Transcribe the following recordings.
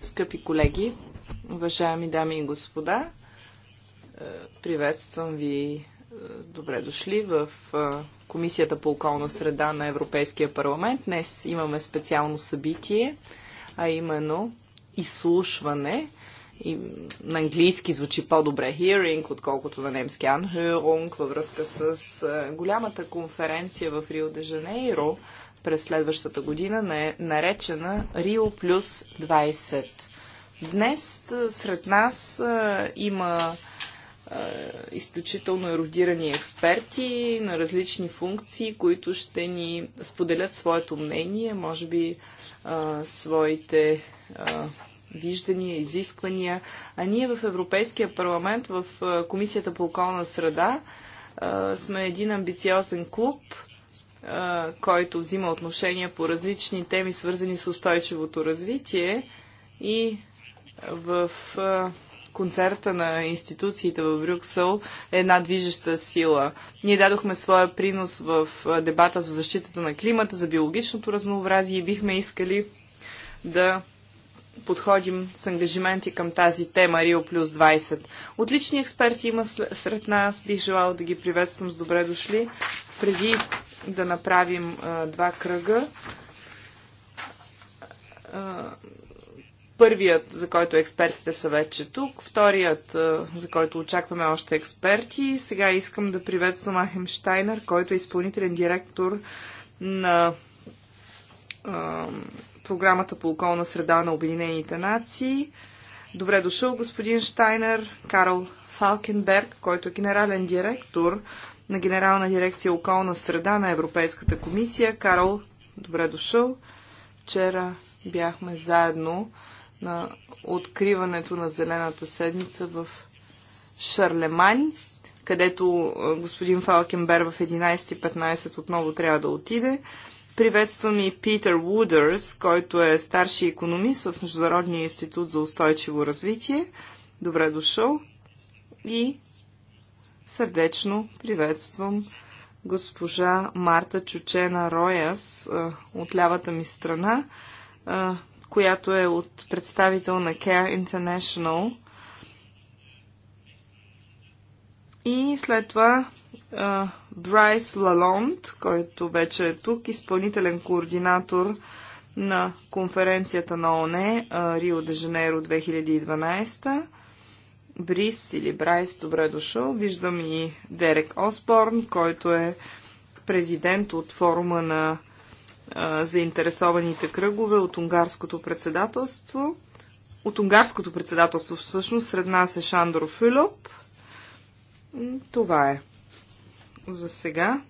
Скъпи колеги, уважаеми дами и господа, е, приветствам ви е, добре дошли в е, Комисията по околна среда на Европейския парламент. Днес имаме специално събитие, а именно изслушване и на английски звучи по-добре hearing, отколкото на немски anhörung, във връзка с голямата конференция в Рио де Жанейро – през следващата година, е наречена Рио плюс 20. Днес сред нас има изключително еродирани експерти на различни функции, които ще ни споделят своето мнение, може би своите виждания, изисквания. А ние в Европейския парламент, в Комисията по околна среда, сме един амбициозен клуб – който взима отношения по различни теми, свързани с устойчивото развитие и в концерта на институциите в Брюксел е една движеща сила. Ние дадохме своя принос в дебата за защитата на климата, за биологичното разнообразие и бихме искали да подходим с ангажименти към тази тема Рио плюс 20. Отлични експерти има сред нас, бих желал да ги приветствам с добре дошли. Преди да направим а, два кръга. А, първият, за който експертите са вече тук, вторият, а, за който очакваме още експерти. Сега искам да приветствам Ахем Штайнер, който е изпълнителен директор на а, програмата по околна среда на Обединените нации. Добре дошъл, господин Штайнер, Карл Фалкенберг, който е генерален директор на Генерална дирекция околна среда на Европейската комисия. Карл, добре дошъл. Вчера бяхме заедно на откриването на Зелената седмица в Шарлемань, където е, господин Фалкенбер в 11.15 отново трябва да отиде. Приветствам и Питер Вудърс, който е старши економист в Международния институт за устойчиво развитие. Добре дошъл. И Сърдечно приветствам госпожа Марта Чучена Рояс от лявата ми страна, която е от представител на Care International. И след това Брайс Лалонд, който вече е тук, изпълнителен координатор на конференцията на ОНЕ Рио де Женеро 2012 Брис или Брайс, добре дошъл. Виждам и Дерек Осборн, който е президент от форума на заинтересованите кръгове от унгарското председателство. От унгарското председателство всъщност сред нас е Шандор Филоп. Това е за сега.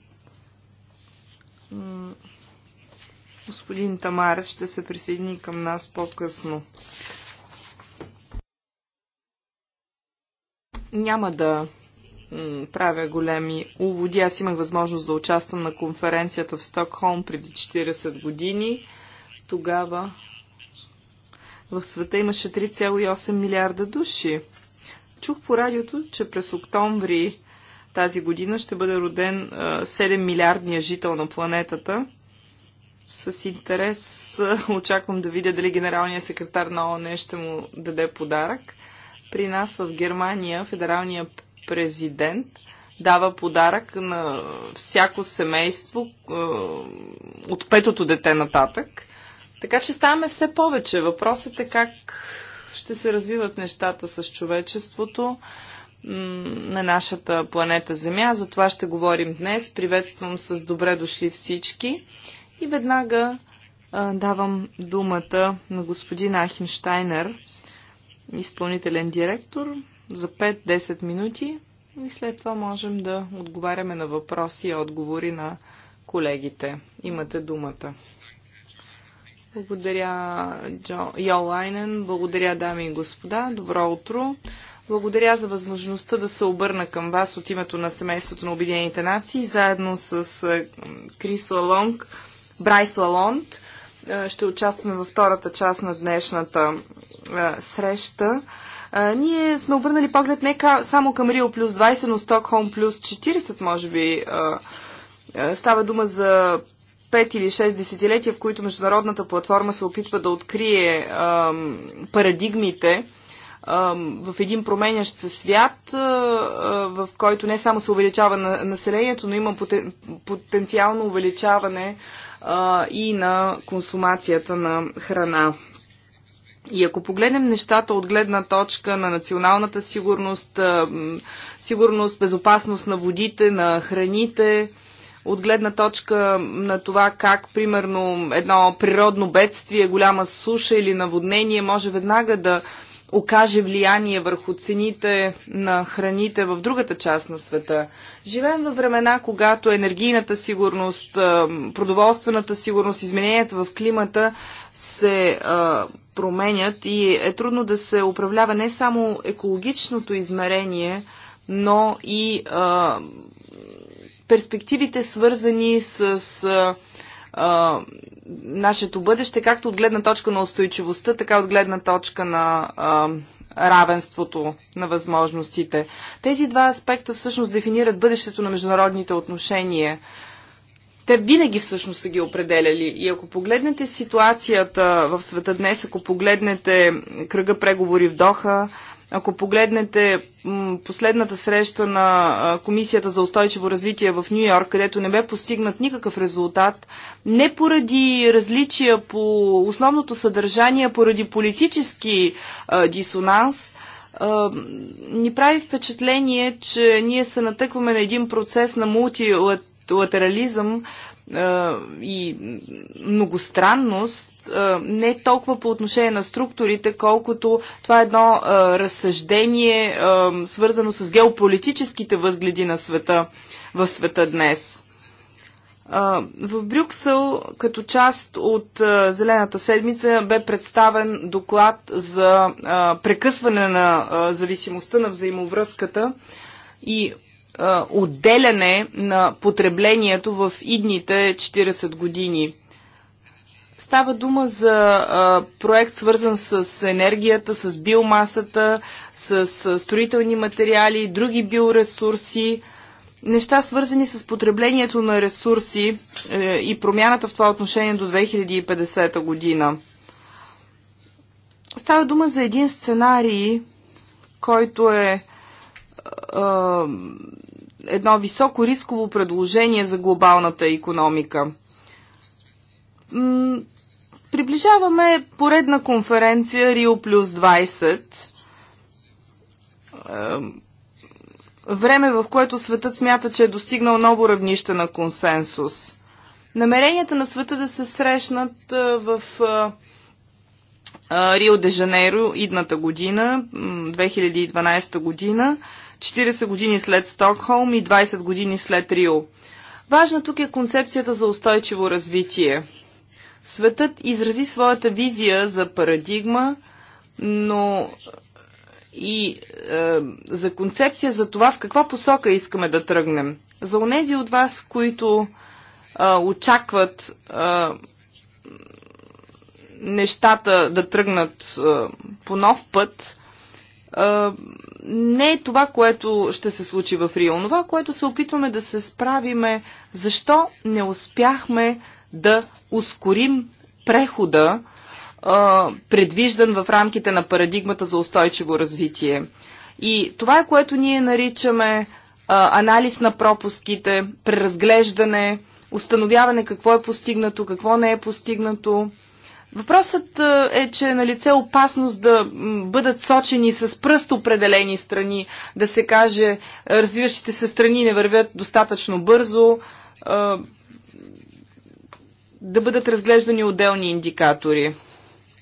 Господин Тамарес ще се присъедини към нас по-късно. Няма да правя големи уводи. Аз имах възможност да участвам на конференцията в Стокхолм преди 40 години. Тогава в света имаше 3,8 милиарда души. Чух по радиото, че през октомври тази година ще бъде роден 7 милиардния жител на планетата. С интерес очаквам да видя дали генералният секретар на ООН ще му даде подарък. При нас в Германия федералния президент дава подарък на всяко семейство е, от петото дете нататък. Така че ставаме все повече. Въпросът е как ще се развиват нещата с човечеството на нашата планета Земя. За това ще говорим днес. Приветствам с добре дошли всички и веднага а, е, давам думата на господин Ахим Штайнер, изпълнителен директор за 5-10 минути и след това можем да отговаряме на въпроси и отговори на колегите. Имате думата. Благодаря, Джо, Йо Лайнен. Благодаря, дами и господа. Добро утро. Благодаря за възможността да се обърна към вас от името на семейството на Обединените нации, заедно с е, Крис Лалонг, Брайс Лалонт е, ще участваме във втората част на днешната е, среща. Е, ние сме обърнали поглед не само към Рио плюс 20, но Стокхолм плюс 40, може би. Става дума за 5 или 6 десетилетия, в които международната платформа се опитва да открие парадигмите в един променящ се свят, в който не само се увеличава населението, но има потенциално увеличаване а, и на консумацията на храна. И ако погледнем нещата от гледна точка на националната сигурност, сигурност, безопасност на водите, на храните, от гледна точка на това как, примерно, едно природно бедствие, голяма суша или наводнение може веднага да окаже влияние върху цените на храните в другата част на света. Живеем във времена, когато енергийната сигурност, продоволствената сигурност, измененията в климата се променят и е трудно да се управлява не само екологичното измерение, но и перспективите свързани с а, а, нашето бъдеще, както от гледна точка на устойчивостта, така от гледна точка на а, равенството на възможностите. Тези два аспекта всъщност дефинират бъдещето на международните отношения. Те винаги всъщност са ги определяли. И ако погледнете ситуацията в света днес, ако погледнете кръга преговори в Доха, ако погледнете последната среща на Комисията за устойчиво развитие в Нью Йорк, където не бе постигнат никакъв резултат, не поради различия по основното съдържание, поради политически дисонанс, ни прави впечатление, че ние се натъкваме на един процес на мултилатерализъм, и многостранност, не толкова по отношение на структурите, колкото това е едно разсъждение, свързано с геополитическите възгледи на света, в света днес. В Брюксел, като част от Зелената седмица, бе представен доклад за прекъсване на зависимостта на взаимовръзката и отделяне на потреблението в идните 40 години. Става дума за проект свързан с енергията, с биомасата, с, строителни материали, други биоресурси, неща свързани с потреблението на ресурси е, и промяната в това отношение до 2050 година. Става дума за един сценарий, който е едно високо рисково предложение за глобалната економика. Приближаваме поредна конференция Рио плюс 20. Време, в което светът смята, че е достигнал ново равнище на консенсус. Намеренията на света да се срещнат в Рио де Жанейро идната година, 2012 година, 40 години след Стокхолм и 20 години след Рио. Важна тук е концепцията за устойчиво развитие. Светът изрази своята визия за парадигма, но и е, за концепция за това в каква посока искаме да тръгнем. За онези от вас, които е, очакват е, нещата да тръгнат е, по нов път, е, не е това, което ще се случи в Рио. Това, което се опитваме да се справиме, защо не успяхме да ускорим прехода, предвиждан в рамките на парадигмата за устойчиво развитие. И това е което ние наричаме анализ на пропуските, преразглеждане, установяване какво е постигнато, какво не е постигнато. Въпросът е, е, че е на лице опасност да бъдат сочени с пръст определени страни, да се каже е, развиващите се страни не вървят достатъчно бързо, е, да бъдат разглеждани отделни индикатори.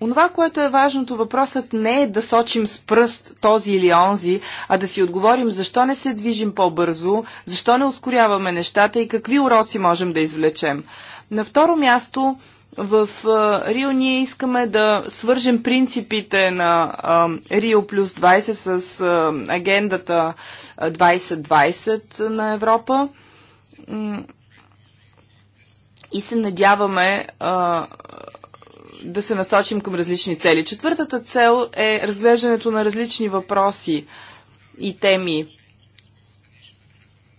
Онова, което е важното, въпросът не е да сочим с пръст този или онзи, а да си отговорим защо не се движим по-бързо, защо не ускоряваме нещата и какви уроци можем да извлечем. На второ място, в Рио ние искаме да свържем принципите на Рио плюс 20 с агендата 2020 на Европа и се надяваме а, да се насочим към различни цели. Четвъртата цел е разглеждането на различни въпроси и теми.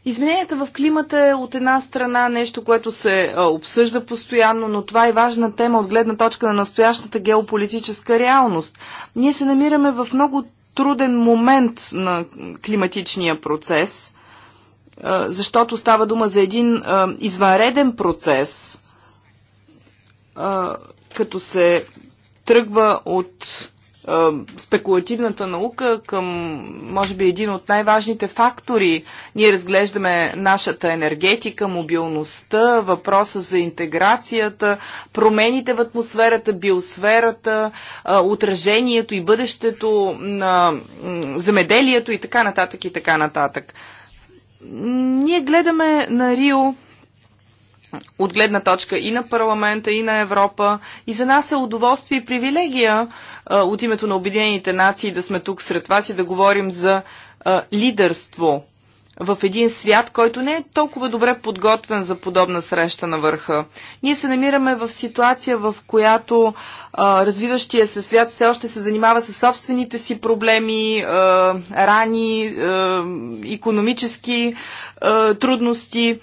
Измененията в климата е от една страна нещо, което се обсъжда постоянно, но това е важна тема от гледна точка на настоящата геополитическа реалност. Ние се намираме в много труден момент на климатичния процес, защото става дума за един извънреден процес, като се тръгва от спекулативната наука към, може би, един от най-важните фактори. Ние разглеждаме нашата енергетика, мобилността, въпроса за интеграцията, промените в атмосферата, биосферата, отражението и бъдещето на земеделието и така нататък и така нататък. Ние гледаме на Рио от гледна точка и на парламента, и на Европа. И за нас е удоволствие и привилегия а, от името на Обединените нации да сме тук сред вас и да говорим за а, лидерство в един свят, който не е толкова добре подготвен за подобна среща на върха. Ние се намираме в ситуация, в която а, развиващия се свят все още се занимава с собствените си проблеми, а, рани, а, економически а, трудности.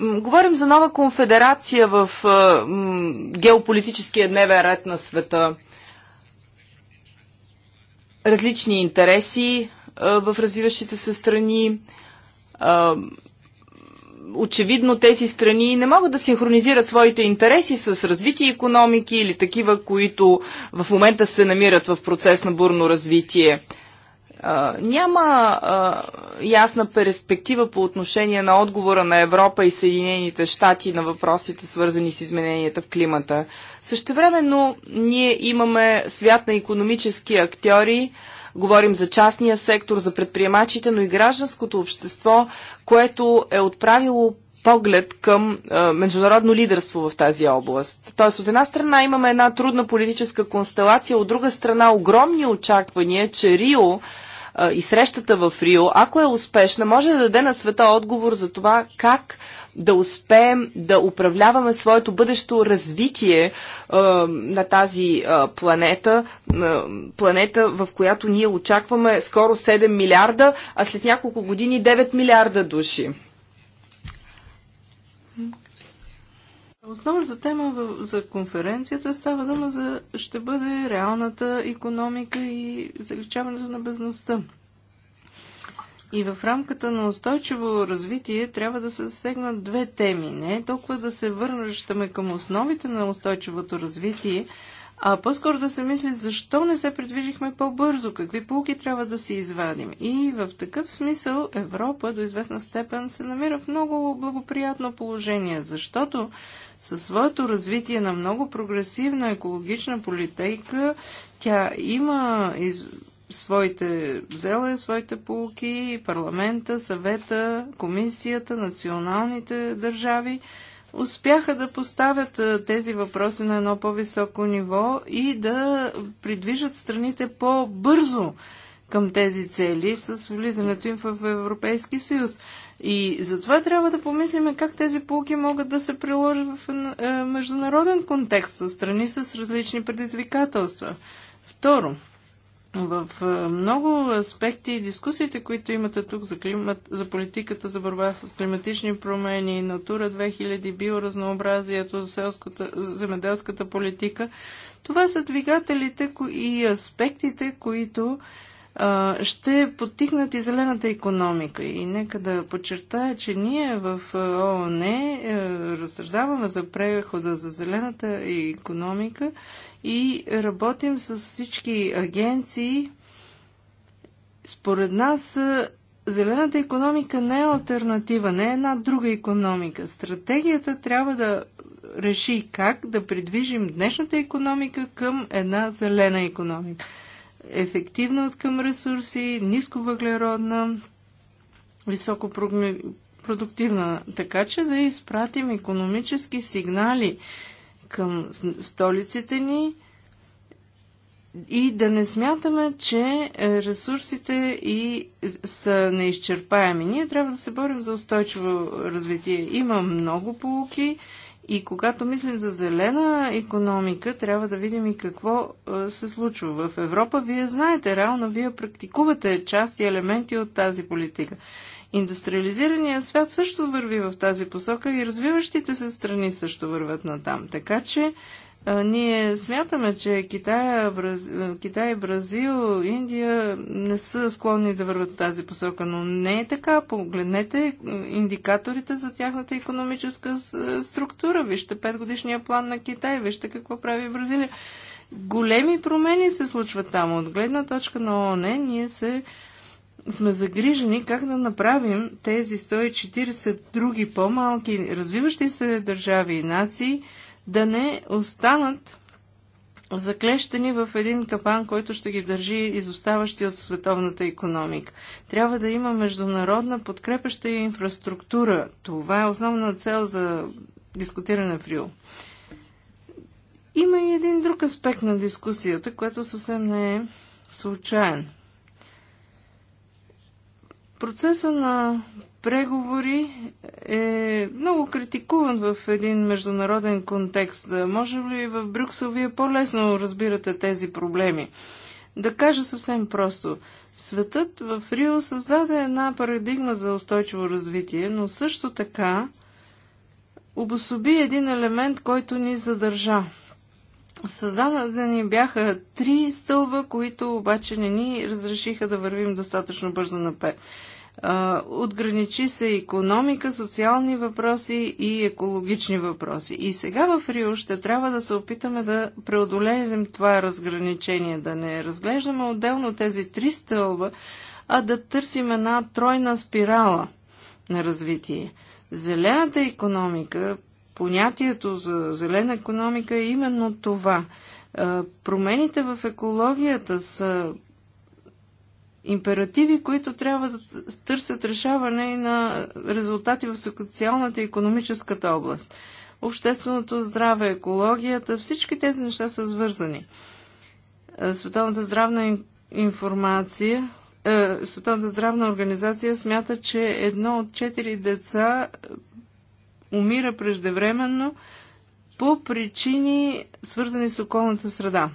Говорим за нова конфедерация в геополитическия дневен ред на света. Различни интереси в развиващите се страни. Очевидно тези страни не могат да синхронизират своите интереси с развитие економики или такива, които в момента се намират в процес на бурно развитие няма а, ясна перспектива по отношение на отговора на Европа и Съединените щати на въпросите, свързани с измененията в климата. Същевременно ние имаме свят на економически актьори, говорим за частния сектор, за предприемачите, но и гражданското общество, което е отправило поглед към а, международно лидерство в тази област. Тоест, от една страна имаме една трудна политическа констелация, от друга страна огромни очаквания, че Рио и срещата в Рио, ако е успешна, може да даде на света отговор за това как да успеем да управляваме своето бъдещо развитие а, на тази а, планета, а, планета, в която ние очакваме скоро 7 милиарда, а след няколко години 9 милиарда души. Основната тема за конференцията става дума за ще бъде реалната економика и заличаването на безността. И в рамката на устойчиво развитие трябва да се засегнат две теми. Не е толкова да се върнащаме към основите на устойчивото развитие, а по-скоро да се мисли защо не се предвижихме по-бързо, какви полки трябва да си извадим. И в такъв смисъл Европа до известна степен се намира в много благоприятно положение, защото със своето развитие на много прогресивна екологична политейка тя има из... своите, взела е своите полки, парламента, съвета, комисията, националните държави успяха да поставят тези въпроси на едно по-високо ниво и да придвижат страните по-бързо към тези цели с влизането им в Европейски съюз. И затова трябва да помислиме как тези полки могат да се приложат в международен контекст с страни с различни предизвикателства. Второ, в много аспекти и дискусиите, които имате тук за, климат, за политиката за борба с климатични промени, Натура 2000, биоразнообразието, селската, земеделската политика, това са двигателите и аспектите, които а, ще подтикнат и зелената економика. И нека да подчертая, че ние в ООН е, разсъждаваме за прехода за зелената економика и работим с всички агенции. Според нас е, зелената економика не е альтернатива, не е една друга економика. Стратегията трябва да реши как да придвижим днешната економика към една зелена економика. Ефективна от към ресурси, нисковъглеродна, високо продуктивна, така че да изпратим економически сигнали към столиците ни и да не смятаме, че е, ресурсите и е, са неизчерпаеми. Ние трябва да се борим за устойчиво развитие. Има много полуки и когато мислим за зелена економика, трябва да видим и какво е, се случва. В Европа вие знаете, реално вие практикувате части елементи от тази политика. Индустриализираният свят също върви в тази посока и развиващите се страни също върват на там. Така че а, ние смятаме, че Китай, Браз... Китай, Бразил, Индия не са склонни да върват в тази посока, но не е така. Погледнете е, индикаторите за тяхната економическа е, структура. Вижте петгодишния план на Китай, вижте какво прави Бразилия. Големи промени се случват там. От гледна точка на ООН ние се сме загрижени как да направим тези 140 други по-малки развиващи се държави и нации да не останат заклещени в един капан, който ще ги държи изоставащи от световната економика. Трябва да има международна подкрепеща инфраструктура. Това е основна цел за дискутиране в Рио. Има и един друг аспект на дискусията, който съвсем не е случайен. Процеса на преговори е много критикуван в един международен контекст. Може ли в Брюксел вие по-лесно разбирате тези проблеми? Да кажа съвсем просто. Светът в Рио създаде една парадигма за устойчиво развитие, но също така обособи един елемент, който ни задържа. Създадени ни бяха три стълба, които обаче не ни разрешиха да вървим достатъчно бързо напред. Отграничи се економика, социални въпроси и екологични въпроси. И сега в Рио ще трябва да се опитаме да преодолеем това разграничение, да не разглеждаме отделно тези три стълба, а да търсим една тройна спирала на развитие. Зелената економика, понятието за зелена економика е именно това. Промените в екологията са императиви, които трябва да търсят решаване и на резултати в социалната и економическата област. Общественото здраве, екологията, всички тези неща са свързани. Е, Световната здравна информация, е, Световната здравна организация смята, че едно от четири деца е, умира преждевременно по причини свързани с околната среда.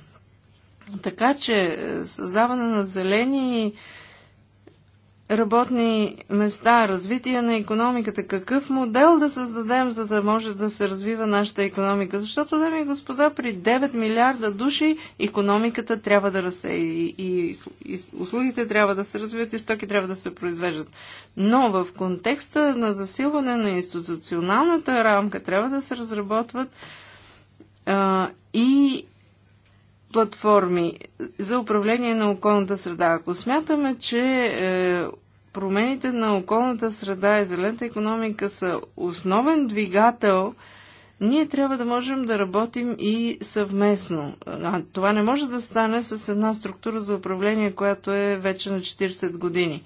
Така че е, създаване на зелени работни места, развитие на економиката, какъв модел да създадем, за да може да се развива нашата економика. Защото, дами и господа, при 9 милиарда души економиката трябва да расте и, и, и услугите трябва да се развиват и стоки трябва да се произвеждат. Но в контекста на засилване на институционалната рамка трябва да се разработват а, и платформи за управление на околната среда. Ако смятаме, че е, промените на околната среда и зелената економика са основен двигател, ние трябва да можем да работим и съвместно. А това не може да стане с една структура за управление, която е вече на 40 години.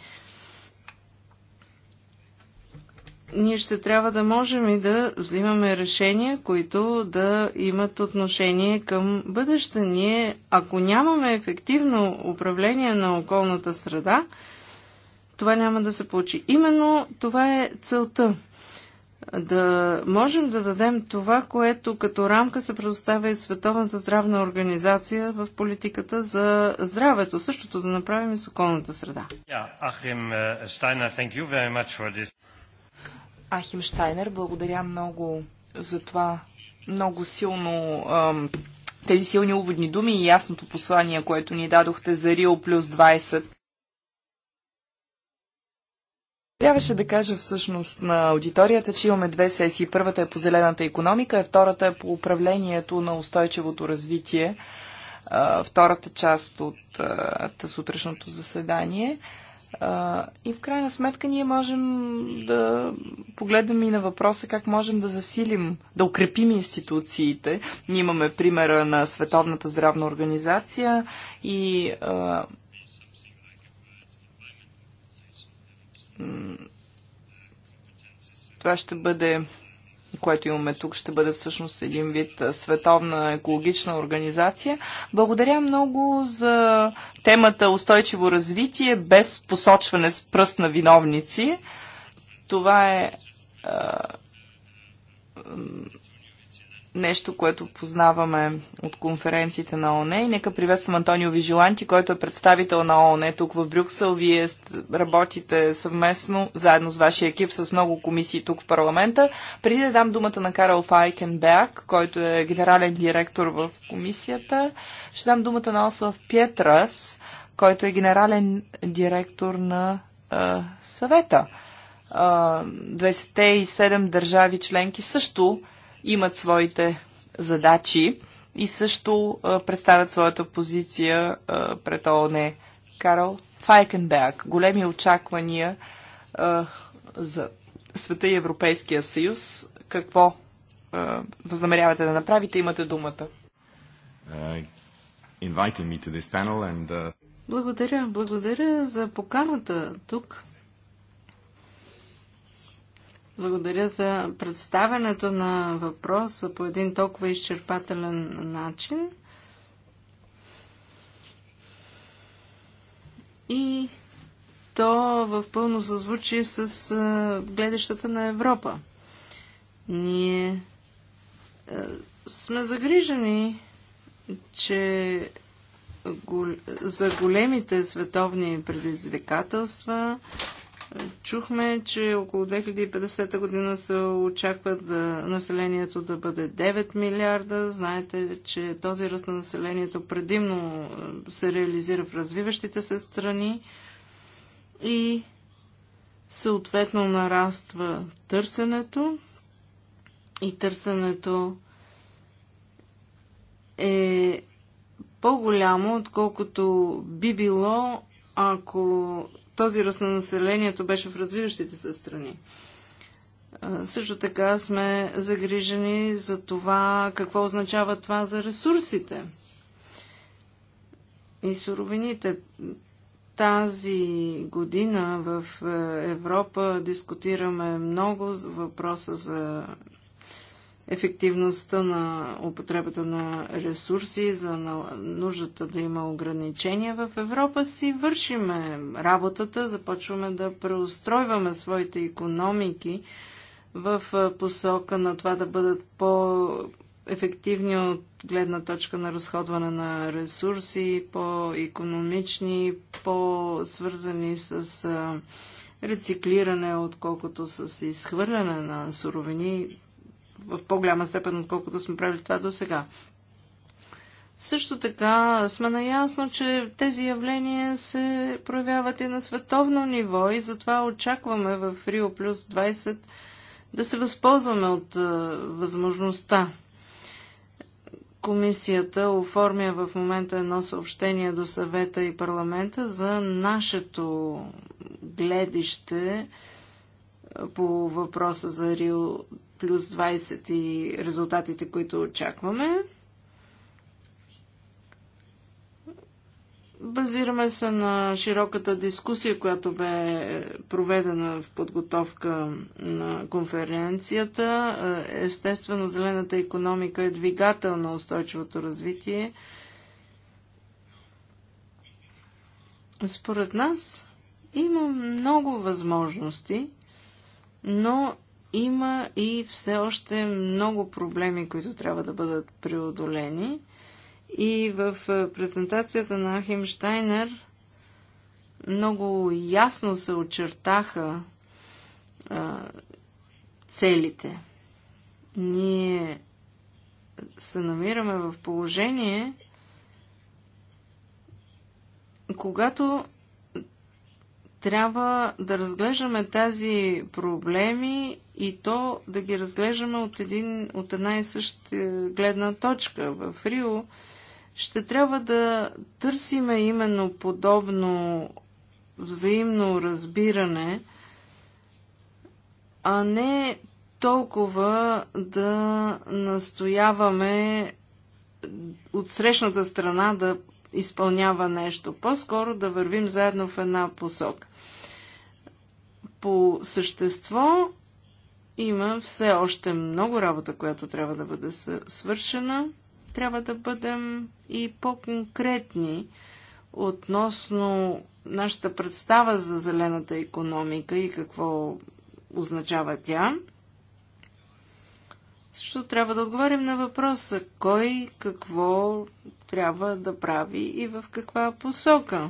ние ще трябва да можем и да взимаме решения, които да имат отношение към бъдеще. Ние, ако нямаме ефективно управление на околната среда, това няма да се получи. Именно това е целта. Да можем да дадем това, което като рамка се предоставя и Световната здравна организация в политиката за здравето. Същото да направим и с околната среда. Yeah, Achim, uh, Steiner, Ахим Штайнер, Благодаря много за това много силно тези силни уводни думи и ясното послание, което ни дадохте за Рио плюс 20. Трябваше да кажа всъщност на аудиторията, че имаме две сесии. Първата е по зелената економика, а втората е по управлението на устойчивото развитие. Втората част от сутрешното заседание. И в крайна сметка ние можем да погледнем и на въпроса как можем да засилим, да укрепим институциите. Ние имаме примера на Световната здравна организация и а, това ще бъде което имаме тук, ще бъде всъщност един вид световна екологична организация. Благодаря много за темата устойчиво развитие без посочване с пръст на виновници. Това е нещо, което познаваме от конференциите на ОНЕ. И нека приветствам Антонио Вижиланти, който е представител на ООН тук в Брюксел. Вие работите съвместно, заедно с вашия екип, с много комисии тук в парламента. Преди да дам думата на Карл Файкенберг, който е генерален директор в комисията, ще дам думата на Ослав Петрас, който е генерален директор на а, съвета. 27 държави членки също имат своите задачи и също а, представят своята позиция а, пред ООН. Карл Файкенберг. Големи очаквания а, за света и Европейския съюз. Какво а, възнамерявате да направите? Имате думата. Uh, and, uh... Благодаря, благодаря за поканата тук. Благодаря за представенето на въпроса по един толкова изчерпателен начин. И то в пълно съзвучи с гледащата на Европа. Ние сме загрижени, че за големите световни предизвикателства, Чухме, че около 2050 година се очаква да, населението да бъде 9 милиарда. Знаете, че този ръст на населението предимно е, се реализира в развиващите се страни и съответно нараства търсенето и търсенето е по-голямо, отколкото би било ако този ръст на населението беше в развиващите се страни. Също така сме загрижени за това какво означава това за ресурсите и суровините. Тази година в е, Европа дискутираме много въпроса за ефективността на употребата на ресурси, за нуждата да има ограничения в Европа, си вършиме работата, започваме да преустройваме своите економики в посока на това да бъдат по-ефективни от гледна точка на разходване на ресурси, по-економични, по-свързани с рециклиране, отколкото с изхвърляне на суровини в по-голяма степен, отколкото сме правили това до сега. Също така сме наясно, че тези явления се проявяват и на световно ниво и затова очакваме в Рио плюс 20 да се възползваме от а, е, възможността. Комисията оформя в момента едно съобщение до съвета и парламента за нашето гледище по въпроса за Рио плюс 20 и резултатите, които очакваме. Базираме се на широката дискусия, която бе проведена в подготовка на конференцията. Естествено, зелената економика е двигател на устойчивото развитие. Според нас има много възможности, но има и все още много проблеми, които трябва да бъдат преодолени. И в е, презентацията на Штайнер много ясно се очертаха а, целите. Ние се намираме в положение, когато трябва да разглеждаме тази проблеми и то да ги разглеждаме от, един, от една и съща гледна точка. В Рио ще трябва да търсиме именно подобно взаимно разбиране, а не толкова да настояваме от срещната страна да изпълнява нещо. По-скоро да вървим заедно в една посока. По същество има все още много работа, която трябва да бъде свършена. Трябва да бъдем и по-конкретни относно нашата представа за зелената економика и какво означава тя. Защото трябва да отговорим на въпроса кой какво трябва да прави и в каква посока.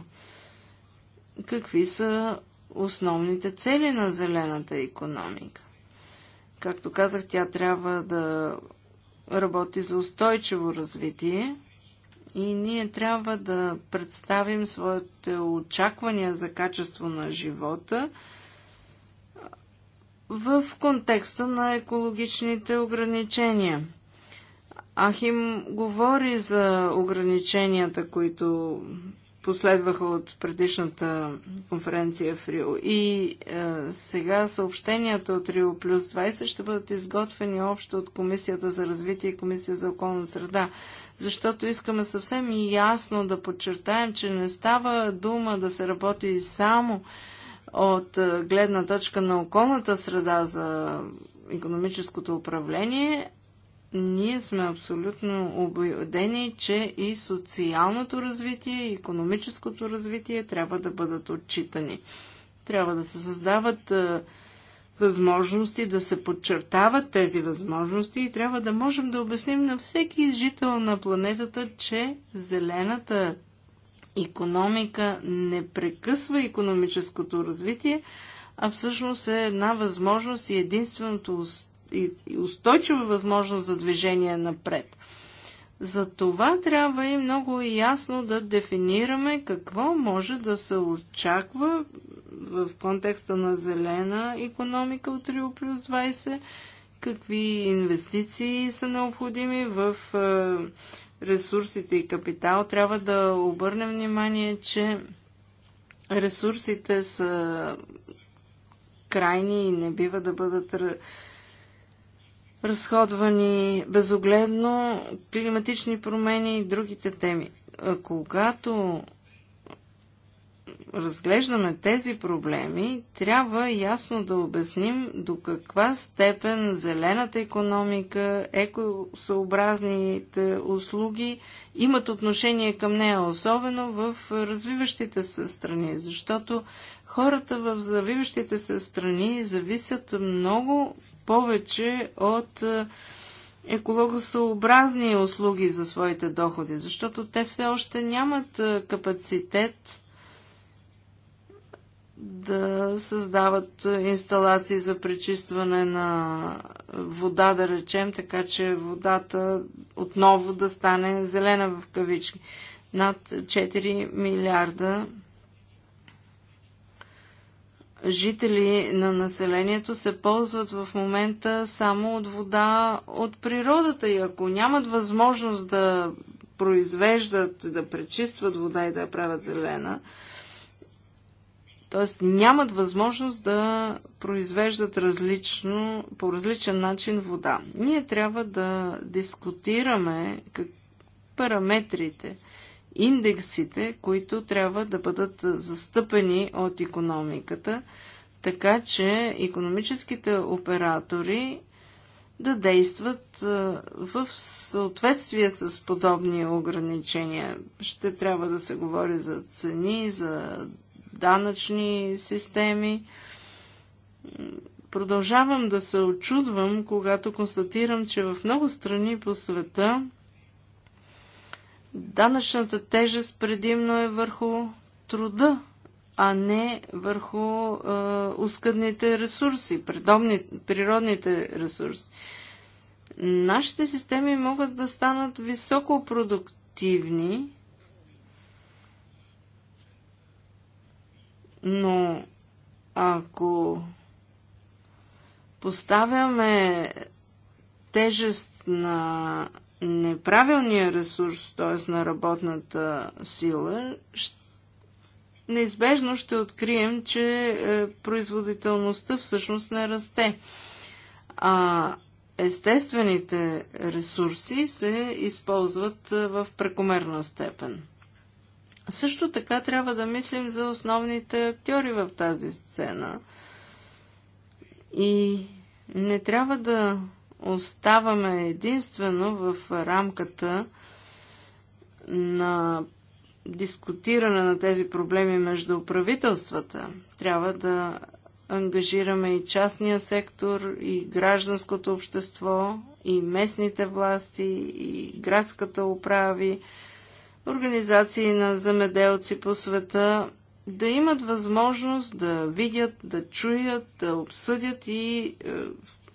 Какви са основните цели на зелената економика? Както казах, тя трябва да работи за устойчиво развитие и ние трябва да представим своите очаквания за качество на живота в контекста на екологичните ограничения. Ахим говори за ограниченията, които последваха от предишната конференция в Рио. И е, сега съобщенията от Рио плюс 20 ще бъдат изготвени общо от Комисията за развитие и Комисия за околна среда. Защото искаме съвсем ясно да подчертаем, че не става дума да се работи само от е, гледна точка на околната среда за економическото управление, ние сме абсолютно убедени, че и социалното развитие, и економическото развитие трябва да бъдат отчитани. Трябва да се създават е, възможности, да се подчертават тези възможности и трябва да можем да обясним на всеки жител на планетата, че зелената економика не прекъсва економическото развитие, а всъщност е една възможност и единственото и устойчива възможност за движение напред. За това трябва и много ясно да дефинираме какво може да се очаква в контекста на зелена економика от Рио плюс 20, какви инвестиции са необходими в е, ресурсите и капитал. Трябва да обърнем внимание, че ресурсите са крайни и не бива да бъдат разходвани безогледно, климатични промени и другите теми. А когато разглеждаме тези проблеми, трябва ясно да обясним до каква степен зелената економика, екосъобразните услуги имат отношение към нея, особено в развиващите се страни, защото хората в завиващите се страни зависят много повече от е, екологосъобразни услуги за своите доходи, защото те все още нямат е, капацитет да създават е, инсталации за пречистване на вода, да речем, така че водата отново да стане зелена в кавички. Над 4 милиарда жители на населението се ползват в момента само от вода от природата и ако нямат възможност да произвеждат, да пречистват вода и да я правят зелена, т.е. нямат възможност да произвеждат различно, по различен начин вода. Ние трябва да дискутираме как, параметрите, индексите, които трябва да бъдат застъпени от економиката, така че економическите оператори да действат в съответствие с подобни ограничения. Ще трябва да се говори за цени, за данъчни системи. Продължавам да се очудвам, когато констатирам, че в много страни по света данъчната тежест предимно е върху труда, а не върху е, ускъдните ресурси, природни, природните ресурси. Нашите системи могат да станат високопродуктивни, но ако поставяме тежест на неправилния ресурс, т.е. на работната сила, неизбежно ще открием, че е, производителността всъщност не расте. А естествените ресурси се използват е, в прекомерна степен. Също така трябва да мислим за основните актьори в тази сцена. И не трябва да оставаме единствено в рамката на дискутиране на тези проблеми между правителствата. Трябва да ангажираме и частния сектор, и гражданското общество, и местните власти, и градската управи, организации на замеделци по света, да имат възможност да видят, да чуят, да обсъдят и е,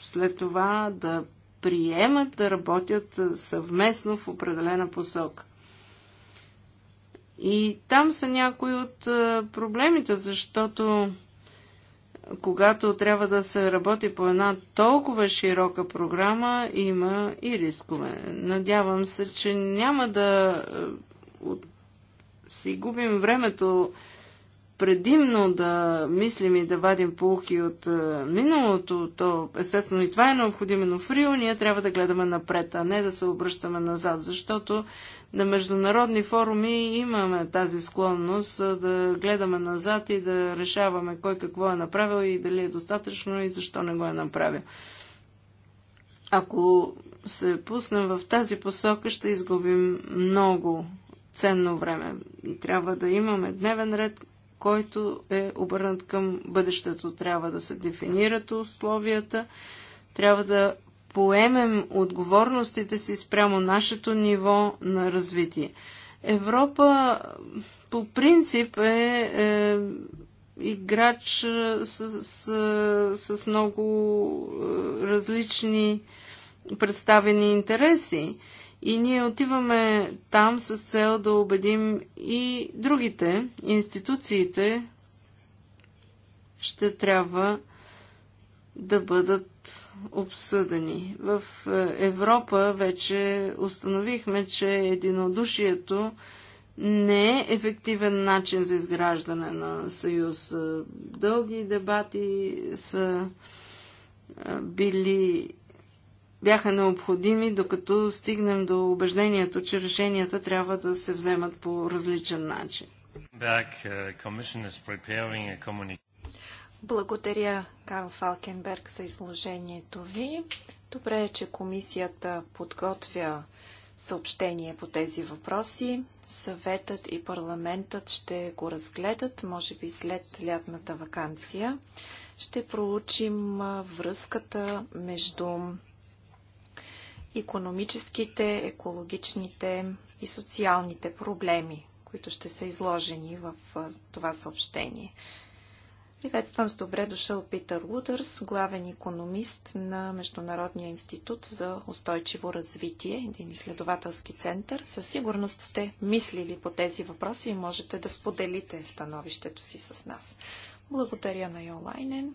след това да приемат да работят съвместно в определена посока. И там са някои от е, проблемите, защото когато трябва да се работи по една толкова широка програма, има и рискове. Надявам се, че няма да е, си губим времето предимно да мислим и да вадим полки от е, миналото, то естествено и това е необходимо, но в Рио ние трябва да гледаме напред, а не да се обръщаме назад, защото на международни форуми имаме тази склонност е, да гледаме назад и да решаваме кой какво е направил и дали е достатъчно и защо не го е направил. Ако се пуснем в тази посока, ще изгубим много ценно време. Трябва да имаме дневен ред, който е обърнат към бъдещето. Трябва да се дефинират условията, трябва да поемем отговорностите си спрямо нашето ниво на развитие. Европа по принцип е, е играч е, с, с, с много е, различни представени интереси. И ние отиваме там с цел да убедим и другите институциите ще трябва да бъдат обсъдени. В е, Европа вече установихме, че единодушието не е ефективен начин за изграждане на съюз. Дълги дебати са е, били бяха необходими, докато стигнем до убеждението, че решенията трябва да се вземат по различен начин. Uh, Благодаря, Карл Фалкенберг, за изложението ви. Добре е, че комисията подготвя съобщение по тези въпроси. Съветът и парламентът ще го разгледат, може би след лятната вакансия. Ще проучим връзката между економическите, екологичните и социалните проблеми, които ще са изложени в това съобщение. Приветствам с добре дошъл Питър Удърс, главен економист на Международния институт за устойчиво развитие, един изследователски център. Със сигурност сте мислили по тези въпроси и можете да споделите становището си с нас. Благодаря на Йолайнен.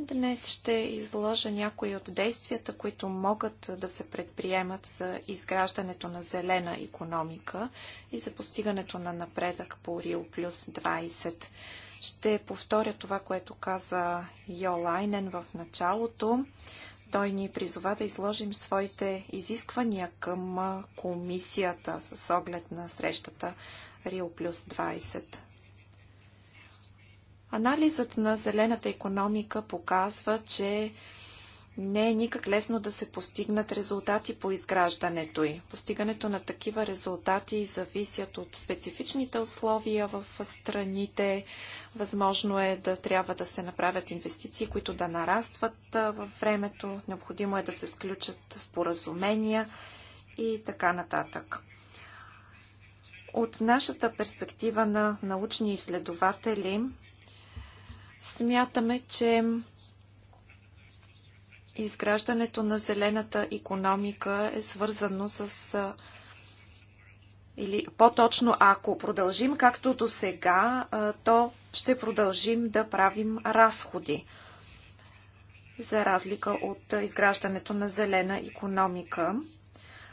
Днес ще изложа някои от действията, които могат да се предприемат за изграждането на зелена економика и за постигането на напредък по Рио плюс 20. Ще повторя това, което каза Йолайнен в началото. Той ни призова да изложим своите изисквания към комисията с оглед на срещата Рио плюс 20. Анализът на зелената економика показва, че не е никак лесно да се постигнат резултати по изграждането й. Постигането на такива резултати зависят от специфичните условия в страните. Възможно е да трябва да се направят инвестиции, които да нарастват във времето. Необходимо е да се сключат споразумения и така нататък. От нашата перспектива на научни изследователи Смятаме, че изграждането на зелената економика е свързано с или по-точно, ако продължим както до сега, то ще продължим да правим разходи за разлика от изграждането на зелена економика.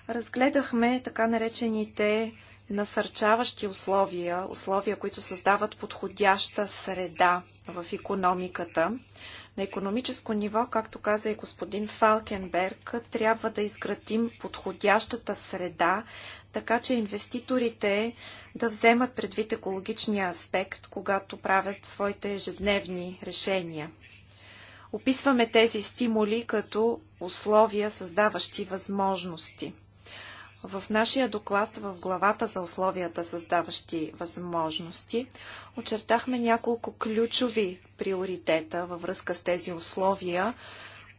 Разгледахме така наречените насърчаващи условия, условия, които създават подходяща среда в економиката. На економическо ниво, както каза и господин Фалкенберг, трябва да изградим подходящата среда, така че инвеститорите да вземат предвид екологичния аспект, когато правят своите ежедневни решения. Описваме тези стимули като условия, създаващи възможности – в нашия доклад в главата за условията, създаващи възможности, очертахме няколко ключови приоритета във връзка с тези условия,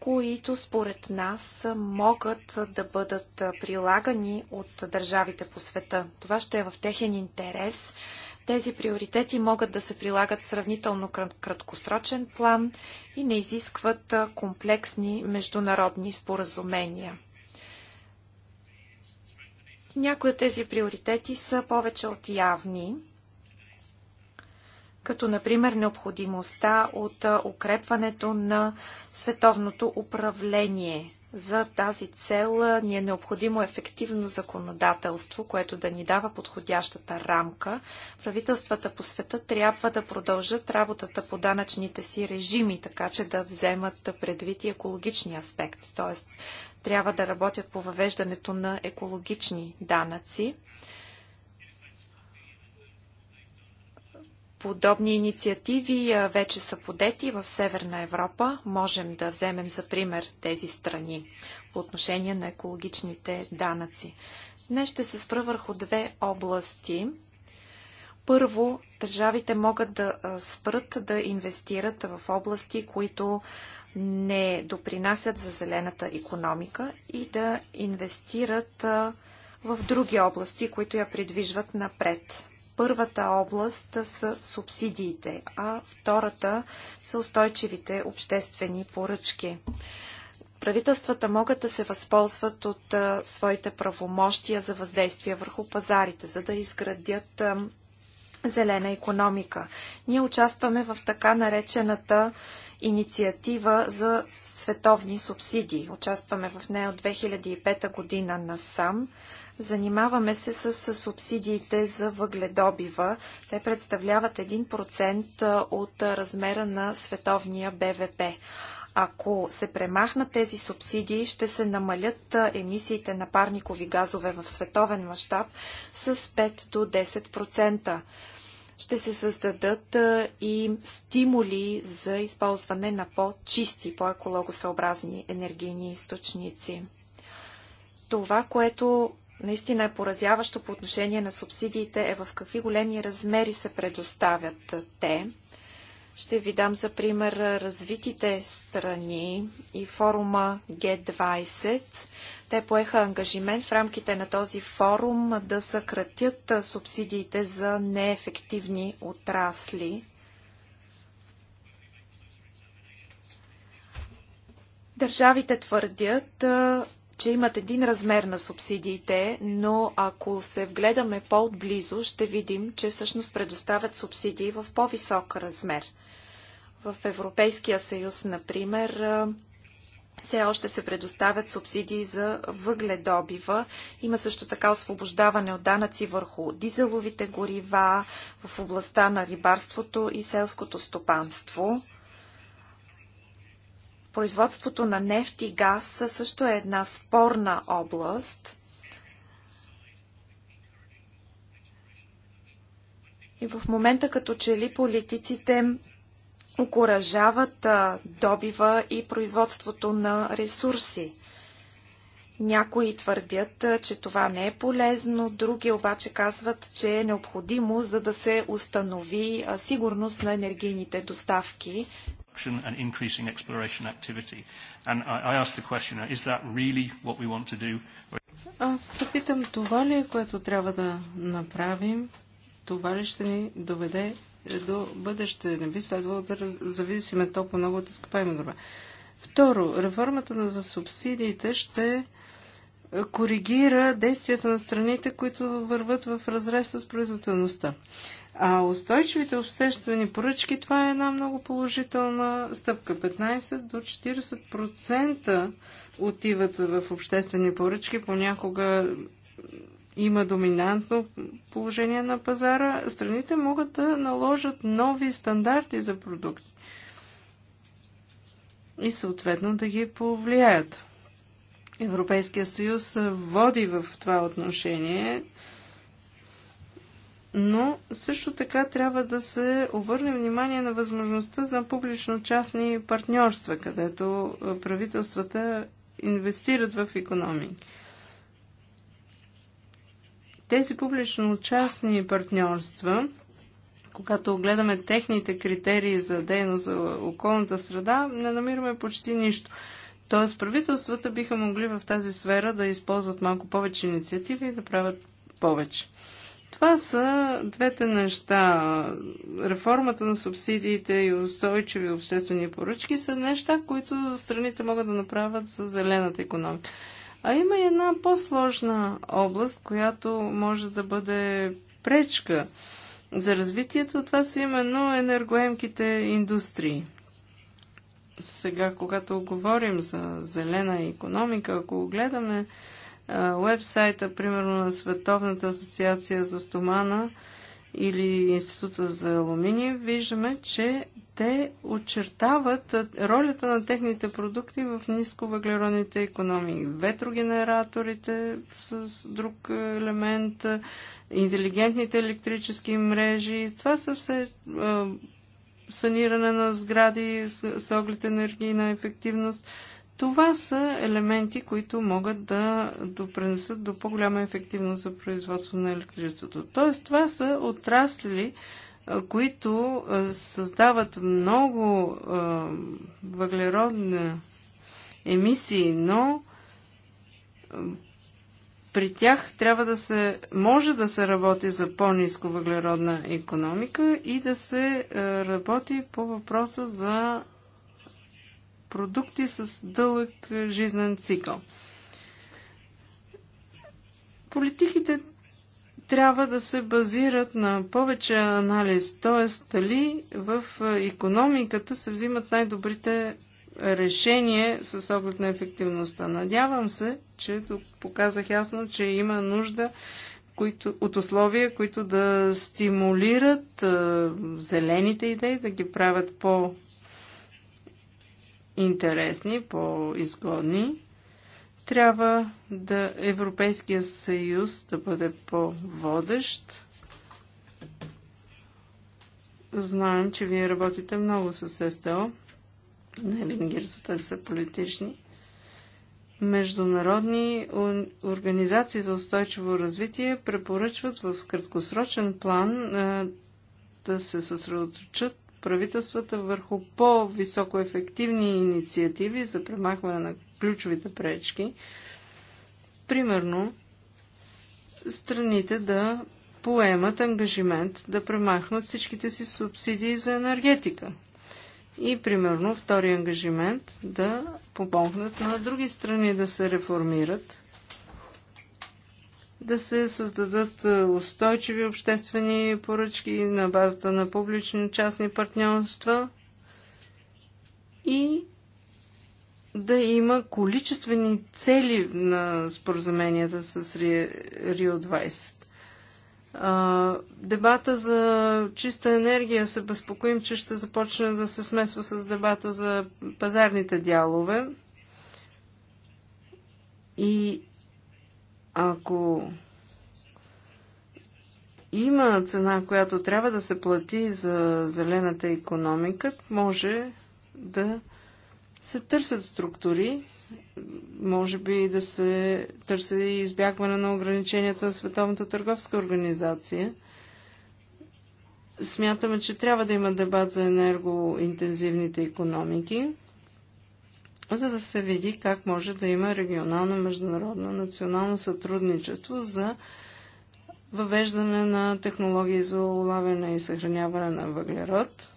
които според нас могат да бъдат прилагани от държавите по света. Това ще е в техен интерес. Тези приоритети могат да се прилагат в сравнително краткосрочен план и не изискват комплексни международни споразумения. Някои от тези приоритети са повече от явни, като например необходимостта от укрепването на световното управление за тази цел ни е необходимо ефективно законодателство, което да ни дава подходящата рамка. Правителствата по света трябва да продължат работата по данъчните си режими, така че да вземат предвид и екологични аспект, т.е. трябва да работят по въвеждането на екологични данъци. Подобни инициативи вече са подети в Северна Европа. Можем да вземем за пример тези страни по отношение на екологичните данъци. Днес ще се спра върху две области. Първо, държавите могат да спрат да инвестират в области, които не допринасят за зелената економика и да инвестират в други области, които я придвижват напред. Първата област са субсидиите, а втората са устойчивите обществени поръчки. Правителствата могат да се възползват от а, своите правомощия за въздействие върху пазарите, за да изградят а, зелена економика. Ние участваме в така наречената инициатива за световни субсидии. Участваме в нея от 2005 година насам. Занимаваме се с субсидиите за въгледобива. Те представляват 1% от размера на световния БВП. Ако се премахнат тези субсидии, ще се намалят емисиите на парникови газове в световен мащаб с 5 до 10% ще се създадат и стимули за използване на по-чисти, по-екологосъобразни енергийни източници. Това, което наистина е поразяващо по отношение на субсидиите е в какви големи размери се предоставят те. Ще ви дам за пример развитите страни и форума G20. Те поеха ангажимент в рамките на този форум да съкратят субсидиите за неефективни отрасли. Държавите твърдят, че имат един размер на субсидиите, но ако се вгледаме по-отблизо, ще видим, че всъщност предоставят субсидии в по-висок размер. В Европейския съюз, например, все още се предоставят субсидии за въгледобива. Има също така освобождаване от данъци върху дизеловите горива в областта на рибарството и селското стопанство. Производството на нефт и газ също е една спорна област. И в момента като че ли политиците окоръжават добива и производството на ресурси. Някои твърдят, че това не е полезно, други обаче казват, че е необходимо, за да се установи сигурност на енергийните доставки production and increasing exploration activity. And I, I ask the question, is that really what we want to do? Аз се питам, това ли е, което трябва да направим? Това ли ще ни доведе до бъдеще? Не би следвало да зависиме толкова много от изкъпаема горива. Второ, реформата на за субсидиите ще е, коригира действията на страните, които върват в разрез с производителността. А устойчивите обществени поръчки, това е една много положителна стъпка. 15 до 40% отиват в обществени поръчки, понякога има доминантно положение на пазара, страните могат да наложат нови стандарти за продукти и съответно да ги повлияят. Европейския съюз води в това отношение но също така трябва да се обърне внимание на възможността на публично-частни партньорства, където правителствата инвестират в економии. Тези публично-частни партньорства, когато гледаме техните критерии за дейност за околната среда, не намираме почти нищо. Тоест правителствата биха могли в тази сфера да използват малко повече инициативи и да правят повече. Това са двете неща. Реформата на субсидиите и устойчиви обществени поръчки са неща, които страните могат да направят за зелената економика. А има и една по-сложна област, която може да бъде пречка за развитието. Това са именно енергоемките индустрии. Сега, когато говорим за зелена економика, ако гледаме Вебсайта, примерно на Световната асоциация за стомана или Института за алумини, виждаме, че те очертават ролята на техните продукти в нисковъглеродните економии. Ветрогенераторите с друг елемент, интелигентните електрически мрежи. Това са все саниране на сгради с, с оглед енергийна ефективност. Това са елементи, които могат да допринесат до по-голяма ефективност за производство на електричеството. Тоест, това са отрасли, които създават много въглеродни емисии, но при тях трябва да се, може да се работи за по-низко въглеродна економика и да се работи по въпроса за продукти с дълъг жизнен цикъл. Политиките трябва да се базират на повече анализ, т.е. дали в економиката се взимат най-добрите решение с оглед на ефективността. Надявам се, че тук показах ясно, че има нужда които, от условия, които да стимулират е, зелените идеи, да ги правят по по-интересни, по-изгодни. Трябва да Европейския съюз да бъде по-водещ. Знаем, че вие работите много с СТО. Не нали, винаги резултати са политични. Международни организации за устойчиво развитие препоръчват в краткосрочен план да се съсредоточат правителствата върху по-високо ефективни инициативи за премахване на ключовите пречки. Примерно, страните да поемат ангажимент да премахнат всичките си субсидии за енергетика. И примерно втори ангажимент да помогнат на други страни да се реформират да се създадат е, устойчиви обществени поръчки на базата на публично-частни партньорства и да има количествени цели на споразуменията с Рио 20. дебата за чиста енергия се безпокоим, че ще започне да се смесва с дебата за пазарните дялове. И ако има цена, която трябва да се плати за зелената економика, може да се търсят структури, може би да се търси и избягване на ограниченията на Световната търговска организация. Смятаме, че трябва да има дебат за енергоинтензивните економики за да се види как може да има регионално, международно, национално сътрудничество за въвеждане на технологии за улавяне и съхраняване на въглерод.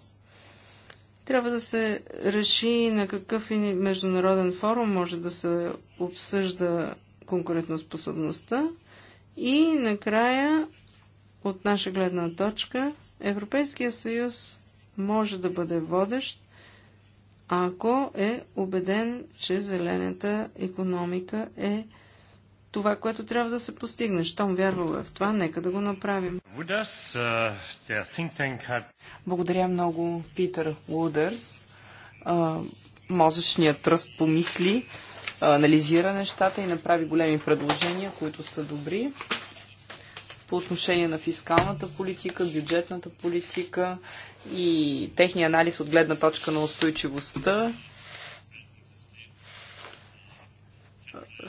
Трябва да се реши на какъв международен форум може да се обсъжда конкурентоспособността и накрая от наша гледна точка Европейския съюз може да бъде водещ ако е убеден, че зелената економика е това, което трябва да се постигне. Щом вярва в това, нека да го направим. Uh, Благодаря много, Питър Лудърс. Мозъчният тръст помисли, анализира нещата и направи големи предложения, които са добри по отношение на фискалната политика, бюджетната политика и техния анализ от гледна точка на устойчивостта.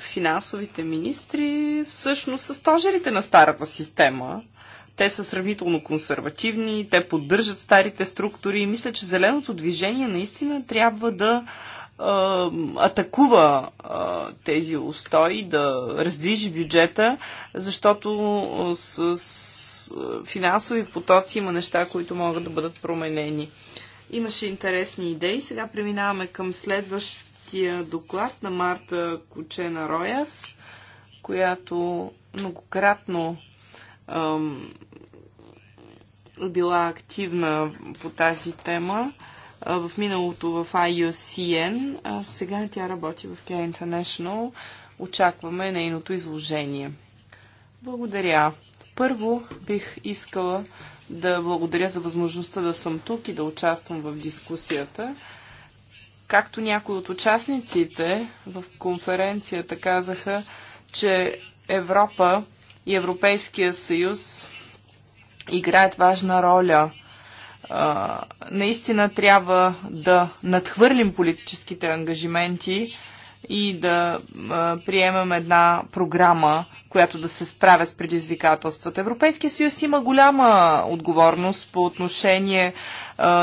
Финансовите министри всъщност са стожерите на старата система. Те са сравнително консервативни, те поддържат старите структури и мисля, че зеленото движение наистина трябва да атакува тези устои, да раздвижи бюджета, защото с финансови потоци има неща, които могат да бъдат променени. Имаше интересни идеи. Сега преминаваме към следващия доклад на Марта Кучена Рояс, която многократно ам, е била активна по тази тема в миналото в IUCN, а сега тя работи в Care International. Очакваме нейното изложение. Благодаря. Първо бих искала да благодаря за възможността да съм тук и да участвам в дискусията. Както някои от участниците в конференцията казаха, че Европа и Европейския съюз играят важна роля – наистина трябва да надхвърлим политическите ангажименти и да приемем една програма, която да се справя с предизвикателствата. Европейския съюз има голяма отговорност по отношение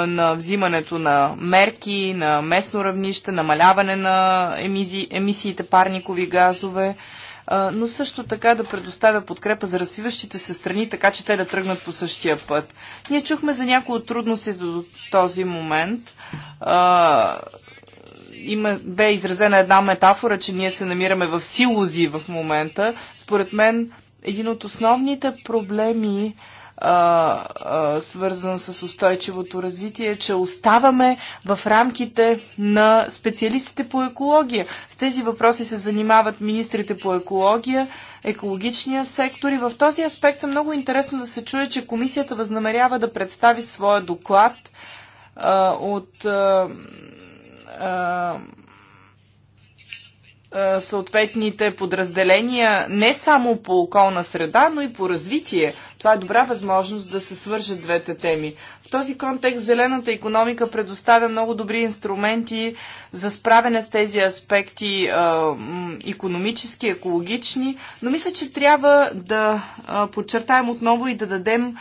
на взимането на мерки, на местно равнище, намаляване на емисиите парникови газове но също така да предоставя подкрепа за развиващите се страни, така че те да тръгнат по същия път. Ние чухме за някои от трудностите до този момент. Има, бе изразена една метафора, че ние се намираме в силози в момента. Според мен, един от основните проблеми а, а, свързан с устойчивото развитие, че оставаме в рамките на специалистите по екология. С тези въпроси се занимават министрите по екология, екологичния сектор и в този аспект е много интересно да се чуе, че комисията възнамерява да представи своя доклад а, от. А, а, е, съответните подразделения не само по околна среда, но и по развитие. Това е добра възможност да се свържат двете теми. В този контекст зелената економика предоставя много добри инструменти за справяне с тези аспекти е, економически, екологични, но мисля, че трябва да е, подчертаем отново и да дадем е,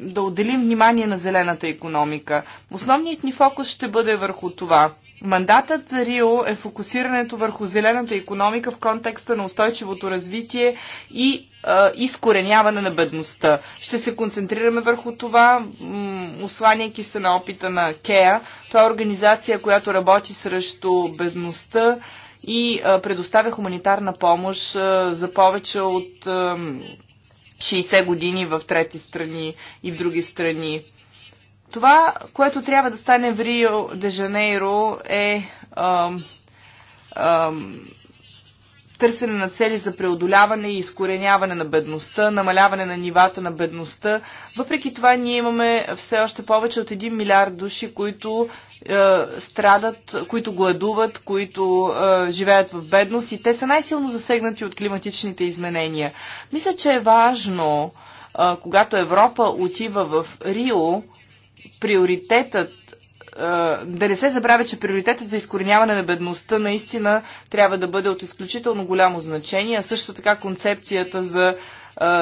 да отделим внимание на зелената економика. Основният ни фокус ще бъде върху това – Мандатът за Рио е фокусирането върху зелената економика в контекста на устойчивото развитие и а, изкореняване на бедността. Ще се концентрираме върху това, осланяйки се на опита на КЕА. Това е организация, която работи срещу бедността и а, предоставя хуманитарна помощ а, за повече от а, 60 години в трети страни и в други страни. Това, което трябва да стане в Рио де Жанейро е ам, ам, търсене на цели за преодоляване и изкореняване на бедността, намаляване на нивата на бедността. Въпреки това ние имаме все още повече от 1 милиард души, които е, страдат, които гладуват, които е, живеят в бедност и те са най-силно засегнати от климатичните изменения. Мисля, че е важно, е, когато Европа отива в Рио, приоритетът да не се забравя, че приоритетът за изкореняване на бедността наистина трябва да бъде от изключително голямо значение, а също така концепцията за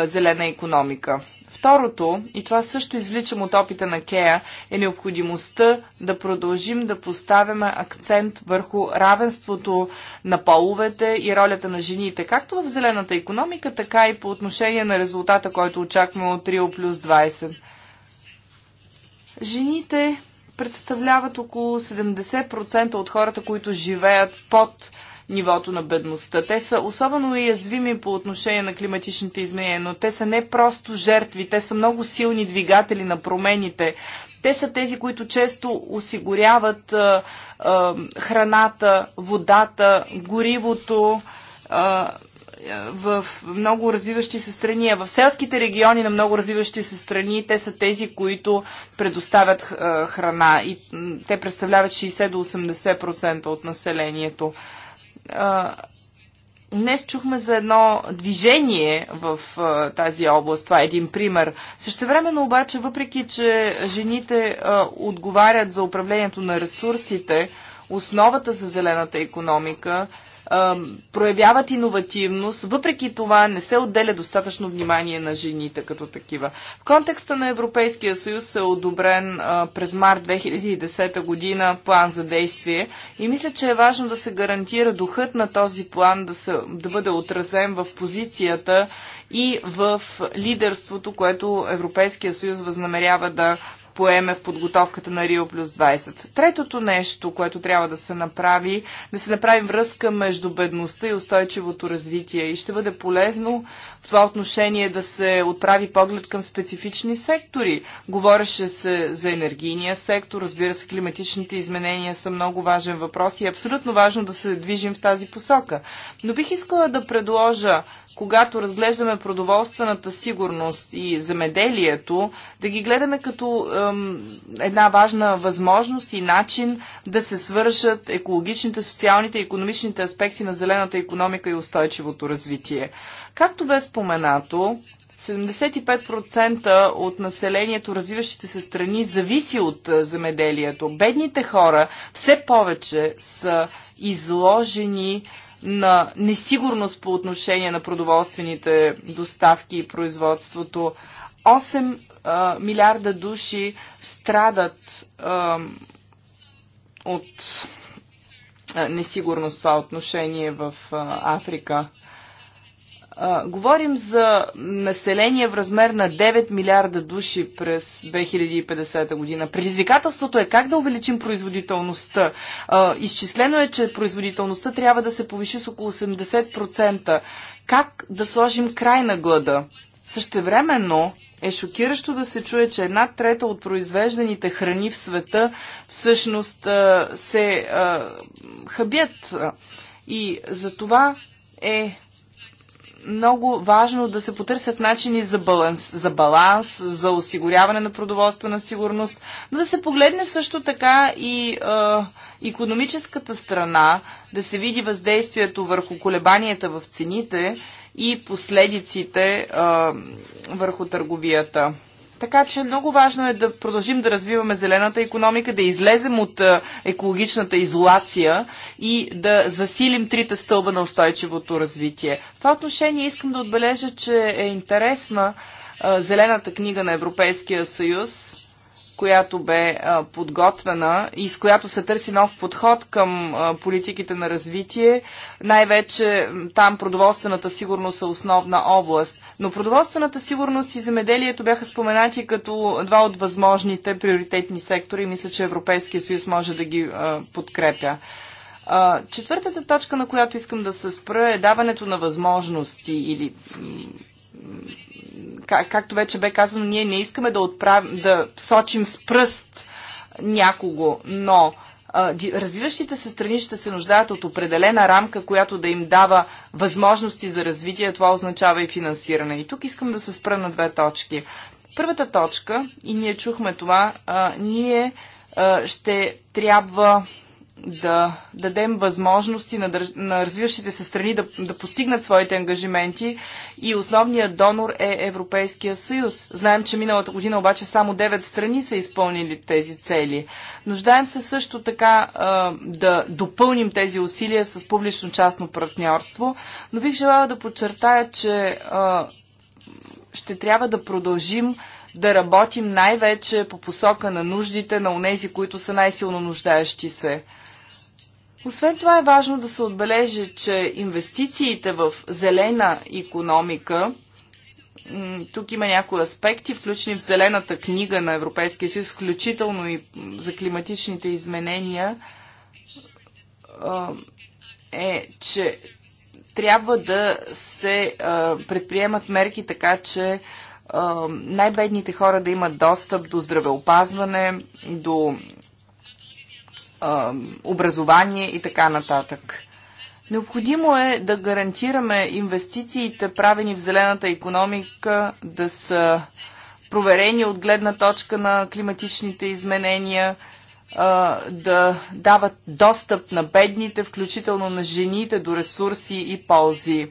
зелена економика. Второто, и това също извличам от опита на Кея, е необходимостта да продължим да поставяме акцент върху равенството на половете и ролята на жените, както в зелената економика, така и по отношение на резултата, който очакваме от Рио плюс 20. Жените представляват около 70% от хората, които живеят под нивото на бедността. Те са особено уязвими по отношение на климатичните изменения, но те са не просто жертви, те са много силни двигатели на промените. Те са тези, които често осигуряват а, а, храната, водата, горивото, а, в много развиващи се страни, а в селските региони на много развиващи се страни те са тези, които предоставят е, храна и те представляват 60 до 80% от населението. Е, днес чухме за едно движение в а, е, тази област. Това е един пример. Същевременно обаче, въпреки че жените а, отговарят за управлението на ресурсите, основата за зелената економика проявяват иновативност, въпреки това не се отделя достатъчно внимание на жените като такива. В контекста на Европейския съюз е одобрен през март 2010 година план за действие и мисля, че е важно да се гарантира духът на този план да, се, да бъде отразен в позицията и в лидерството, което Европейския съюз възнамерява да поеме в подготовката на Рио плюс 20. Третото нещо, което трябва да се направи, да се направи връзка между бедността и устойчивото развитие. И ще бъде полезно това отношение да се отправи поглед към специфични сектори. Говореше се за енергийния сектор, разбира се, климатичните изменения са много важен въпрос и е абсолютно важно да се движим в тази посока. Но бих искала да предложа, когато разглеждаме продоволствената сигурност и земеделието, да ги гледаме като ем, една важна възможност и начин да се свършат екологичните, социалните и економичните аспекти на зелената економика и устойчивото развитие. Както бе споменато, 75% от населението, развиващите се страни, зависи от земеделието. Бедните хора все повече са изложени на несигурност по отношение на продоволствените доставки и производството. 8 а, милиарда души страдат а, от а, несигурност това отношение в а, Африка. А, говорим за население в размер на 9 милиарда души през 2050 година. Предизвикателството е как да увеличим производителността. А, изчислено е, че производителността трябва да се повиши с около 80%. Как да сложим край на глада? Същевременно е шокиращо да се чуе, че една трета от произвежданите храни в света всъщност се а, хабят. И за това е много важно да се потърсят начини за баланс, за, баланс, за осигуряване на продоволствена сигурност, но да се погледне също така и е, економическата страна, да се види въздействието върху колебанията в цените и последиците е, върху търговията. Така че много важно е да продължим да развиваме зелената економика, да излезем от екологичната изолация и да засилим трите стълба на устойчивото развитие. В това отношение искам да отбележа, че е интересна зелената книга на Европейския съюз, която бе подготвена и с която се търси нов подход към политиките на развитие. Най-вече там продоволствената сигурност е основна област. Но продоволствената сигурност и земеделието бяха споменати като два от възможните приоритетни сектори. Мисля, че Европейския съюз може да ги подкрепя. Четвъртата точка, на която искам да се спра е даването на възможности или как, както вече бе казано, ние не искаме да, отправим, да сочим с пръст някого, но развиващите се страни ще се нуждаят от определена рамка, която да им дава възможности за развитие. Това означава и финансиране. И тук искам да се спра на две точки. Първата точка, и ние чухме това, ние ще трябва да дадем възможности на, държ... на развиващите се страни да, да постигнат своите ангажименти и основният донор е Европейския съюз. Знаем, че миналата година обаче само 9 страни са изпълнили тези цели. Нуждаем се също така а, да допълним тези усилия с публично-частно партньорство, но бих желала да подчертая, че а, ще трябва да продължим да работим най-вече по посока на нуждите на унези, които са най-силно нуждаещи се. Освен това е важно да се отбележи, че инвестициите в зелена економика, тук има някои аспекти, включени в зелената книга на Европейския съюз, включително и за климатичните изменения, е, че трябва да се предприемат мерки така, че най-бедните хора да имат достъп до здравеопазване, до образование и така нататък. Необходимо е да гарантираме инвестициите, правени в зелената економика, да са проверени от гледна точка на климатичните изменения, да дават достъп на бедните, включително на жените, до ресурси и ползи.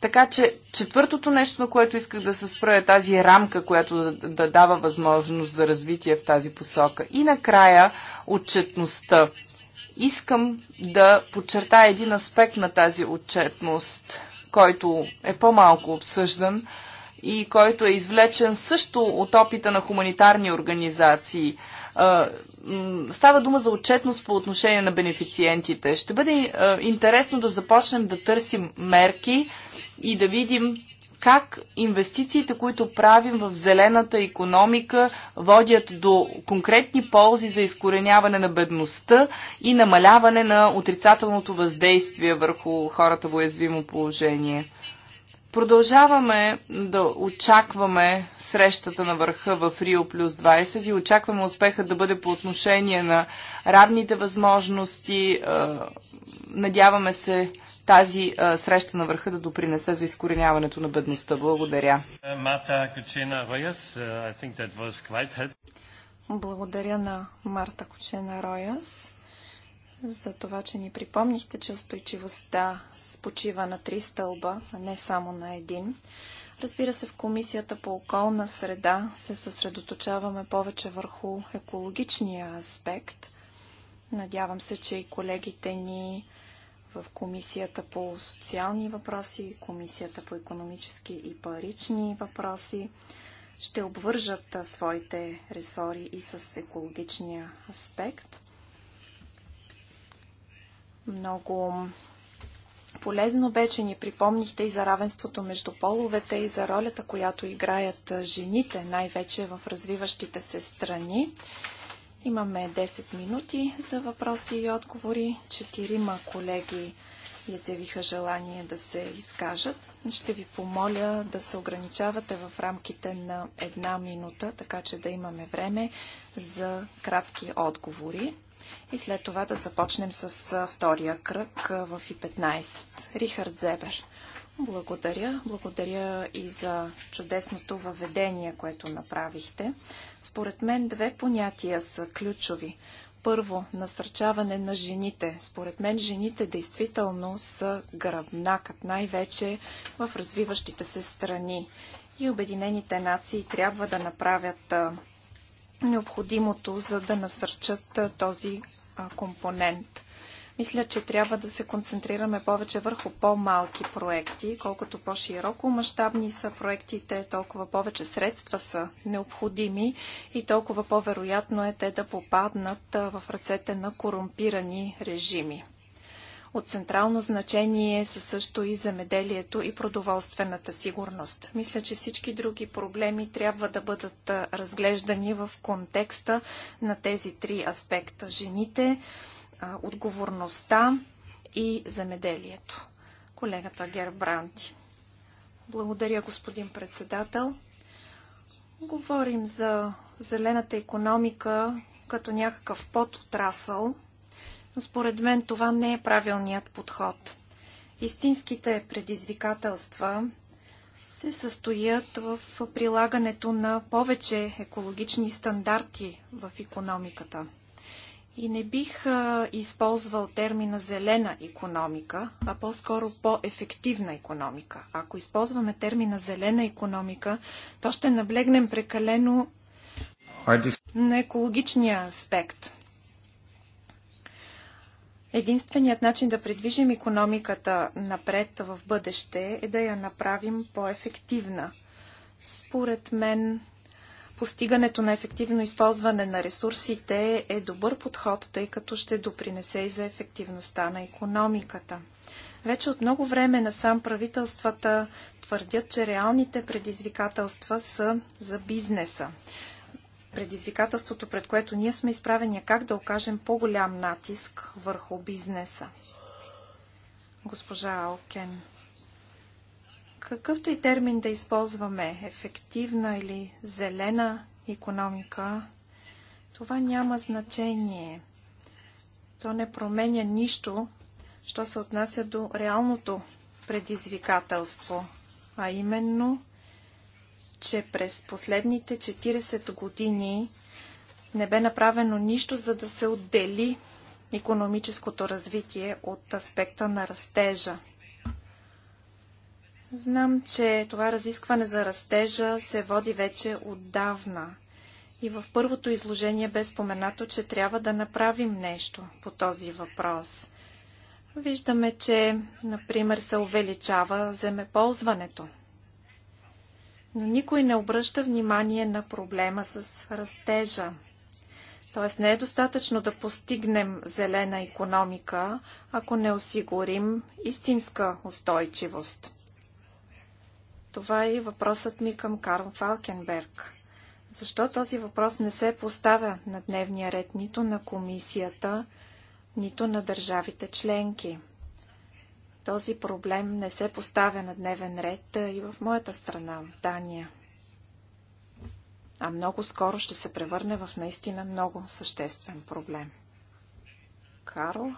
Така че четвъртото нещо, на което исках да се спра е тази рамка, която да, да дава възможност за развитие в тази посока. И накрая отчетността. Искам да подчертая един аспект на тази отчетност, който е по-малко обсъждан и който е извлечен също от опита на хуманитарни организации. Става дума за отчетност по отношение на бенефициентите. Ще бъде интересно да започнем да търсим мерки, и да видим как инвестициите, които правим в зелената економика, водят до конкретни ползи за изкореняване на бедността и намаляване на отрицателното въздействие върху хората в уязвимо положение. Продължаваме да очакваме срещата на върха в Рио плюс 20 и очакваме успехът да бъде по отношение на равните възможности. Е, надяваме се тази е, среща на върха да допринесе за изкореняването на бедността. Благодаря. Е, Благодаря на Марта Кучена Рояс за това, че ни припомнихте, че устойчивостта спочива на три стълба, а не само на един. Разбира се, в Комисията по околна среда се съсредоточаваме повече върху екологичния аспект. Надявам се, че и колегите ни в Комисията по социални въпроси, Комисията по економически и парични въпроси ще обвържат своите ресори и с екологичния аспект. Много полезно беше. ни припомнихте и за равенството между половете и за ролята, която играят жените, най-вече в развиващите се страни. Имаме 10 минути за въпроси и отговори. Четирима колеги изявиха желание да се изкажат. Ще ви помоля да се ограничавате в рамките на една минута, така че да имаме време за кратки отговори и след това да започнем с втория кръг в И-15. Рихард Зебер. Благодаря. Благодаря и за чудесното въведение, което направихте. Според мен две понятия са ключови. Първо, насърчаване на жените. Според мен жените действително са гръбнакът, най-вече в развиващите се страни. И Обединените нации трябва да направят необходимото, за да насърчат този компонент. Мисля, че трябва да се концентрираме повече върху по-малки проекти. Колкото по-широко мащабни са проектите, толкова повече средства са необходими и толкова по-вероятно е те да попаднат в ръцете на корумпирани режими. От централно значение са също и замеделието и продоволствената сигурност. Мисля, че всички други проблеми трябва да бъдат разглеждани в контекста на тези три аспекта. Жените, отговорността и земеделието. Колегата Гербранти. Благодаря, господин председател. Говорим за зелената економика като някакъв подотрасъл – но според мен това не е правилният подход. Истинските предизвикателства се състоят в прилагането на повече екологични стандарти в економиката. И не бих а, използвал термина зелена економика, а по-скоро по-ефективна економика. Ако използваме термина зелена економика, то ще наблегнем прекалено на екологичния аспект. Единственият начин да придвижим економиката напред в бъдеще е да я направим по-ефективна. Според мен, постигането на ефективно използване на ресурсите е добър подход, тъй като ще допринесе и за ефективността на економиката. Вече от много време насам правителствата твърдят, че реалните предизвикателства са за бизнеса предизвикателството, пред което ние сме изправени, е как да окажем по-голям натиск върху бизнеса. Госпожа Алкен, какъвто и термин да използваме, ефективна или зелена економика, това няма значение. То не променя нищо, що се отнася до реалното предизвикателство, а именно че през последните 40 години не бе направено нищо, за да се отдели економическото развитие от аспекта на растежа. Знам, че това разискване за растежа се води вече отдавна. И в първото изложение бе споменато, че трябва да направим нещо по този въпрос. Виждаме, че, например, се увеличава земеползването но никой не обръща внимание на проблема с растежа. Тоест не е достатъчно да постигнем зелена економика, ако не осигурим истинска устойчивост. Това е и въпросът ми към Карл Фалкенберг. Защо този въпрос не се поставя на дневния ред нито на комисията, нито на държавите членки? Този проблем не се поставя на дневен ред и в моята страна, Дания. А много скоро ще се превърне в наистина много съществен проблем. Карл?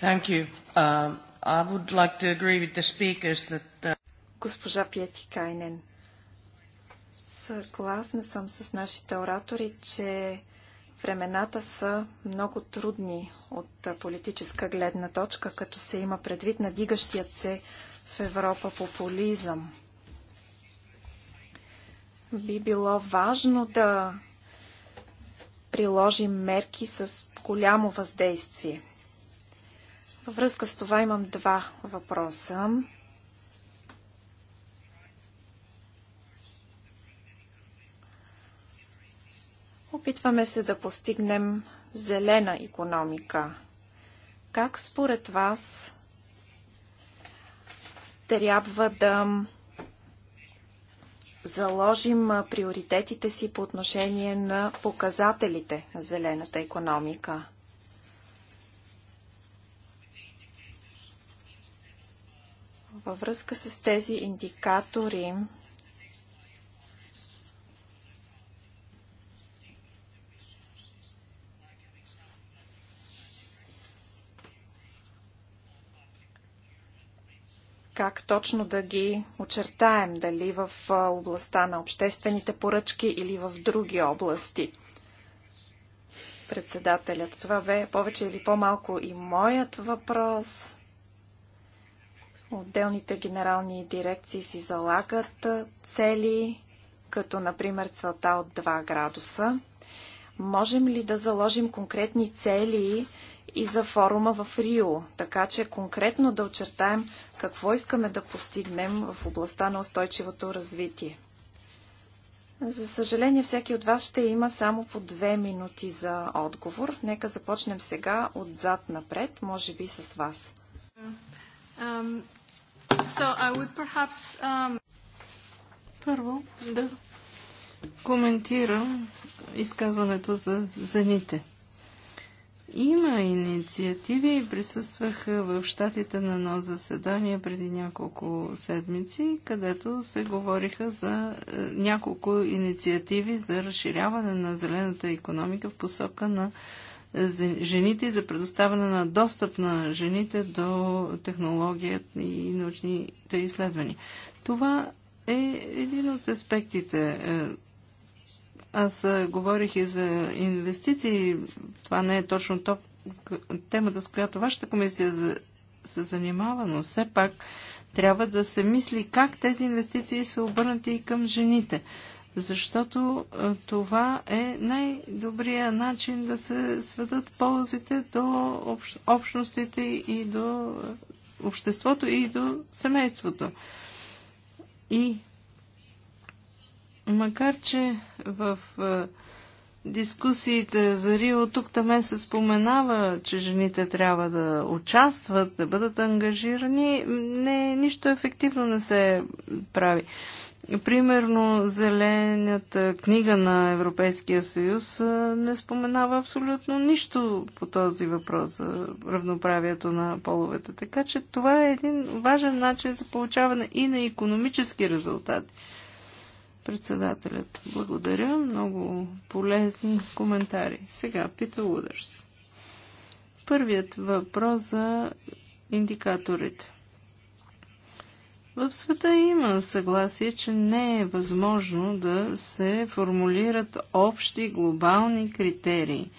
Thank you. Uh, I would like to agree with the speakers that... Uh... Госпожа Пети Кайнен, съгласна съм с нашите оратори, че Времената са много трудни от политическа гледна точка, като се има предвид надигащият се в Европа популизъм. Би било важно да приложим мерки с голямо въздействие. Във връзка с това имам два въпроса. Опитваме се да постигнем зелена економика. Как според вас трябва да заложим приоритетите си по отношение на показателите на зелената економика? Във връзка с тези индикатори, как точно да ги очертаем, дали в областта на обществените поръчки или в други области. Председателят, това бе повече или по-малко и моят въпрос. Отделните генерални дирекции си залагат цели, като например целта от 2 градуса. Можем ли да заложим конкретни цели, и за форума в Рио, така че конкретно да очертаем какво искаме да постигнем в областта на устойчивото развитие. За съжаление, всеки от вас ще има само по две минути за отговор. Нека започнем сега отзад напред, може би с вас. Um, so perhaps, um... Първо да коментирам изказването за зените. Има инициативи. и Присъствах в щатите на едно заседание преди няколко седмици, където се говориха за е, няколко инициативи за разширяване на зелената економика в посока на е, жените и за предоставяне на достъп на жените до технологията и научните изследвания. Това е един от аспектите е, аз говорих и за инвестиции. Това не е точно топ, темата, с която вашата комисия за, се занимава, но все пак трябва да се мисли как тези инвестиции са обърнати и към жените. Защото това е най-добрия начин да се сведат ползите до общ, общностите и до обществото и до семейството. И Макар, че в дискусиите за Рио тук таме се споменава, че жените трябва да участват, да бъдат ангажирани, не, нищо ефективно не се прави. Примерно, зелената книга на Европейския съюз не споменава абсолютно нищо по този въпрос за равноправието на половете. Така че това е един важен начин за получаване и на економически резултати. Председателят, благодаря. Много полезни коментари. Сега, Пита Удърс. Първият въпрос за индикаторите. В света има съгласие, че не е възможно да се формулират общи глобални критерии.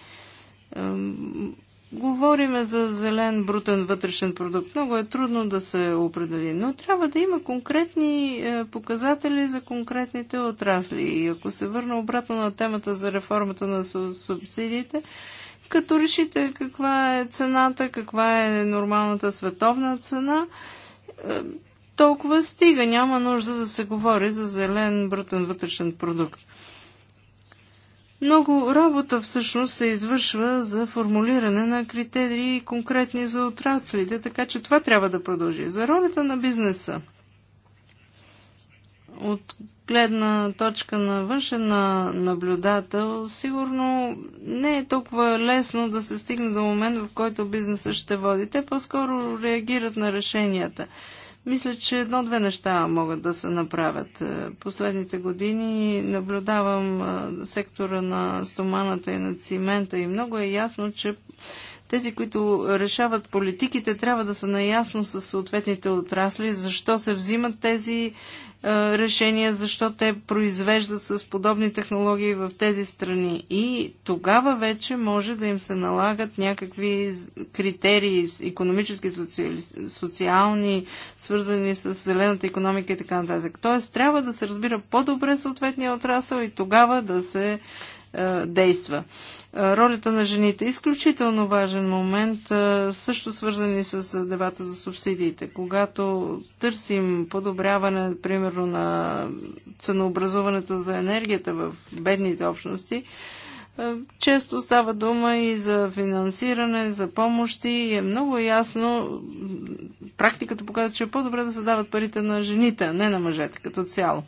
Говориме за зелен брутен вътрешен продукт. Много е трудно да се определи, но трябва да има конкретни е, показатели за конкретните отрасли. И ако се върна обратно на темата за реформата на субсидиите, като решите каква е цената, каква е нормалната световна цена, е, толкова стига. Няма нужда да се говори за зелен брутен вътрешен продукт. Много работа всъщност се извършва за формулиране на критерии конкретни за отраслите, така че това трябва да продължи. За ролята на бизнеса. От гледна точка на външен наблюдател, сигурно не е толкова лесно да се стигне до момент, в който бизнеса ще води. Те по-скоро реагират на решенията. Мисля, че едно-две неща могат да се направят. Е, последните години наблюдавам е, сектора на стоманата и на цимента и много е ясно, че тези, които решават политиките, трябва да са наясно с съответните отрасли, защо се взимат тези е, решения, защо те произвеждат с подобни технологии в тези страни. И тогава вече може да им се налагат някакви критерии, економически, социали, социални, свързани с зелената економика и така нататък. Тоест трябва да се разбира по-добре съответния отрасъл и тогава да се е, действа. Е, ролята на жените е изключително важен момент, е, също свързани с дебата за субсидиите. Когато търсим подобряване, примерно, на ценообразуването за енергията в бедните общности, често става дума и за финансиране, за помощи и е много ясно, практиката показва, че е по-добре да се дават парите на жените, а не на мъжете като цяло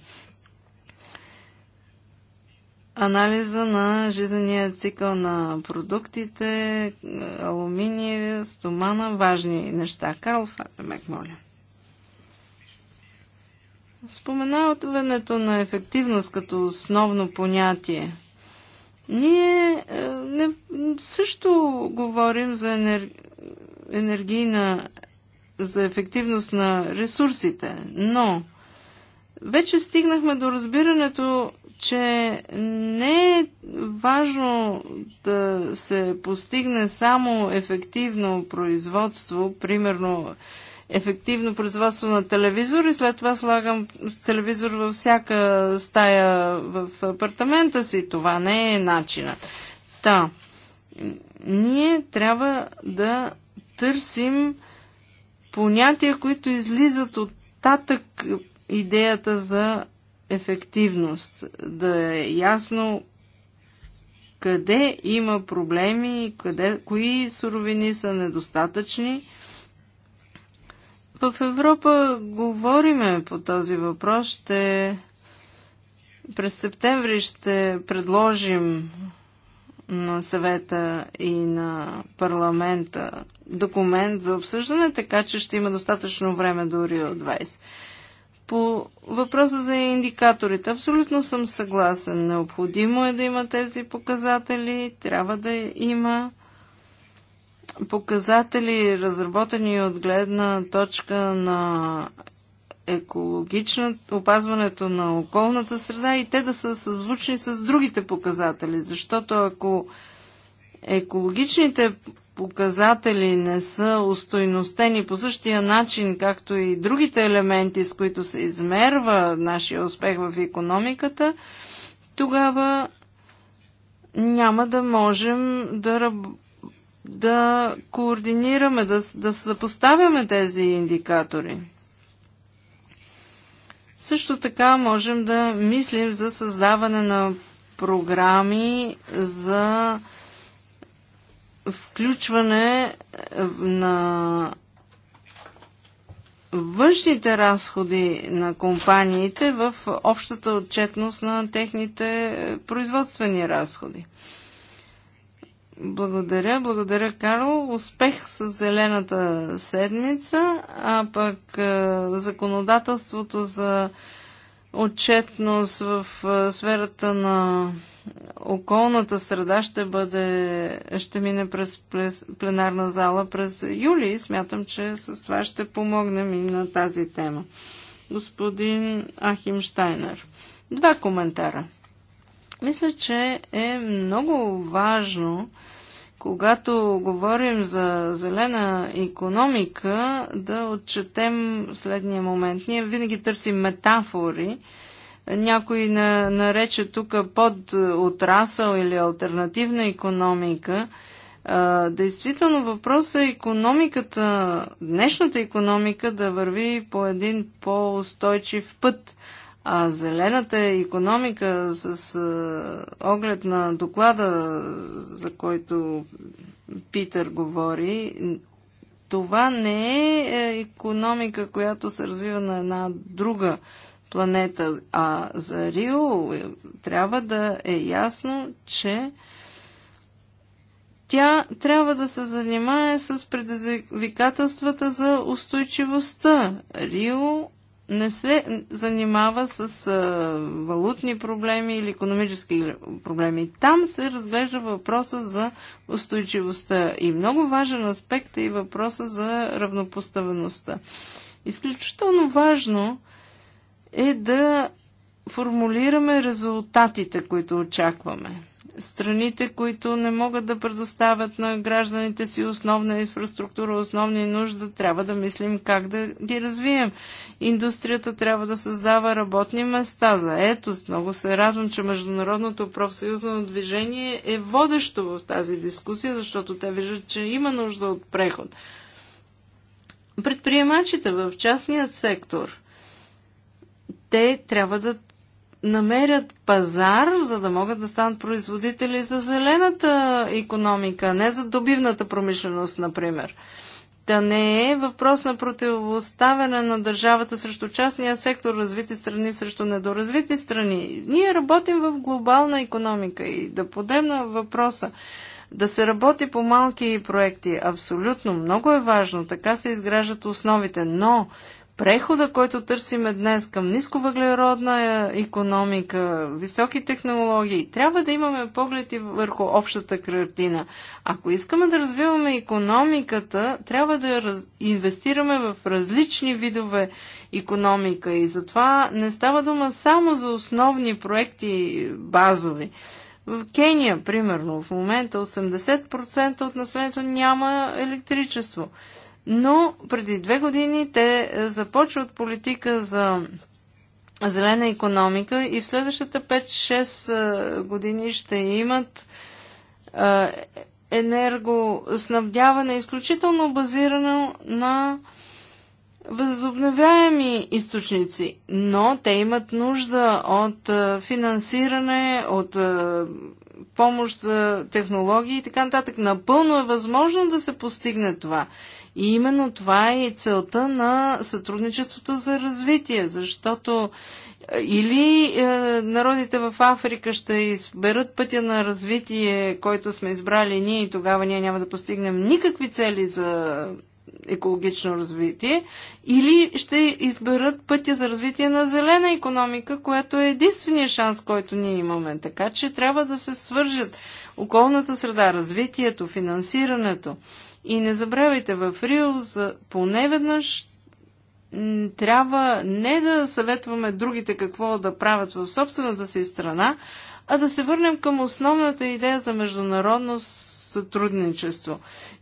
анализа на жизнения цикъл на продуктите, алуминия, стомана, важни неща. Карл Фатемек, моля. Спомена отвенето на ефективност като основно понятие. Ние е, не, също говорим за енер, енергийна, за ефективност на ресурсите, но вече стигнахме до разбирането че не е важно да се постигне само ефективно производство, примерно ефективно производство на телевизор и след това слагам телевизор във всяка стая в апартамента си. Това не е начинът. Та, ние трябва да търсим понятия, които излизат от татък идеята за ефективност, да е ясно къде има проблеми, къде, кои суровини са недостатъчни. В Европа говориме по този въпрос. Ще, през септември ще предложим на съвета и на парламента документ за обсъждане, така че ще има достатъчно време до Рио по въпроса за индикаторите, абсолютно съм съгласен. Необходимо е да има тези показатели, трябва да има показатели, разработени от гледна точка на екологична, опазването на околната среда и те да са съзвучни с другите показатели, защото ако екологичните показатели не са устойностени по същия начин, както и другите елементи, с които се измерва нашия успех в економиката, тогава няма да можем да, да координираме, да, да съпоставяме тези индикатори. Също така можем да мислим за създаване на програми за включване е, на външните разходи на компаниите в общата отчетност на техните е, производствени разходи. Благодаря, благодаря, Карл. Успех с Зелената седмица, а пък е, законодателството за отчетност в сферата на околната среда ще бъде, ще мине през пленарна зала през юли и смятам, че с това ще помогнем и на тази тема. Господин Ахим Штайнер, два коментара. Мисля, че е много важно когато говорим за зелена економика, да отчетем следния момент. Ние винаги търсим метафори. Някой на, нарече тук под отрасъл или альтернативна економика. А, действително въпросът е економиката, днешната економика да върви по един по-устойчив път, а зелената економика с а, оглед на доклада, за който Питър говори, това не е, е економика, която се развива на една друга планета, а за Рио трябва да е ясно, че тя трябва да се занимае с предизвикателствата за устойчивостта. Рио не се занимава с а, валутни проблеми или економически проблеми. Там се разглежда въпроса за устойчивостта. И много важен аспект е и въпроса за равнопоставеността. Изключително важно е да формулираме резултатите, които очакваме страните, които не могат да предоставят на гражданите си основна инфраструктура, основни нужда, трябва да мислим как да ги развием. Индустрията трябва да създава работни места за етост. Много се радвам, че Международното профсъюзно движение е водещо в тази дискусия, защото те виждат, че има нужда от преход. Предприемачите в частният сектор – те трябва да намерят пазар, за да могат да станат производители за зелената економика, не за добивната промишленост, например. Да не е въпрос на противоставяне на държавата срещу частния сектор, развити страни срещу недоразвити страни. Ние работим в глобална економика и да подем на въпроса да се работи по малки проекти. Е абсолютно, много е важно, така се изграждат основите, но прехода, който търсиме днес към нисковъглеродна економика, високи технологии, трябва да имаме поглед и върху общата картина. Ако искаме да развиваме економиката, трябва да раз... инвестираме в различни видове економика и затова не става дума само за основни проекти базови. В Кения, примерно, в момента 80% от населението няма електричество но преди две години те е, започват политика за зелена економика и в следващата 5-6 е, години ще имат е, енергоснабдяване изключително базирано на възобновяеми източници, но те имат нужда от финансиране, от помощ за технологии и така нататък. Напълно е възможно да се постигне това. И именно това е и целта на сътрудничеството за развитие, защото е, или е, народите в Африка ще изберат пътя на развитие, който сме избрали ние и тогава ние няма да постигнем никакви цели за екологично развитие, или ще изберат пътя за развитие на зелена економика, която е единствения шанс, който ние имаме. Така че трябва да се свържат околната среда, развитието, финансирането. И не забравяйте, в Рио за поне веднъж трябва не да съветваме другите какво да правят в собствената си страна, а да се върнем към основната идея за международно сътрудничество.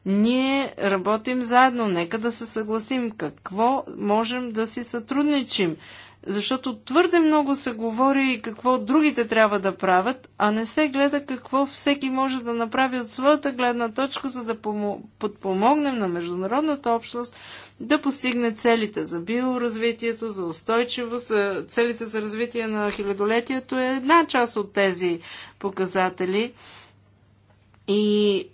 Ние работим заедно, нека да се съгласим какво можем да си сътрудничим, защото твърде много се говори и какво другите трябва да правят, а не се гледа какво всеки може да направи от своята гледна точка, за да подпомогнем на международната общност да постигне целите за биоразвитието, за устойчивост, е, целите за развитие на хилядолетието е една част от тези показатели. И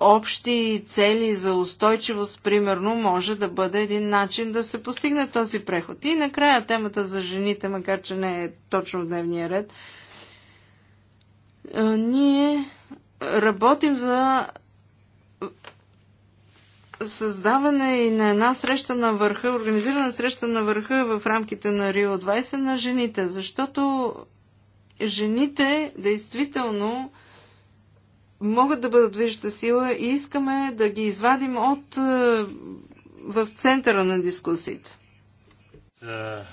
общи цели за устойчивост, примерно, може да бъде един начин да се постигне този преход. И накрая темата за жените, макар че не е точно в дневния ред, ние работим за създаване и на една среща на върха, организирана среща на върха в рамките на Рио 20 на жените, защото жените действително могат да бъдат движеща сила и искаме да ги извадим от е, в центъра на дискусиите. Uh,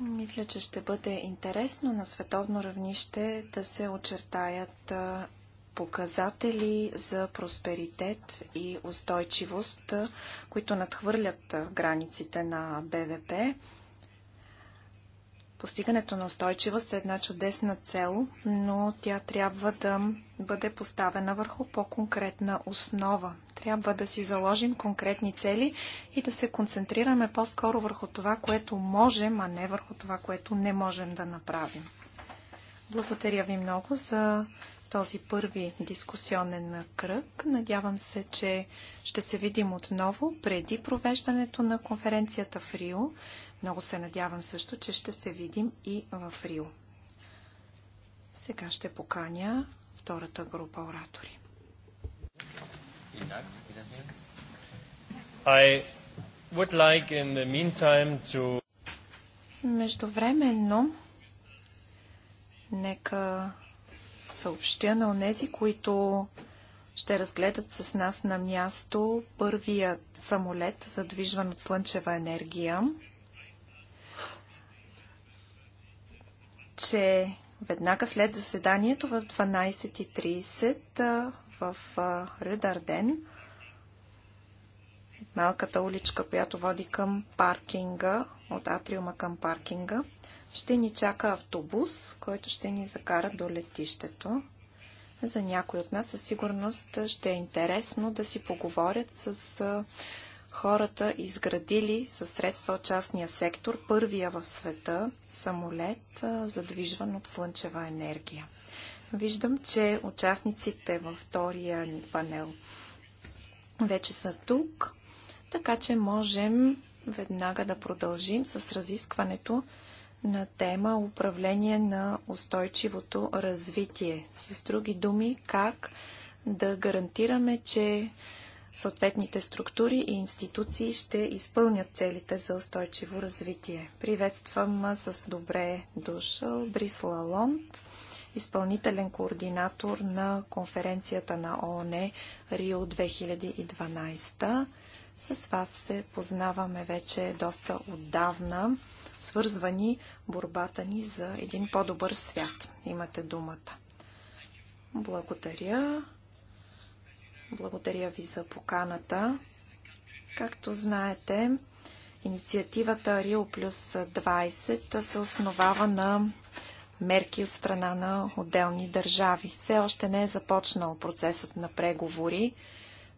Мисля, че ще бъде интересно на световно равнище да се очертаят е, показатели за просперитет и устойчивост, е, които надхвърлят границите на БВП. Постигането на устойчивост е една чудесна цел, но тя трябва да бъде поставена върху по-конкретна основа. Трябва да си заложим конкретни цели и да се концентрираме по-скоро върху това, което можем, а не върху това, което не можем да направим. Благодаря ви много за този първи дискусионен кръг. Надявам се, че ще се видим отново преди провеждането на конференцията в Рио. Много се надявам също, че ще се видим и в Рио. Сега ще поканя втората група оратори. I would like in the meantime to... Междувременно, нека съобщя на онези, които ще разгледат с нас на място първият самолет, задвижван от слънчева енергия. че веднага след заседанието в 12.30 в Рюдарден, малката уличка, която води към паркинга, от атриума към паркинга, ще ни чака автобус, който ще ни закара до летището. За някой от нас със сигурност ще е интересно да си поговорят с хората изградили със средства от частния сектор първия в света самолет, задвижван от слънчева енергия. Виждам, че участниците във втория ни панел вече са тук, така че можем веднага да продължим с разискването на тема управление на устойчивото развитие. С други думи, как да гарантираме, че съответните структури и институции ще изпълнят целите за устойчиво развитие. Приветствам с добре дошъл Брис Лалонд, изпълнителен координатор на конференцията на ООН Рио 2012. С вас се познаваме вече доста отдавна, свързвани борбата ни за един по-добър свят. Имате думата. Благодаря. Благодаря ви за поканата. Както знаете, инициативата Рио плюс 20 се основава на мерки от страна на отделни държави. Все още не е започнал процесът на преговори,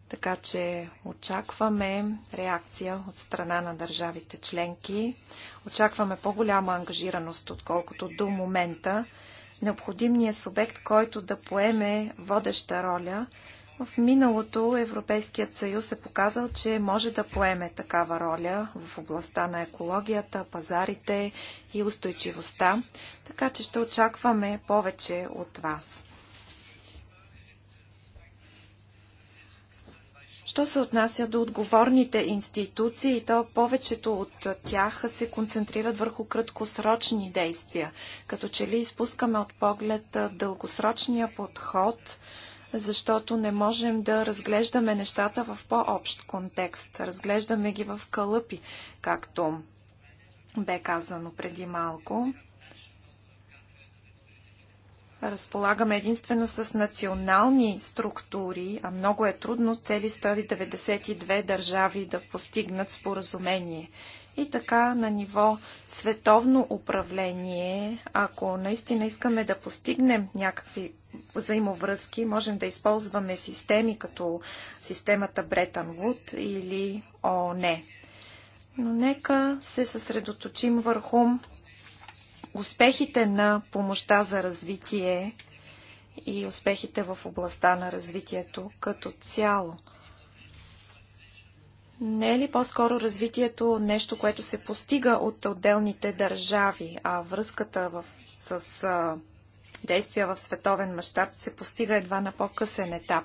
така че очакваме реакция от страна на държавите членки. Очакваме по-голяма ангажираност, отколкото до момента. Необходимният субект, който да поеме водеща роля в миналото Европейският съюз е показал, че може да поеме такава роля в областта на екологията, пазарите и устойчивостта, така че ще очакваме повече от вас. Що се отнася до отговорните институции, то повечето от тях се концентрират върху краткосрочни действия, като че ли изпускаме от поглед дългосрочния подход – защото не можем да разглеждаме нещата в по-общ контекст. Разглеждаме ги в кълъпи, както бе казано преди малко. Разполагаме единствено с национални структури, а много е трудно цели 192 държави да постигнат споразумение. И така на ниво световно управление, ако наистина искаме да постигнем някакви взаимовръзки, можем да използваме системи като системата Бретън Вуд или ООН. Но нека се съсредоточим върху успехите на помощта за развитие и успехите в областта на развитието като цяло – не е ли по-скоро развитието нещо, което се постига от отделните държави, а връзката в, с а, действия в световен мащаб се постига едва на по-късен етап?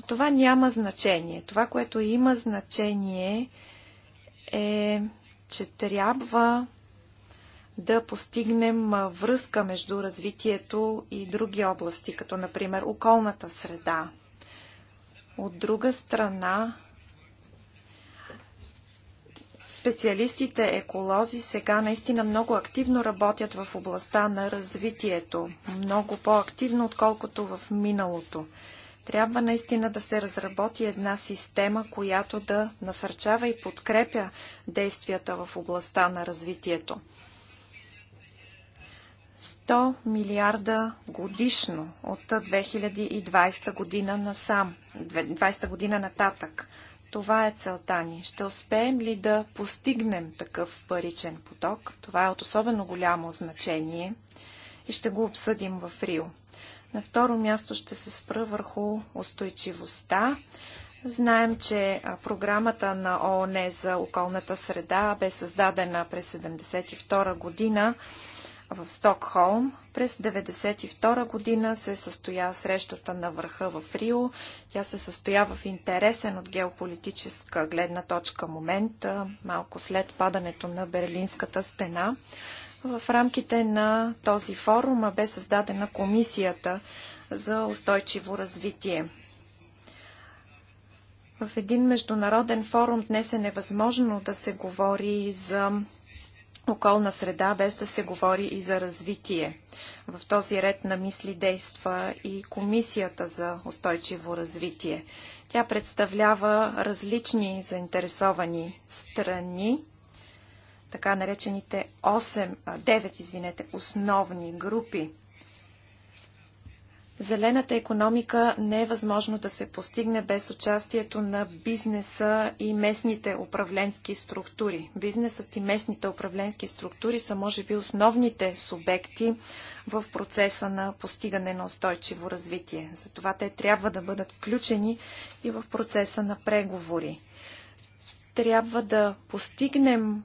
Но това няма значение. Това, което има значение е, че трябва да постигнем връзка между развитието и други области, като например околната среда. От друга страна, Специалистите еколози сега наистина много активно работят в областта на развитието. Много по-активно, отколкото в миналото. Трябва наистина да се разработи една система, която да насърчава и подкрепя действията в областта на развитието. 100 милиарда годишно от 2020 година насам, 2020 година нататък. Това е целта ни. Ще успеем ли да постигнем такъв паричен поток? Това е от особено голямо значение и ще го обсъдим в Рио. На второ място ще се спра върху устойчивостта. Знаем, че програмата на ООН за околната среда бе създадена през 1972 година в Стокхолм. През 1992 година се състоя срещата на върха в Рио. Тя се състоя в интересен от геополитическа гледна точка момент, малко след падането на Берлинската стена. В рамките на този форум бе създадена Комисията за устойчиво развитие. В един международен форум днес е невъзможно да се говори за околна среда, без да се говори и за развитие. В този ред на мисли действа и Комисията за устойчиво развитие. Тя представлява различни заинтересовани страни, така наречените 8, 9 извинете, основни групи Зелената економика не е възможно да се постигне без участието на бизнеса и местните управленски структури. Бизнесът и местните управленски структури са, може би, основните субекти в процеса на постигане на устойчиво развитие. Затова те трябва да бъдат включени и в процеса на преговори. Трябва да постигнем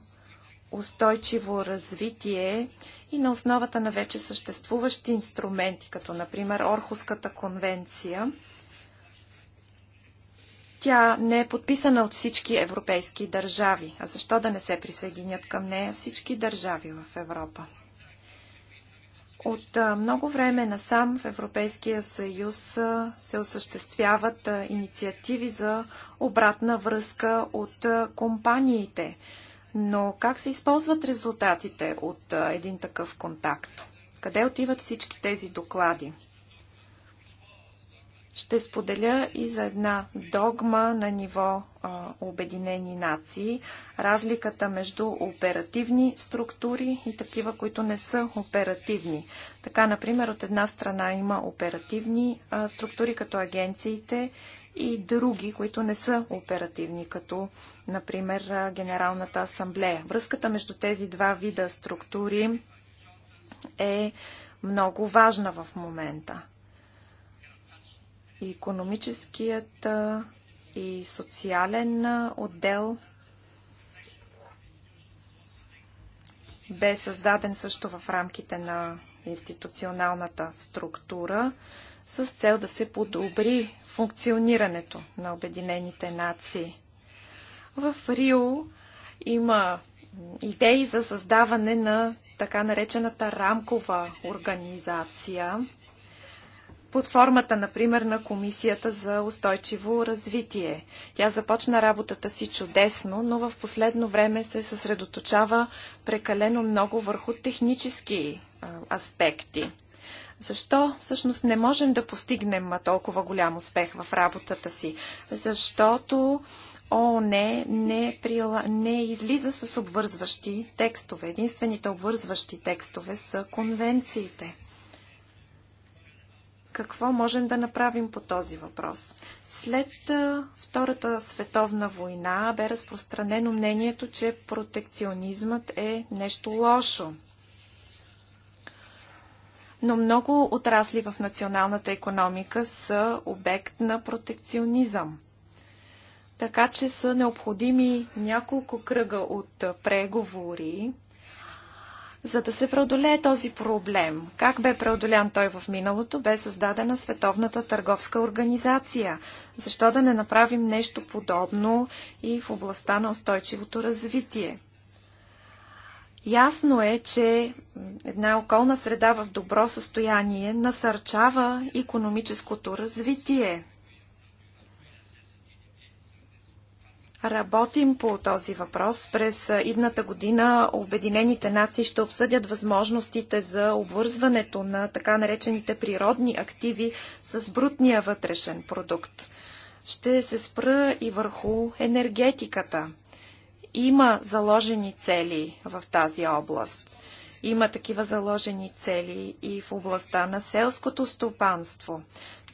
устойчиво развитие и на основата на вече съществуващи инструменти, като например Орхуската конвенция. Тя не е подписана от всички европейски държави. А защо да не се присъединят към нея всички държави в Европа? От много време насам в Европейския съюз се осъществяват инициативи за обратна връзка от компаниите. Но как се използват резултатите от един такъв контакт? Къде отиват всички тези доклади? Ще споделя и за една догма на ниво а, Обединени нации. Разликата между оперативни структури и такива, които не са оперативни. Така, например, от една страна има оперативни а, структури, като агенциите и други, които не са оперативни, като, например, Генералната асамблея. Връзката между тези два вида структури е много важна в момента и економическият и социален отдел бе създаден също в рамките на институционалната структура с цел да се подобри функционирането на Обединените нации. В Рио има идеи за създаване на така наречената рамкова организация – под формата, например, на Комисията за устойчиво развитие. Тя започна работата си чудесно, но в последно време се съсредоточава прекалено много върху технически аспекти. Защо всъщност не можем да постигнем толкова голям успех в работата си? Защото ООН не, прила... не излиза с обвързващи текстове. Единствените обвързващи текстове са конвенциите какво можем да направим по този въпрос. След Втората световна война бе разпространено мнението, че протекционизмът е нещо лошо. Но много отрасли в националната економика са обект на протекционизъм. Така че са необходими няколко кръга от преговори, за да се преодолее този проблем, как бе преодолян той в миналото, бе създадена Световната търговска организация. Защо да не направим нещо подобно и в областта на устойчивото развитие? Ясно е, че една околна среда в добро състояние насърчава економическото развитие. Работим по този въпрос. През идната година Обединените нации ще обсъдят възможностите за обвързването на така наречените природни активи с брутния вътрешен продукт. Ще се спра и върху енергетиката. Има заложени цели в тази област. Има такива заложени цели и в областта на селското стопанство.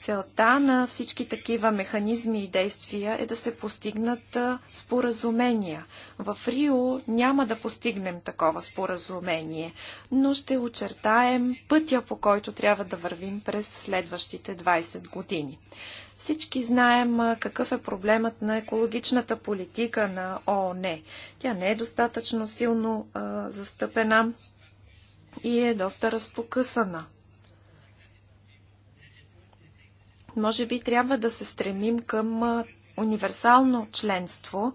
Целта на всички такива механизми и действия е да се постигнат споразумения. В Рио няма да постигнем такова споразумение, но ще очертаем пътя, по който трябва да вървим през следващите 20 години. Всички знаем какъв е проблемът на екологичната политика на ООН. Тя не е достатъчно силно а, застъпена и е доста разпокъсана. Може би трябва да се стремим към универсално членство,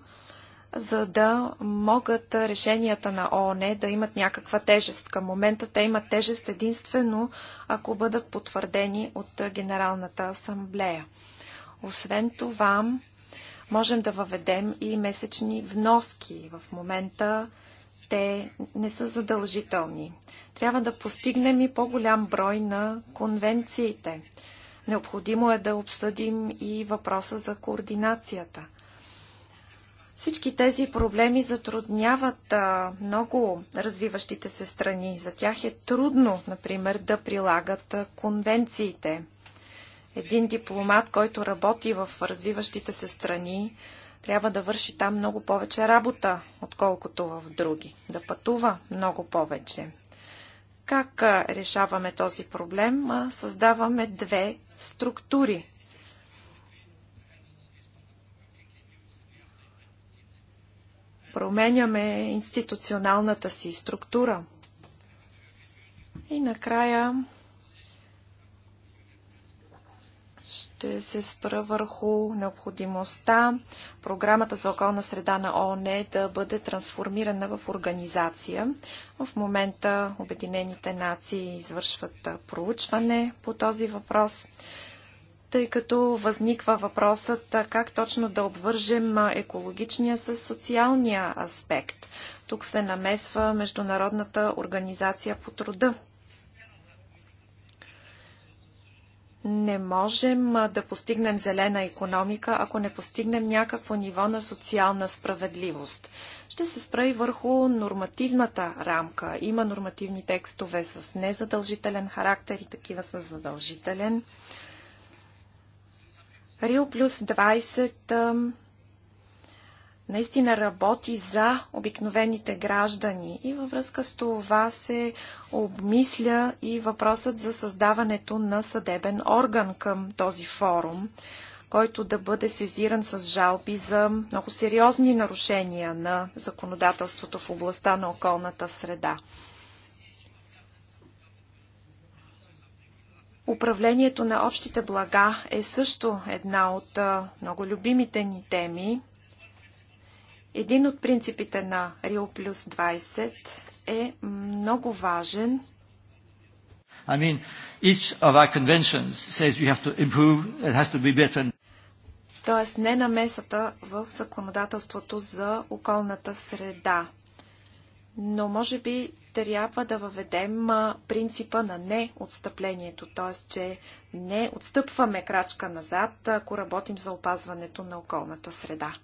за да могат решенията на ООН да имат някаква тежест. Към момента те имат тежест единствено, ако бъдат потвърдени от Генералната асамблея. Освен това, можем да въведем и месечни вноски. В момента те не са задължителни. Трябва да постигнем и по-голям брой на конвенциите. Необходимо е да обсъдим и въпроса за координацията. Всички тези проблеми затрудняват а, много развиващите се страни. За тях е трудно, например, да прилагат а, конвенциите. Един дипломат, който работи в развиващите се страни, трябва да върши там много повече работа, отколкото в други. Да пътува много повече. Как решаваме този проблем? Създаваме две структури. Променяме институционалната си структура. И накрая Ще се спра върху необходимостта програмата за околна среда на ООН да бъде трансформирана в организация. В момента Обединените нации извършват проучване по този въпрос тъй като възниква въпросът как точно да обвържем екологичния с социалния аспект. Тук се намесва Международната организация по труда. Не можем да постигнем зелена економика, ако не постигнем някакво ниво на социална справедливост. Ще се спра и върху нормативната рамка. Има нормативни текстове с незадължителен характер и такива с задължителен. Рио плюс 20 наистина работи за обикновените граждани. И във връзка с това се обмисля и въпросът за създаването на съдебен орган към този форум, който да бъде сезиран с жалби за много сериозни нарушения на законодателството в областта на околната среда. Управлението на общите блага е също една от много любимите ни теми. Един от принципите на Рио плюс 20 е много важен. I mean, each of our conventions says we have to improve, it has to be better. Тоест не намесата в законодателството за околната среда. Но може би трябва да въведем принципа на неотстъплението, т.е. че не отстъпваме крачка назад, ако работим за опазването на околната среда.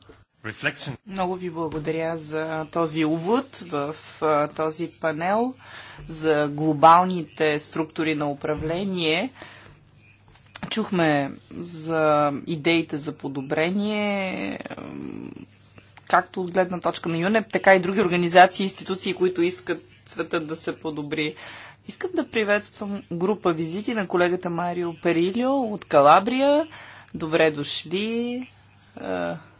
Много ви благодаря за този увод в този панел за глобалните структури на управление. Чухме за идеите за подобрение, както от гледна точка на ЮНЕП, така и други организации и институции, които искат светът да се подобри. Искам да приветствам група визити на колегата Марио Перилио от Калабрия. Добре дошли!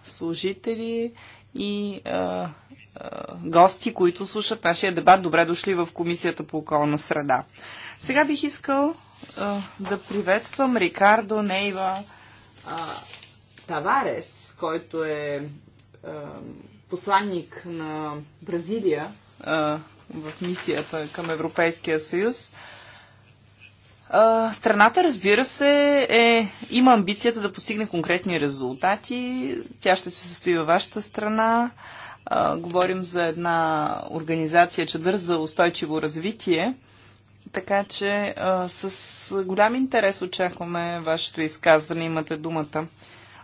служители и а, а, гости, които слушат нашия дебат. Добре дошли в Комисията по околна среда. Сега бих искал а, да приветствам Рикардо Нейва а, Таварес, който е а, посланник на Бразилия а, в мисията към Европейския съюз. А, Страната, разбира се, е, има амбицията да постигне конкретни резултати. Тя ще се състои във вашата страна. А, говорим за една организация Чадър за устойчиво развитие. Така че а, с голям интерес очакваме вашето изказване. Имате думата.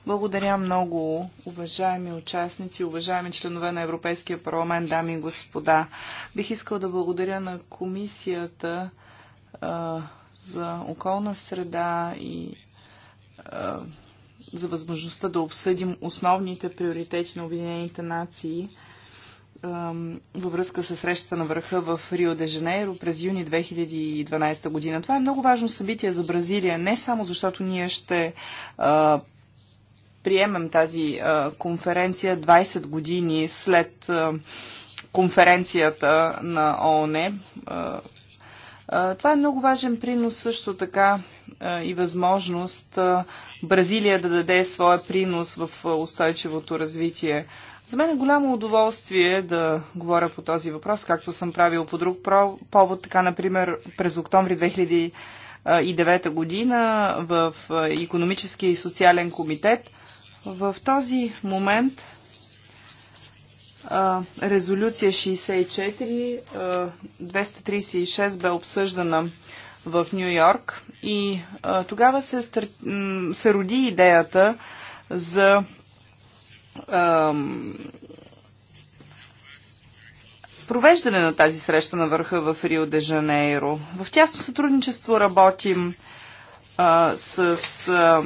Благодаря много, уважаеми участници, уважаеми членове на Европейския парламент, дами и господа. Бих искал да благодаря на комисията. А, за околна среда и а, за възможността да обсъдим основните приоритети на Обединените нации а, във връзка с срещата на върха в Рио де Жанейро през юни 2012 година. Това е много важно събитие за Бразилия, не само защото ние ще а, приемем тази а, конференция 20 години след а, конференцията на ООН а, това е много важен принос също така и възможност Бразилия да даде своя принос в устойчивото развитие. За мен е голямо удоволствие да говоря по този въпрос, както съм правил по друг повод, така например през октомври 2009 година в економическия и социален комитет. В този момент Резолюция 64, 236 бе обсъждана в Нью Йорк и тогава се, стър... се роди идеята за провеждане на тази среща на върха в Рио де Жанейро. В тясно сътрудничество работим а, с а,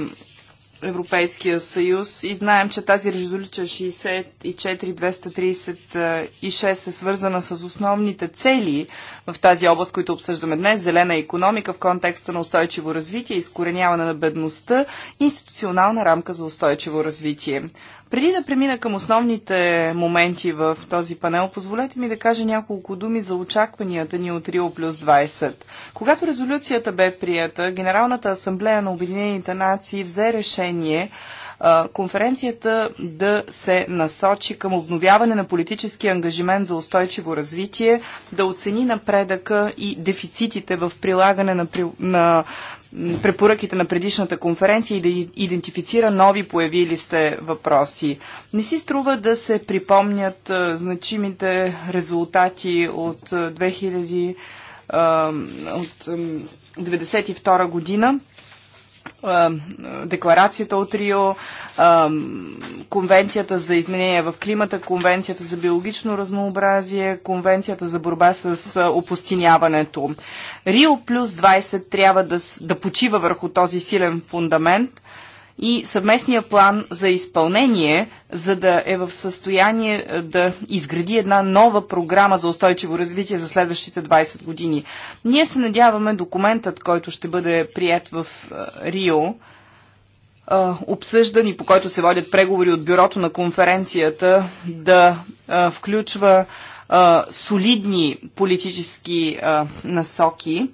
Европейския съюз и знаем, че тази резолюция 64-236 е свързана с основните цели в тази област, които обсъждаме днес. Зелена економика в контекста на устойчиво развитие, изкореняване на бедността и институционална рамка за устойчиво развитие. Преди да премина към основните моменти в този панел, позволете ми да кажа няколко думи за очакванията ни от Рио плюс 20. Когато резолюцията бе прията, Генералната асамблея на Обединените нации взе решение конференцията да се насочи към обновяване на политически ангажимент за устойчиво развитие, да оцени напредъка и дефицитите в прилагане на, на препоръките на предишната конференция и да идентифицира нови появили се въпроси. Не си струва да се припомнят значимите резултати от 2000 от 1992 година декларацията от Рио, конвенцията за изменение в климата, конвенцията за биологично разнообразие, конвенцията за борба с опустиняването. Рио плюс 20 трябва да, да почива върху този силен фундамент и съвместния план за изпълнение, за да е в състояние е, да изгради една нова програма за устойчиво развитие за следващите 20 години. Ние се надяваме документът, който ще бъде прият в е, Рио, е, обсъждан и по който се водят преговори от бюрото на конференцията, да включва солидни политически насоки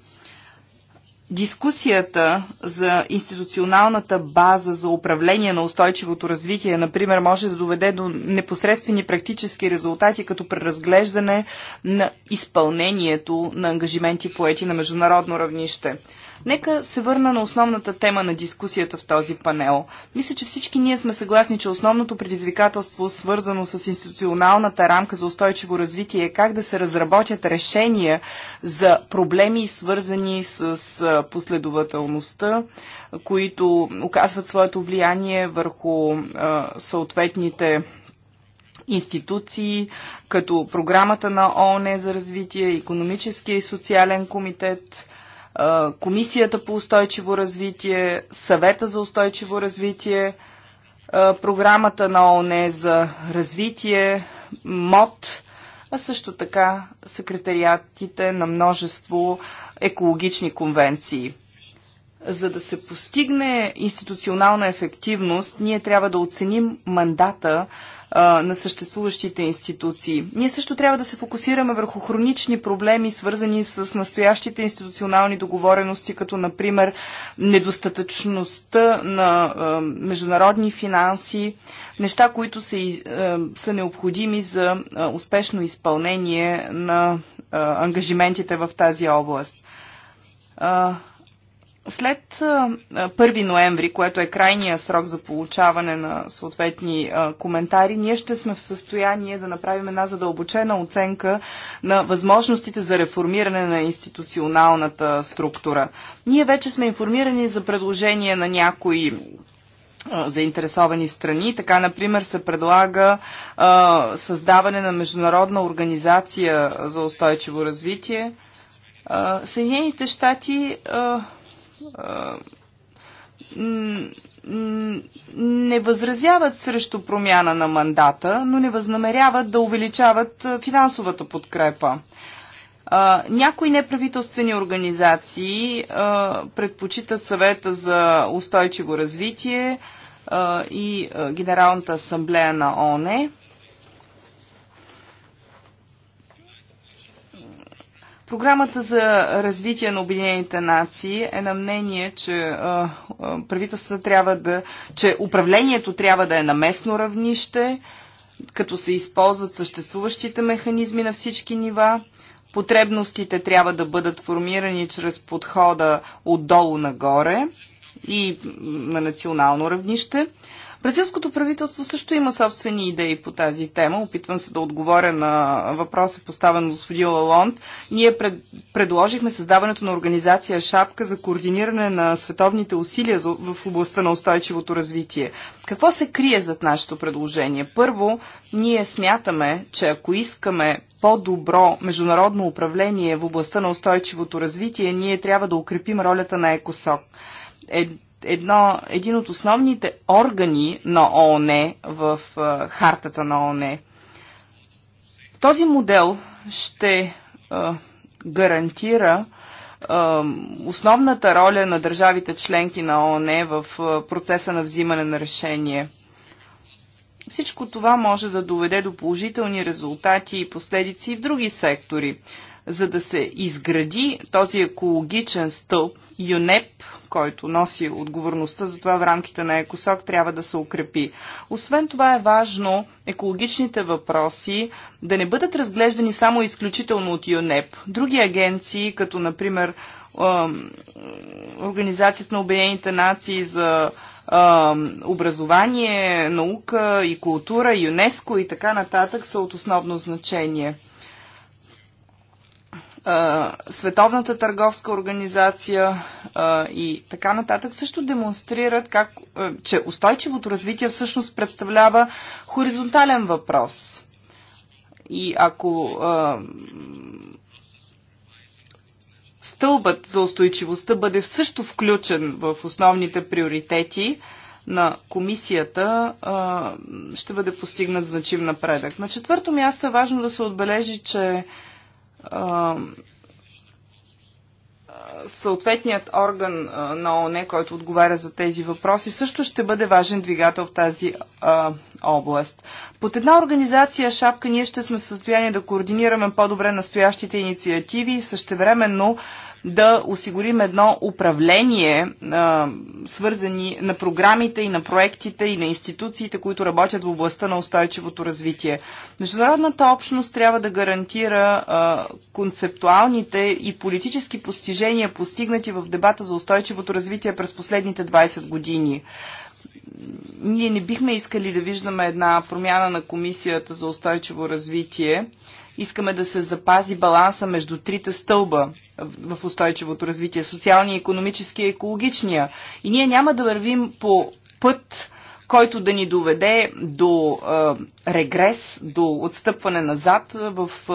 дискусията за институционалната база за управление на устойчивото развитие, например, може да доведе до непосредствени практически резултати, като преразглеждане на изпълнението на ангажименти поети на международно равнище. Нека се върна на основната тема на дискусията в този панел. Мисля, че всички ние сме съгласни, че основното предизвикателство, свързано с институционалната рамка за устойчиво развитие, е как да се разработят решения за проблеми, свързани с последователността, които оказват своето влияние върху съответните институции, като програмата на ООН за развитие, економическия и социален комитет, Комисията по устойчиво развитие, Съвета за устойчиво развитие, програмата на ООН за развитие, МОД, а също така секретариатите на множество екологични конвенции. За да се постигне институционална ефективност, ние трябва да оценим мандата а, на съществуващите институции. Ние също трябва да се фокусираме върху хронични проблеми, свързани с настоящите институционални договорености, като например недостатъчността на а, международни финанси, неща, които са, а, са необходими за а, успешно изпълнение на а, ангажиментите в тази област. След 1 ноември, което е крайния срок за получаване на съответни коментари, ние ще сме в състояние да направим една задълбочена оценка на възможностите за реформиране на институционалната структура. Ние вече сме информирани за предложение на някои заинтересовани страни. Така, например, се предлага а, създаване на Международна организация за устойчиво развитие. А, Съединените щати а, не възразяват срещу промяна на мандата, но не възнамеряват да увеличават финансовата подкрепа. А, някои неправителствени организации а, предпочитат съвета за устойчиво развитие и Генералната асамблея на ОНЕ Програмата за развитие на Обединените нации е на мнение, че правителството правителствата трябва да, че управлението трябва да е на местно равнище, като се използват съществуващите механизми на всички нива. Потребностите трябва да бъдат формирани чрез подхода отдолу нагоре и на национално равнище. Бразилското правителство също има собствени идеи по тази тема. Опитвам се да отговоря на въпроса поставен от господин Лалонд. Ние пред, предложихме създаването на организация Шапка за координиране на световните усилия за, в областта на устойчивото развитие. Какво се крие зад нашето предложение? Първо, ние смятаме, че ако искаме по-добро международно управление в областта на устойчивото развитие, ние трябва да укрепим ролята на ЕКОСОК. Е, едно, един от основните органи на ООН в а, хартата на ООН. Този модел ще а, гарантира а, основната роля на държавите членки на ООН в а, процеса на взимане на решение. Всичко това може да доведе до положителни резултати и последици и в други сектори. За да се изгради този екологичен стълб, ЮНЕП, който носи отговорността за това в рамките на ЕКОСОК, трябва да се укрепи. Освен това е важно екологичните въпроси да не бъдат разглеждани само изключително от ЮНЕП. Други агенции, като например Организацията на Обединените нации за образование, наука и култура, ЮНЕСКО и така нататък са от основно значение. Световната търговска организация и така нататък също демонстрират, как, че устойчивото развитие всъщност представлява хоризонтален въпрос. И ако стълбът за устойчивостта бъде също включен в основните приоритети на комисията, ще бъде постигнат значим напредък. На четвърто място е важно да се отбележи, че съответният орган на ООН, който отговаря за тези въпроси, също ще бъде важен двигател в тази а, област. Под една организация Шапка ние ще сме в състояние да координираме по-добре настоящите инициативи и същевременно да осигурим едно управление а, свързани на програмите и на проектите и на институциите, които работят в областта на устойчивото развитие. Международната общност трябва да гарантира а, концептуалните и политически постижения, постигнати в дебата за устойчивото развитие през последните 20 години ние не бихме искали да виждаме една промяна на Комисията за устойчиво развитие, Искаме да се запази баланса между трите стълба в устойчивото развитие – социалния, економическия и екологичния. И ние няма да вървим по път, който да ни доведе до е, регрес, до отстъпване назад в е,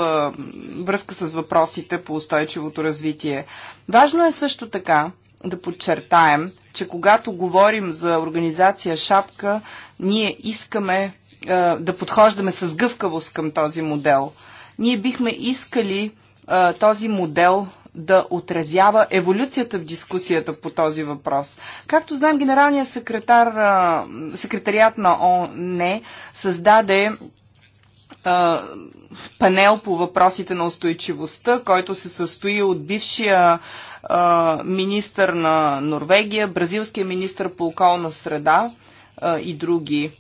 връзка с въпросите по устойчивото развитие. Важно е също така да подчертаем, че когато говорим за организация Шапка, ние искаме е, да подхождаме с гъвкавост към този модел – ние бихме искали а, този модел да отразява еволюцията в дискусията по този въпрос. Както знаем, генералният секретар, а, секретарият на ОНЕ създаде а, панел по въпросите на устойчивостта, който се състои от бившия а, министър на Норвегия, бразилския министър по околна среда а, и други.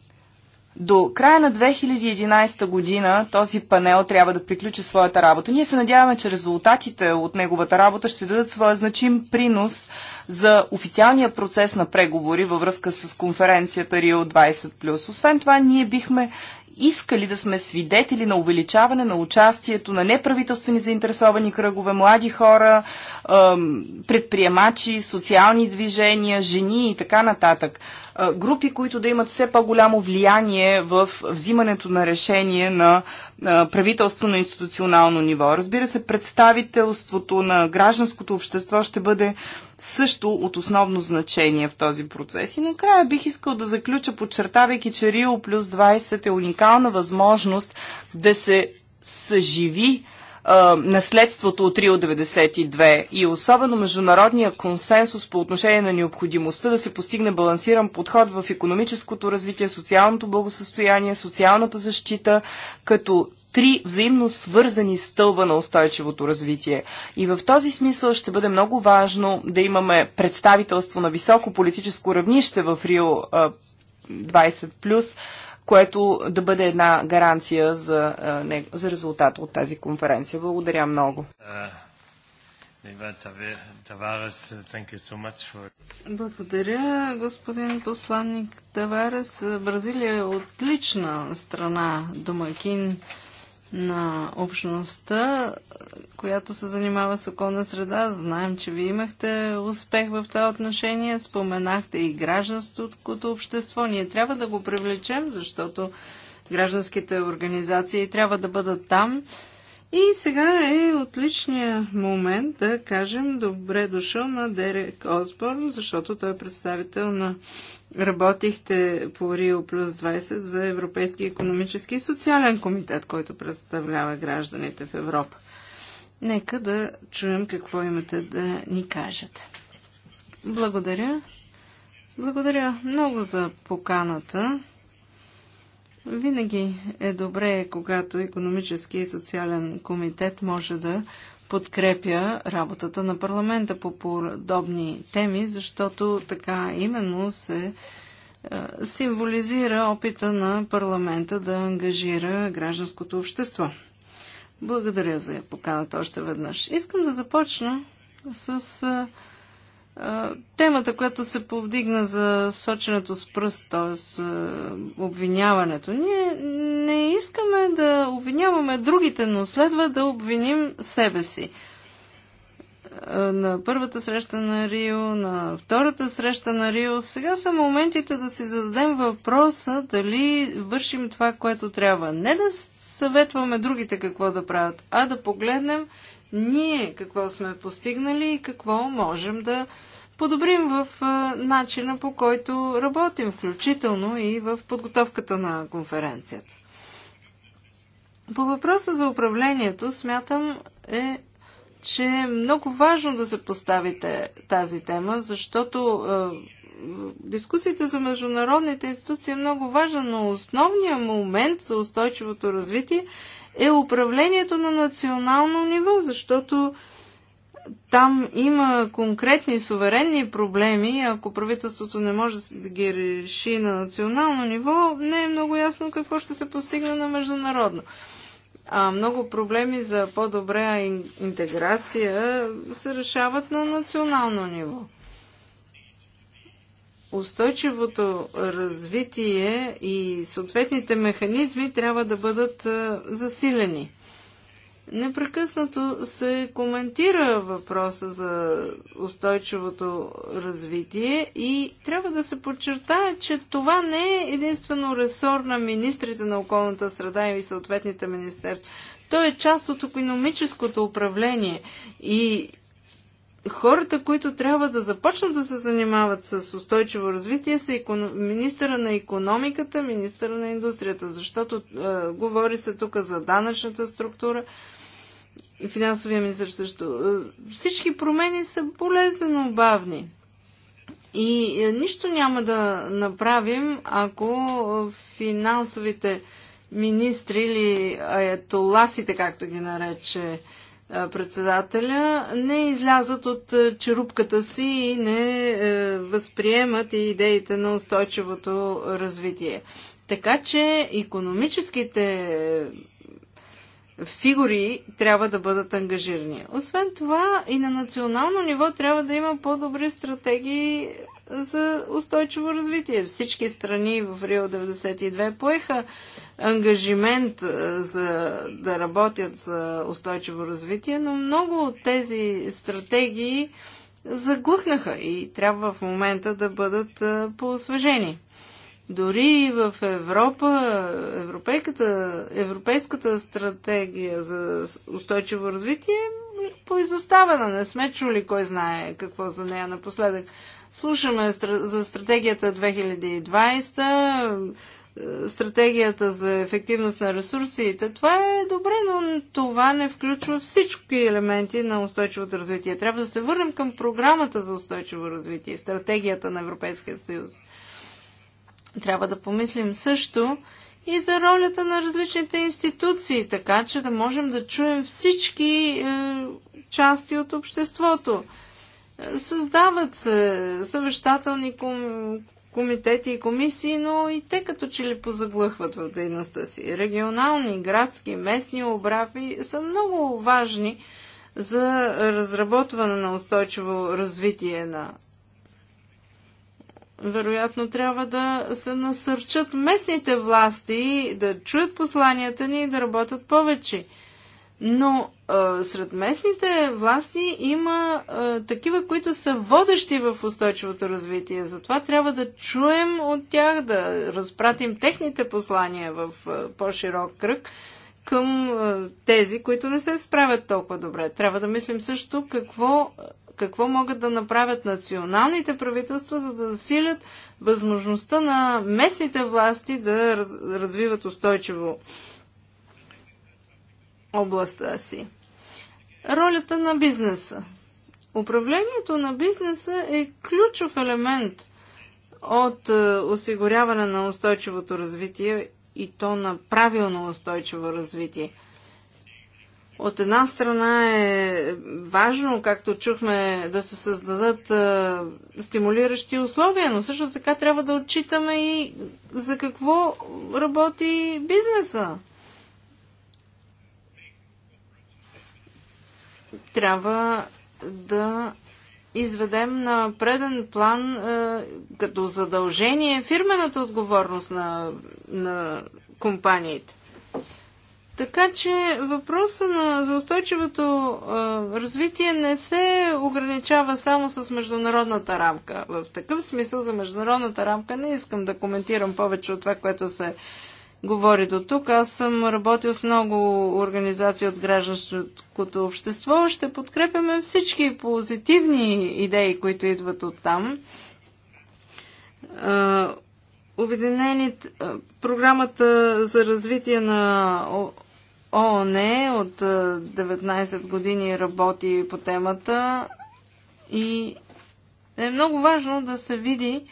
До края на 2011 година този панел трябва да приключи своята работа. Ние се надяваме, че резултатите от неговата работа ще дадат своя значим принос за официалния процес на преговори във връзка с конференцията Рио 20+. Освен това, ние бихме искали да сме свидетели на увеличаване на участието на неправителствени заинтересовани кръгове, млади хора, предприемачи, социални движения, жени и така нататък групи, които да имат все по-голямо влияние в взимането на решение на правителство на институционално ниво. Разбира се, представителството на гражданското общество ще бъде също от основно значение в този процес. И накрая бих искал да заключа, подчертавайки, че Рио плюс 20 е уникална възможност да се съживи наследството от Рио 92 и особено международния консенсус по отношение на необходимостта да се постигне балансиран подход в економическото развитие, социалното благосъстояние, социалната защита, като три взаимно свързани стълба на устойчивото развитие. И в този смисъл ще бъде много важно да имаме представителство на високо политическо равнище в Рио 20+, което да бъде една гаранция за, не, за резултат от тази конференция. Благодаря много. Благодаря, господин посланник Таварес. Бразилия е отлична страна, домакин на общността, която се занимава с околна среда. Знаем, че вие имахте успех в това отношение. Споменахте и като общество. Ние трябва да го привлечем, защото гражданските организации трябва да бъдат там и сега е отличния момент да кажем добре дошъл на Дерек Осборн, защото той е представител на работихте по Рио плюс 20 за Европейски економически и социален комитет, който представлява гражданите в Европа. Нека да чуем какво имате да ни кажете. Благодаря. Благодаря много за поканата. Винаги е добре, когато економически и социален комитет може да подкрепя работата на парламента по подобни теми, защото така именно се е, символизира опита на парламента да ангажира гражданското общество. Благодаря за поканата още веднъж. Искам да започна с е, темата, която се повдигна за соченето с пръст, т.е. обвиняването. Ние не искаме да обвиняваме другите, но следва да обвиним себе си. На първата среща на Рио, на втората среща на Рио, сега са моментите да си зададем въпроса дали вършим това, което трябва. Не да съветваме другите какво да правят, а да погледнем ние какво сме постигнали и какво можем да подобрим в начина по който работим, включително и в подготовката на конференцията. По въпроса за управлението смятам е, че е много важно да се поставите тази тема, защото дискусията за международните институции е много важна, но основният момент за устойчивото развитие е управлението на национално ниво, защото там има конкретни суверенни проблеми. Ако правителството не може да ги реши на национално ниво, не е много ясно какво ще се постигне на международно. А много проблеми за по-добра интеграция се решават на национално ниво устойчивото развитие и съответните механизми трябва да бъдат засилени. Непрекъснато се коментира въпроса за устойчивото развитие и трябва да се подчертая, че това не е единствено ресор на министрите на околната среда и съответните министерства. То е част от економическото управление и хората, които трябва да започнат да се занимават с устойчиво развитие, са економ... министъра на економиката, министъра на индустрията, защото е, говори се тук за данъчната структура и финансовия министр също. Е, всички промени са болезнено бавни. И е, нищо няма да направим, ако е, финансовите министри или аятоласите, както ги нарече председателя, не излязат от черупката си и не възприемат и идеите на устойчивото развитие. Така че економическите фигури трябва да бъдат ангажирани. Освен това и на национално ниво трябва да има по-добри стратегии за устойчиво развитие. Всички страни в Рио 92 поеха ангажимент за да работят за устойчиво развитие, но много от тези стратегии заглъхнаха и трябва в момента да бъдат поосвежени. Дори в Европа, европейската, европейската стратегия за устойчиво развитие е поизоставена. Не сме чули кой знае какво за нея напоследък. Слушаме за стратегията 2020, е, стратегията за ефективност на ресурсите. Това е добре, но това не включва всички елементи на устойчивото развитие. Трябва да се върнем към програмата за устойчиво развитие, стратегията на Европейския съюз. Трябва да помислим също и за ролята на различните институции, така че да можем да чуем всички е, части от обществото. Създават се съвещателни ком... комитети и комисии, но и те като че ли позаглъхват в дейността си. Регионални, градски, местни обрави са много важни за разработване на устойчиво развитие на вероятно трябва да се насърчат местните власти да чуят посланията ни и да работят повече. Но сред местните власти има а, такива, които са водещи в устойчивото развитие. Затова трябва да чуем от тях, да разпратим техните послания в по-широк кръг към а, тези, които не се справят толкова добре. Трябва да мислим също какво, какво могат да направят националните правителства, за да засилят възможността на местните власти да раз, развиват устойчиво областта си. Ролята на бизнеса. Управлението на бизнеса е ключов елемент от е, осигуряване на устойчивото развитие и то на правилно устойчиво развитие. От една страна е важно, както чухме, да се създадат е, стимулиращи условия, но също така трябва да отчитаме и за какво работи бизнеса. трябва да изведем на преден план е, като задължение фирмената отговорност на, на компаниите. Така че въпроса на, за устойчивото е, развитие не се ограничава само с международната рамка. В такъв смисъл за международната рамка не искам да коментирам повече от това, което се говори до тук. Аз съм работил с много организации от гражданското общество. Ще подкрепяме всички позитивни идеи, които идват от там. Обединени програмата за развитие на ООН от 19 години работи по темата и е много важно да се види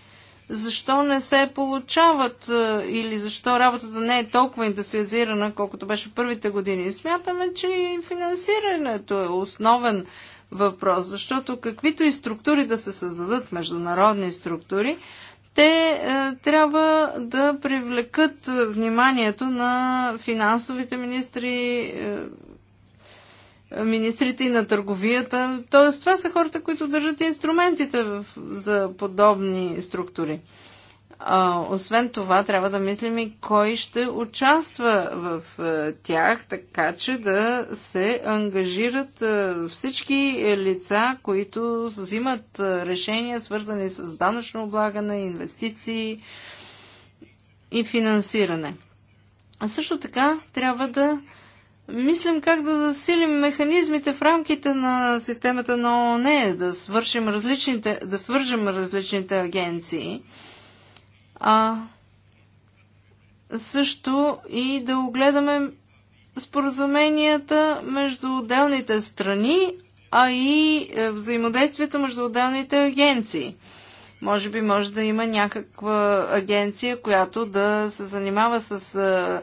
защо не се получават е, или защо работата не е толкова ентусиазирана, колкото беше първите години. Смятаме, че и финансирането е основен въпрос, защото каквито и структури да се създадат, международни структури, те е, трябва да привлекат е, вниманието на финансовите министри, е, министрите и на търговията. Тоест, това са хората, които държат инструментите в, за подобни структури. А, освен това, трябва да мислим и кой ще участва в а, е, тях, така че да се ангажират а, е, всички лица, които взимат а, е, решения, свързани с данъчно облагане, инвестиции и финансиране. А също така трябва да мислим как да засилим механизмите в рамките на системата на ООН, да, свършим различните, да свържем различните агенции, а също и да огледаме споразуменията между отделните страни, а и е, взаимодействието между отделните агенции. Може би може да има някаква агенция, която да се занимава с е,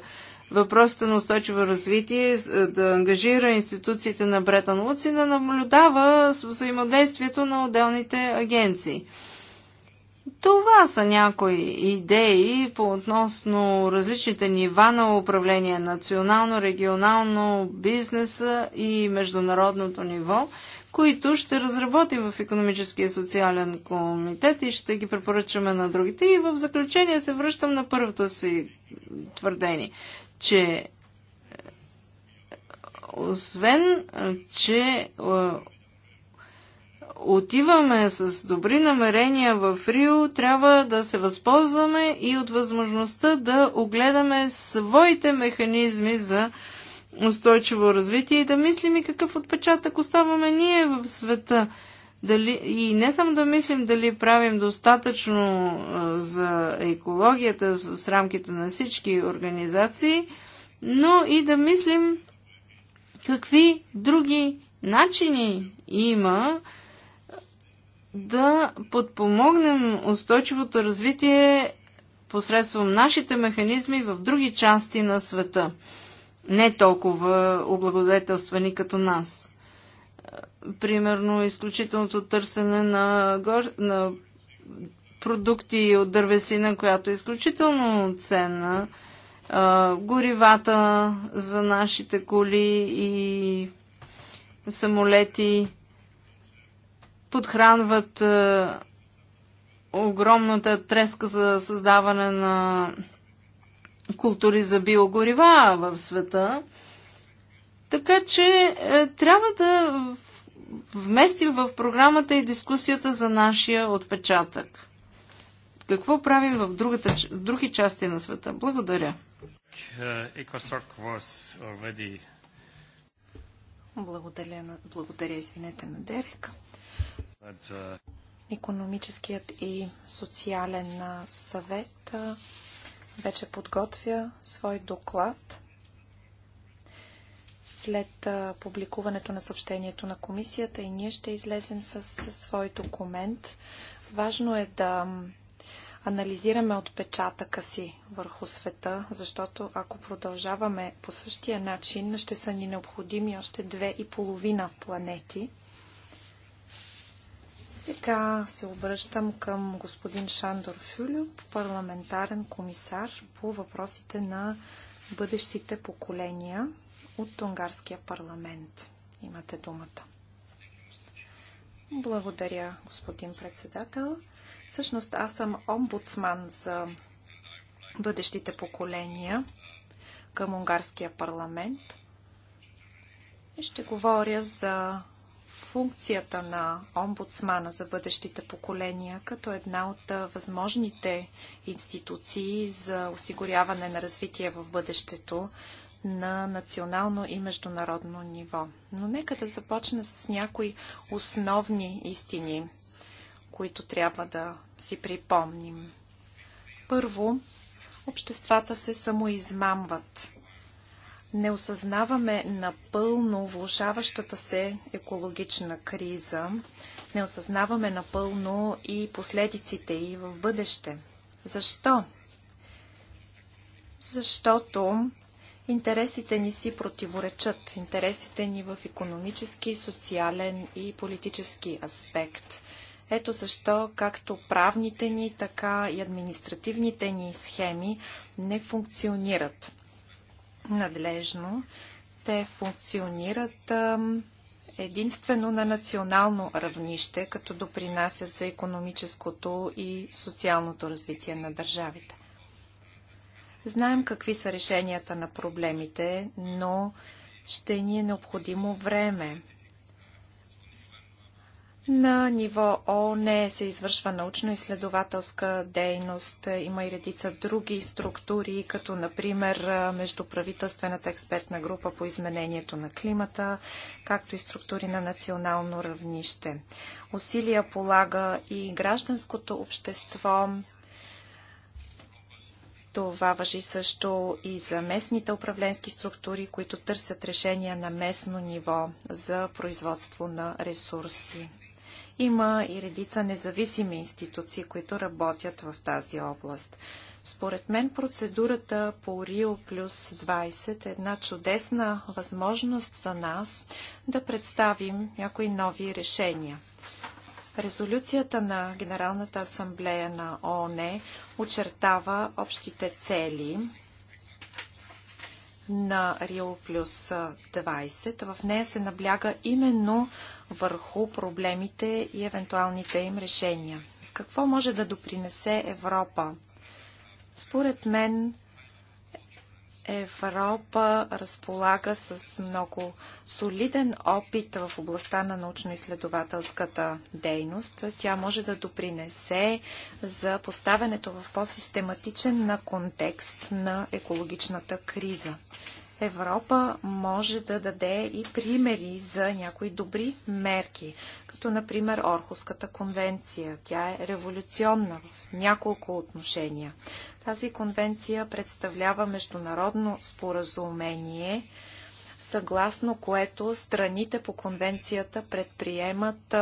въпросите на устойчиво развитие, е, да ангажира институциите на Бретан Луц и да наблюдава взаимодействието на отделните агенции. Това са някои идеи по относно различните нива на управление национално, регионално, бизнеса и международното ниво, които ще разработим в економическия и социален комитет и ще ги препоръчаме на другите. И в заключение се връщам на първото си твърдение че освен, че отиваме с добри намерения в Рио, трябва да се възползваме и от възможността да огледаме своите механизми за устойчиво развитие и да мислим и какъв отпечатък оставаме ние в света дали, и не само да мислим дали правим достатъчно а, за екологията с рамките на всички организации, но и да мислим какви други начини има да подпомогнем устойчивото развитие посредством нашите механизми в други части на света, не толкова облагодетелствани като нас примерно изключителното търсене на, гор... на продукти от дървесина, която е изключително ценна, а, горивата за нашите коли и самолети подхранват а, огромната треска за създаване на култури за биогорива в света. Така че е, трябва да вместим в програмата и дискусията за нашия отпечатък. Какво правим в, другата, в други части на света? Благодаря. Благодаря, благодаря извинете на Дерек. Економическият и социален съвет вече подготвя свой доклад след публикуването на съобщението на комисията и ние ще излезем с, с свой документ. Важно е да анализираме отпечатъка си върху света, защото ако продължаваме по същия начин, ще са ни необходими още две и половина планети. Сега се обръщам към господин Шандор Фюлюб, парламентарен комисар по въпросите на бъдещите поколения от Унгарския парламент. Имате думата. Благодаря, господин председател. Всъщност аз съм омбудсман за бъдещите поколения към Унгарския парламент. И ще говоря за функцията на омбудсмана за бъдещите поколения като една от възможните институции за осигуряване на развитие в бъдещето на национално и международно ниво. Но нека да започна с някои основни истини, които трябва да си припомним. Първо, обществата се самоизмамват. Не осъзнаваме напълно влушаващата се екологична криза, не осъзнаваме напълно и последиците и в бъдеще. Защо? Защото Интересите ни си противоречат. Интересите ни в економически, социален и политически аспект. Ето защо както правните ни, така и административните ни схеми не функционират надлежно. Те функционират единствено на национално равнище, като допринасят за економическото и социалното развитие на държавите. Знаем какви са решенията на проблемите, но ще ни е необходимо време. На ниво ООН се извършва научно-изследователска дейност. Има и редица други структури, като например Междуправителствената експертна група по изменението на климата, както и структури на национално равнище. Усилия полага и гражданското общество, това въжи също и за местните управленски структури, които търсят решения на местно ниво за производство на ресурси. Има и редица независими институции, които работят в тази област. Според мен процедурата по Рио плюс 20 е една чудесна възможност за нас да представим някои нови решения. Резолюцията на Генералната асамблея на ООН очертава общите цели на Рио плюс 20. В нея се набляга именно върху проблемите и евентуалните им решения. С какво може да допринесе Европа? Според мен, Европа разполага с много солиден опит в областта на научно-изследователската дейност. Тя може да допринесе за поставянето в по-систематичен на контекст на екологичната криза. Европа може да даде и примери за някои добри мерки, като например Орхуската конвенция. Тя е революционна в няколко отношения. Тази конвенция представлява международно споразумение, съгласно което страните по конвенцията предприемат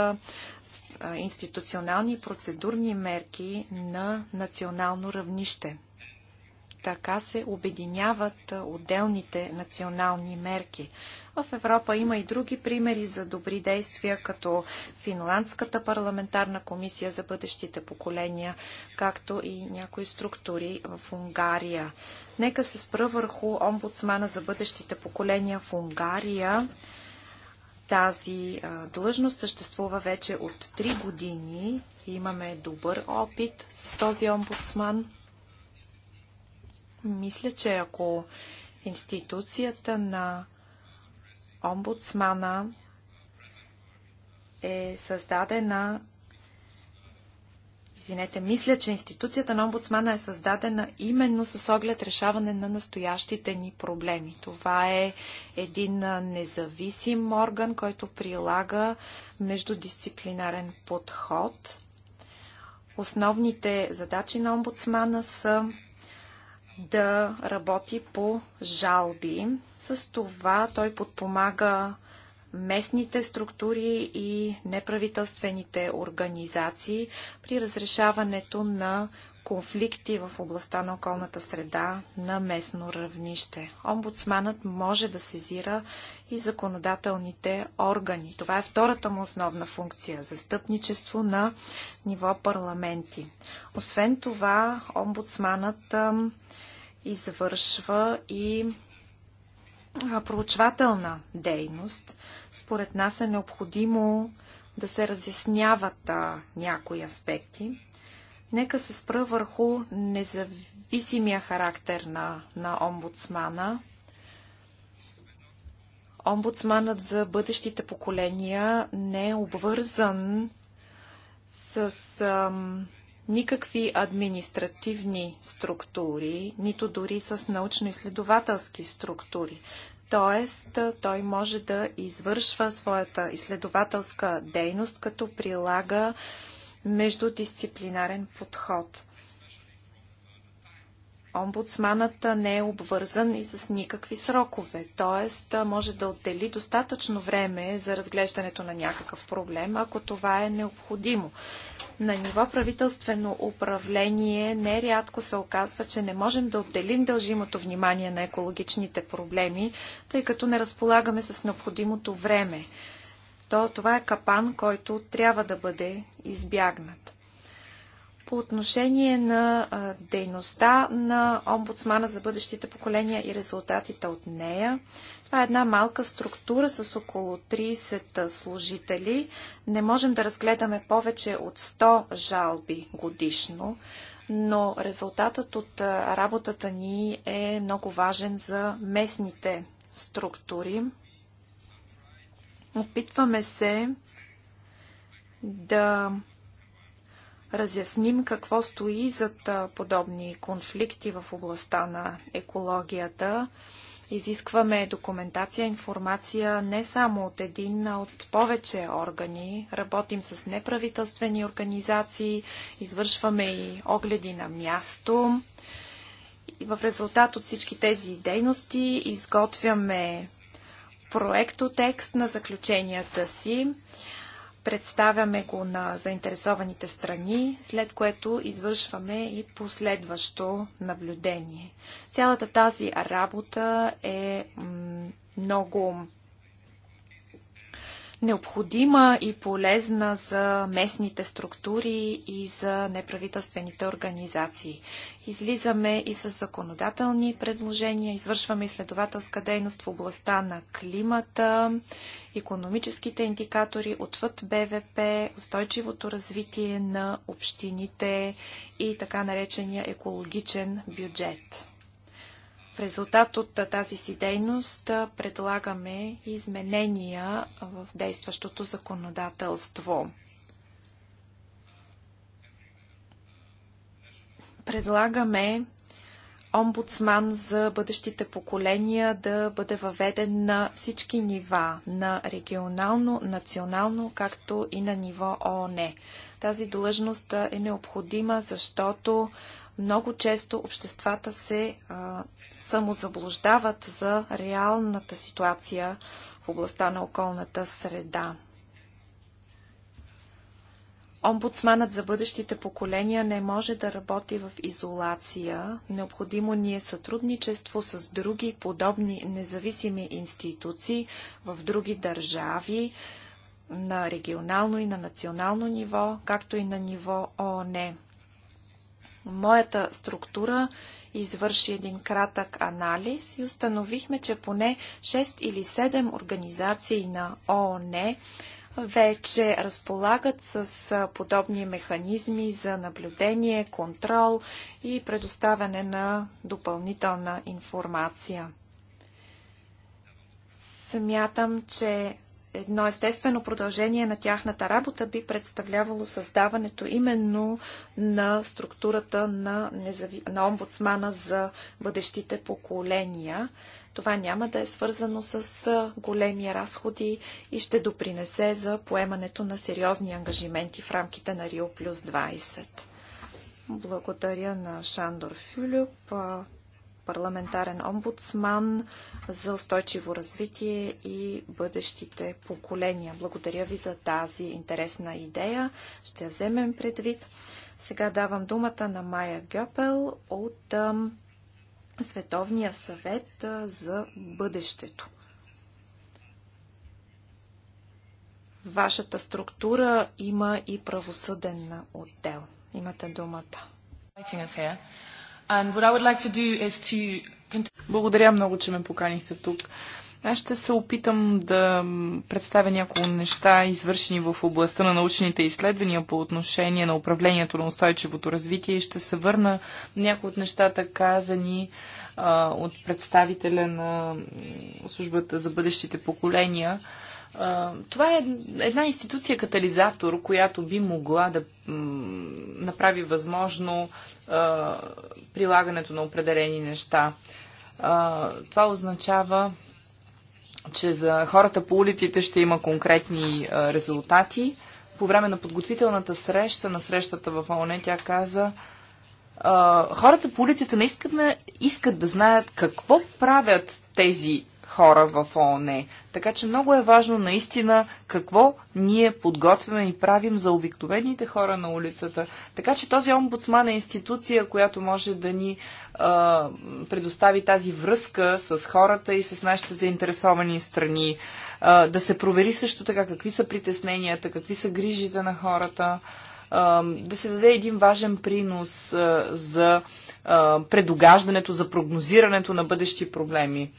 институционални процедурни мерки на национално равнище. Така се обединяват отделните национални мерки. В Европа има и други примери за добри действия, като Финландската парламентарна комисия за бъдещите поколения, както и някои структури в Унгария. Нека се спра върху омбудсмана за бъдещите поколения в Унгария. Тази длъжност съществува вече от 3 години. Имаме добър опит с този омбудсман. Мисля, че ако институцията на омбудсмана е създадена Извинете, мисля, че институцията на омбудсмана е създадена именно с оглед решаване на настоящите ни проблеми. Това е един независим орган, който прилага междудисциплинарен подход. Основните задачи на омбудсмана са да работи по жалби. С това той подпомага местните структури и неправителствените организации при разрешаването на конфликти в областта на околната среда на местно равнище. Омбудсманът може да сезира и законодателните органи. Това е втората му основна функция – застъпничество на ниво парламенти. Освен това, омбудсманът извършва и проучвателна дейност. Според нас е необходимо да се разясняват а, някои аспекти. Нека се спра върху независимия характер на, на омбудсмана. Омбудсманът за бъдещите поколения не е обвързан с ам, никакви административни структури, нито дори с научно-изследователски структури. Тоест, той може да извършва своята изследователска дейност, като прилага междудисциплинарен подход. Омбудсманът не е обвързан и с никакви срокове, т.е. може да отдели достатъчно време за разглеждането на някакъв проблем, ако това е необходимо. На ниво правителствено управление нерядко се оказва, че не можем да отделим дължимото внимание на екологичните проблеми, тъй като не разполагаме с необходимото време то това е капан, който трябва да бъде избягнат. По отношение на а, дейността на омбудсмана за бъдещите поколения и резултатите от нея, това е една малка структура с около 30 служители. Не можем да разгледаме повече от 100 жалби годишно, но резултатът от работата ни е много важен за местните структури. Опитваме се да разясним какво стои зад подобни конфликти в областта на екологията. Изискваме документация, информация не само от един, а от повече органи. Работим с неправителствени организации, извършваме и огледи на място. И в резултат от всички тези дейности изготвяме проектотекст на заключенията си. Представяме го на заинтересованите страни, след което извършваме и последващо наблюдение. Цялата тази работа е много необходима и полезна за местните структури и за неправителствените организации. Излизаме и с законодателни предложения, извършваме изследователска дейност в областта на климата, економическите индикатори отвъд БВП, устойчивото развитие на общините и така наречения екологичен бюджет. В резултат от тази си дейност предлагаме изменения в действащото законодателство. Предлагаме омбудсман за бъдещите поколения да бъде въведен на всички нива на регионално, национално, както и на ниво ООН. Тази длъжност е необходима, защото много често обществата се а, самозаблуждават за реалната ситуация в областта на околната среда. Омбудсманът за бъдещите поколения не може да работи в изолация. Необходимо ни е сътрудничество с други подобни независими институции в други държави на регионално и на национално ниво, както и на ниво ООН. Моята структура извърши един кратък анализ и установихме, че поне 6 или 7 организации на ООН вече разполагат с подобни механизми за наблюдение, контрол и предоставяне на допълнителна информация. Смятам, че едно естествено продължение на тяхната работа би представлявало създаването именно на структурата на, незави... на омбудсмана за бъдещите поколения. Това няма да е свързано с големи разходи и ще допринесе за поемането на сериозни ангажименти в рамките на Рио плюс 20. Благодаря на Шандор Фюлюп парламентарен омбудсман за устойчиво развитие и бъдещите поколения. Благодаря ви за тази интересна идея. Ще я вземем предвид. Сега давам думата на Майя Гьопел от Световния съвет за бъдещето. Вашата структура има и правосъден отдел. Имате думата. Благодаря много, че ме поканихте тук. Аз ще се опитам да представя няколко неща, извършени в областта на научните изследвания по отношение на управлението на устойчивото развитие и ще се върна някои от нещата казани а, от представителя на службата за бъдещите поколения. А, това е една институция катализатор, която би могла да направи възможно а, прилагането на определени неща. А, това означава, че за хората по улиците ще има конкретни а, резултати. По време на подготвителната среща, на срещата в ООН, тя каза, хората по улицата не искат, не искат да знаят какво правят тези хора в ООН. Така че много е важно наистина какво ние подготвяме и правим за обикновените хора на улицата. Така че този омбудсман е институция, която може да ни а, предостави тази връзка с хората и с нашите заинтересовани страни. А, да се провери също така какви са притесненията, какви са грижите на хората. А, да се даде един важен принос а, за предогаждането, за прогнозирането на бъдещи проблеми.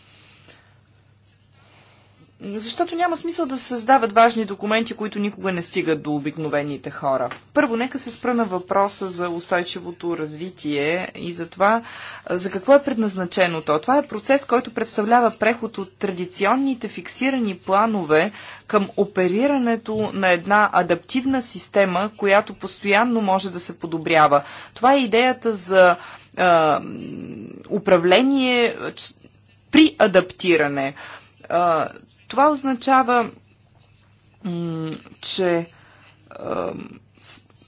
Защото няма смисъл да се създават важни документи, които никога не стигат до обикновените хора. Първо, нека се спра на въпроса за устойчивото развитие и за това за какво е предназначено то. Това е процес, който представлява преход от традиционните фиксирани планове към оперирането на една адаптивна система, която постоянно може да се подобрява. Това е идеята за е, управление при адаптиране това означава, че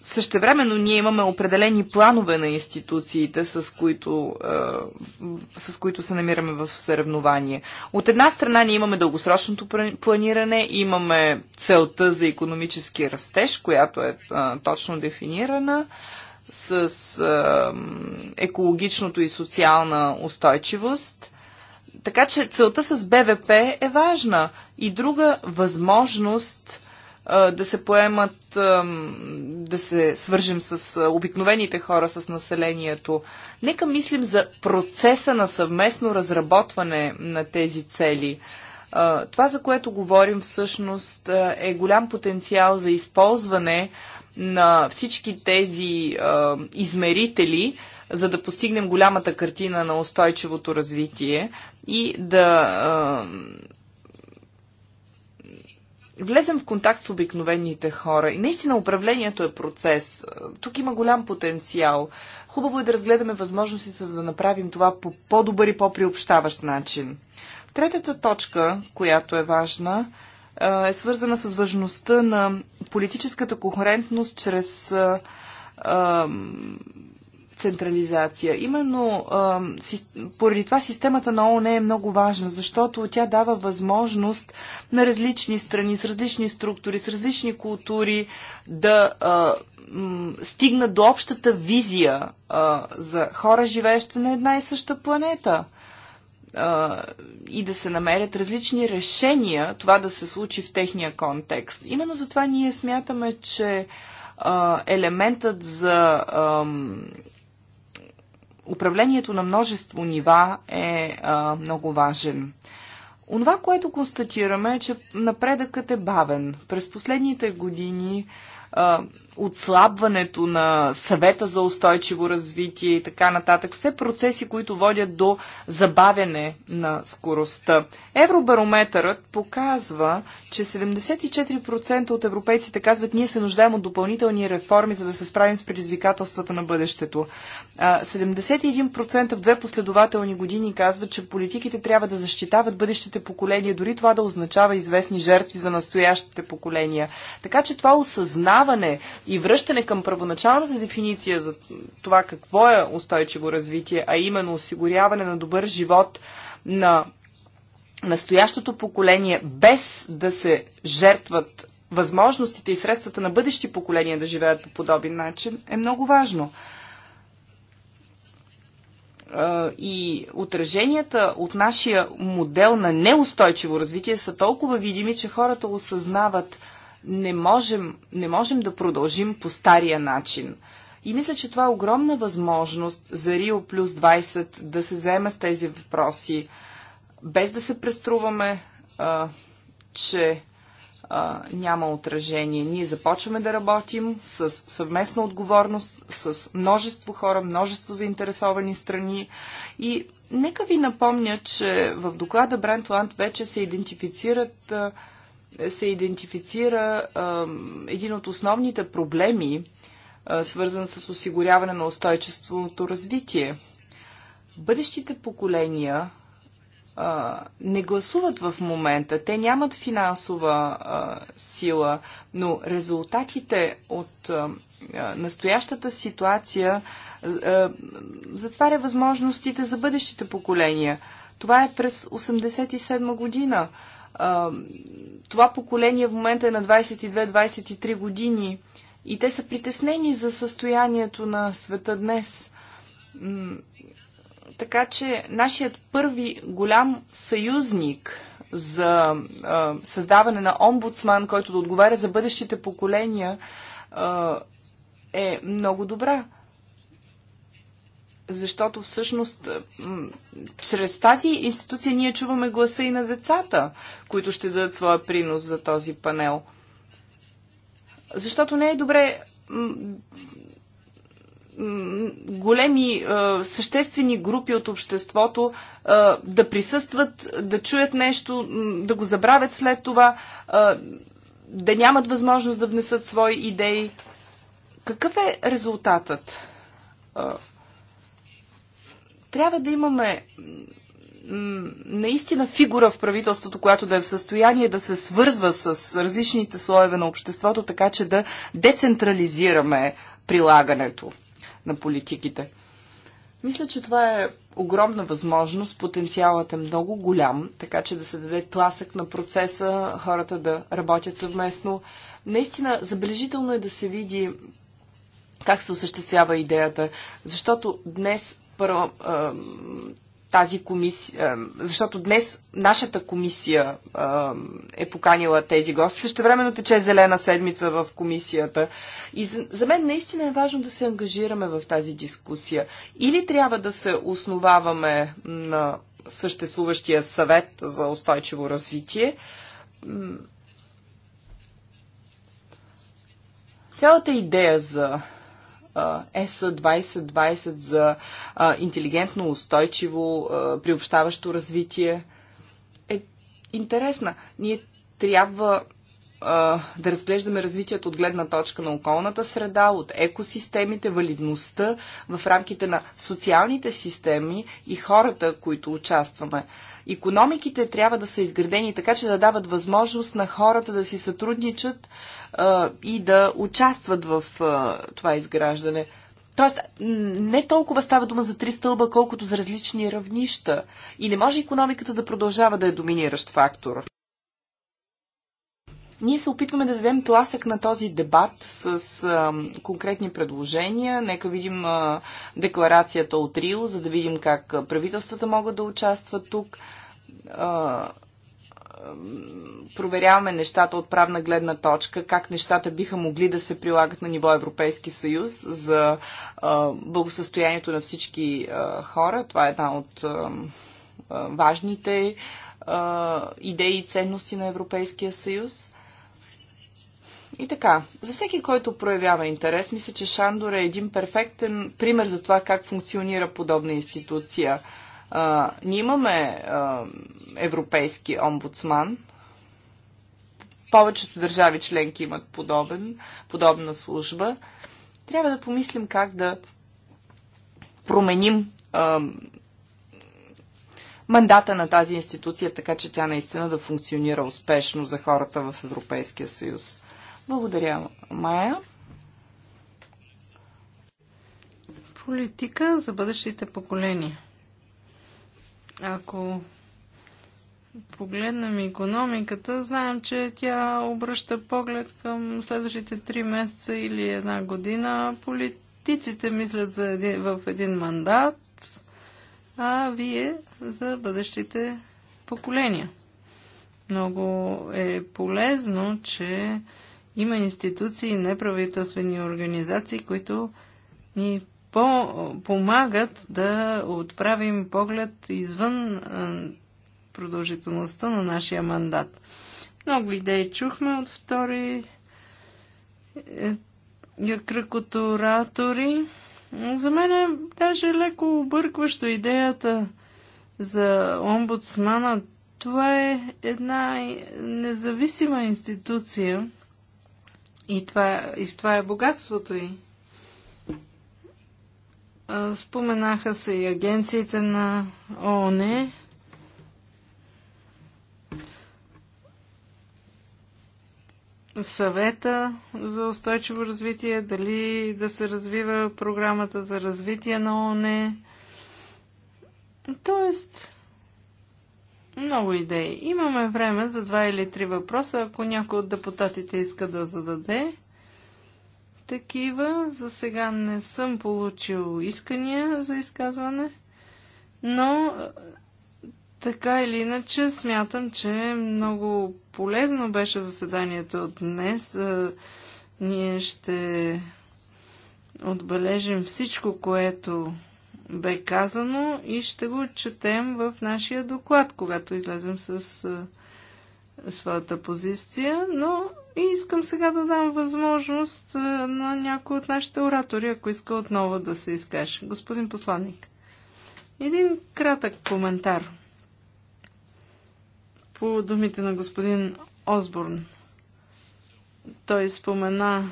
Същевременно ние имаме определени планове на институциите, с които, с които се намираме в съревнование. От една страна ние имаме дългосрочното планиране, имаме целта за економически растеж, която е, точно дефинирана с екологичното и социална устойчивост. Така че целта с БВП е важна. И друга възможност а, да се поемат, а, да се свържим с обикновените хора, с населението. Нека мислим за процеса на съвместно разработване на тези цели. А, това, за което говорим всъщност, е голям потенциал за използване на всички тези измерители, за да постигнем голямата картина на устойчивото развитие и да а, влезем в контакт с обикновените хора. И наистина управлението е процес. Тук има голям потенциал. Хубаво е да разгледаме възможностите, за да направим това по по-добър и по-приобщаващ начин. Третата точка, която е важна, е свързана с важността на политическата конкурентност чрез централизация. Именно поради това системата на ООН е много важна, защото тя дава възможност на различни страни, с различни структури, с различни култури да стигнат до общата визия за хора, живеещи на една и съща планета и да се намерят различни решения това да се случи в техния контекст. Именно затова ние смятаме, че елементът за управлението на множество нива е а, много важен. Онова, което констатираме е, че напредъкът е бавен. През последните години а, отслабването на съвета за устойчиво развитие и така нататък. Все процеси, които водят до забавяне на скоростта. Евробарометърът показва, че 74% от европейците казват, ние се нуждаем от допълнителни реформи, за да се справим с предизвикателствата на бъдещето. 71% в две последователни години казват, че политиките трябва да защитават бъдещите поколения, дори това да означава известни жертви за настоящите поколения. Така че това осъзнаване и връщане към първоначалната дефиниция за това какво е устойчиво развитие, а именно осигуряване на добър живот на настоящото поколение, без да се жертват възможностите и средствата на бъдещи поколения да живеят по подобен начин, е много важно и отраженията от нашия модел на неустойчиво развитие са толкова видими, че хората осъзнават не можем, не можем да продължим по стария начин. И мисля, че това е огромна възможност за Рио плюс 20 да се заеме с тези въпроси, без да се преструваме, а, че а, няма отражение. Ние започваме да работим с съвместна отговорност, с множество хора, множество заинтересовани страни. И нека ви напомня, че в доклада Брент Ланд вече се идентифицират. А, се идентифицира един от основните проблеми, свързан с осигуряване на устойчивото развитие. Бъдещите поколения не гласуват в момента, те нямат финансова а, сила, но резултатите от а, настоящата ситуация а, затваря възможностите за бъдещите поколения. Това е през 1987 година това поколение в момента е на 22-23 години и те са притеснени за състоянието на света днес. Така че нашият първи голям съюзник за а, създаване на омбудсман, който да отговаря за бъдещите поколения, а, е много добра защото всъщност чрез тази институция ние чуваме гласа и на децата, които ще дадат своя принос за този панел. Защото не е добре големи съществени групи от обществото да присъстват, да чуят нещо, да го забравят след това, да нямат възможност да внесат свои идеи. Какъв е резултатът? Трябва да имаме наистина фигура в правителството, която да е в състояние да се свързва с различните слоеве на обществото, така че да децентрализираме прилагането на политиките. Мисля, че това е огромна възможност, потенциалът е много голям, така че да се даде тласък на процеса, хората да работят съвместно. Наистина, забележително е да се види как се осъществява идеята, защото днес тази комисия, защото днес нашата комисия е поканила тези гости. Също времено тече зелена седмица в комисията. И за мен наистина е важно да се ангажираме в тази дискусия. Или трябва да се основаваме на съществуващия съвет за устойчиво развитие, цялата идея за ЕС е, 2020 за интелигентно, устойчиво, приобщаващо развитие е интересна. Ние трябва да разглеждаме развитието от гледна точка на околната среда, от екосистемите, валидността в рамките на социалните системи и хората, които участваме. Економиките трябва да са изградени така, че да дават възможност на хората да си сътрудничат а, и да участват в а, това изграждане. Тоест, не толкова става дума за три стълба, колкото за различни равнища. И не може економиката да продължава да е доминиращ фактор. Ние се опитваме да дадем тласък на този дебат с а, конкретни предложения. Нека видим а, декларацията от Рио, за да видим как правителствата могат да участват тук. А, проверяваме нещата от правна гледна точка, как нещата биха могли да се прилагат на ниво Европейски съюз за а, благосъстоянието на всички а, хора. Това е една от а, важните идеи и ценности на Европейския съюз. И така, за всеки, който проявява интерес, мисля, че Шандор е един перфектен пример за това как функционира подобна институция. А, ние имаме а, европейски омбудсман. Повечето държави членки имат подобен, подобна служба. Трябва да помислим как да променим а, мандата на тази институция, така че тя наистина да функционира успешно за хората в Европейския съюз. Благодаря, Майя. Политика за бъдещите поколения. Ако погледнем економиката, знаем, че тя обръща поглед към следващите три месеца или една година. Политиците мислят за един, в един мандат, а вие за бъдещите поколения. Много е полезно, че има институции, неправителствени организации, които ни по- помагат да отправим поглед извън продължителността на нашия мандат. Много идеи чухме от втори е, е, кръг от оратори. За мен е даже леко объркващо идеята за омбудсмана. Това е една независима институция, и, това, и в това е богатството й. Споменаха се и агенциите на ООН. Съвета за устойчиво развитие, дали да се развива програмата за развитие на ООН. Тоест, много идеи. Имаме време за два или три въпроса, ако някой от депутатите иска да зададе такива. За сега не съм получил искания за изказване, но така или иначе смятам, че много полезно беше заседанието от днес. Ние ще отбележим всичко, което бе казано и ще го четем в нашия доклад, когато излезем с своята позиция, но и искам сега да дам възможност на някой от нашите оратори, ако иска отново да се изкаже. Господин посланник, един кратък коментар по думите на господин Осборн. Той спомена е,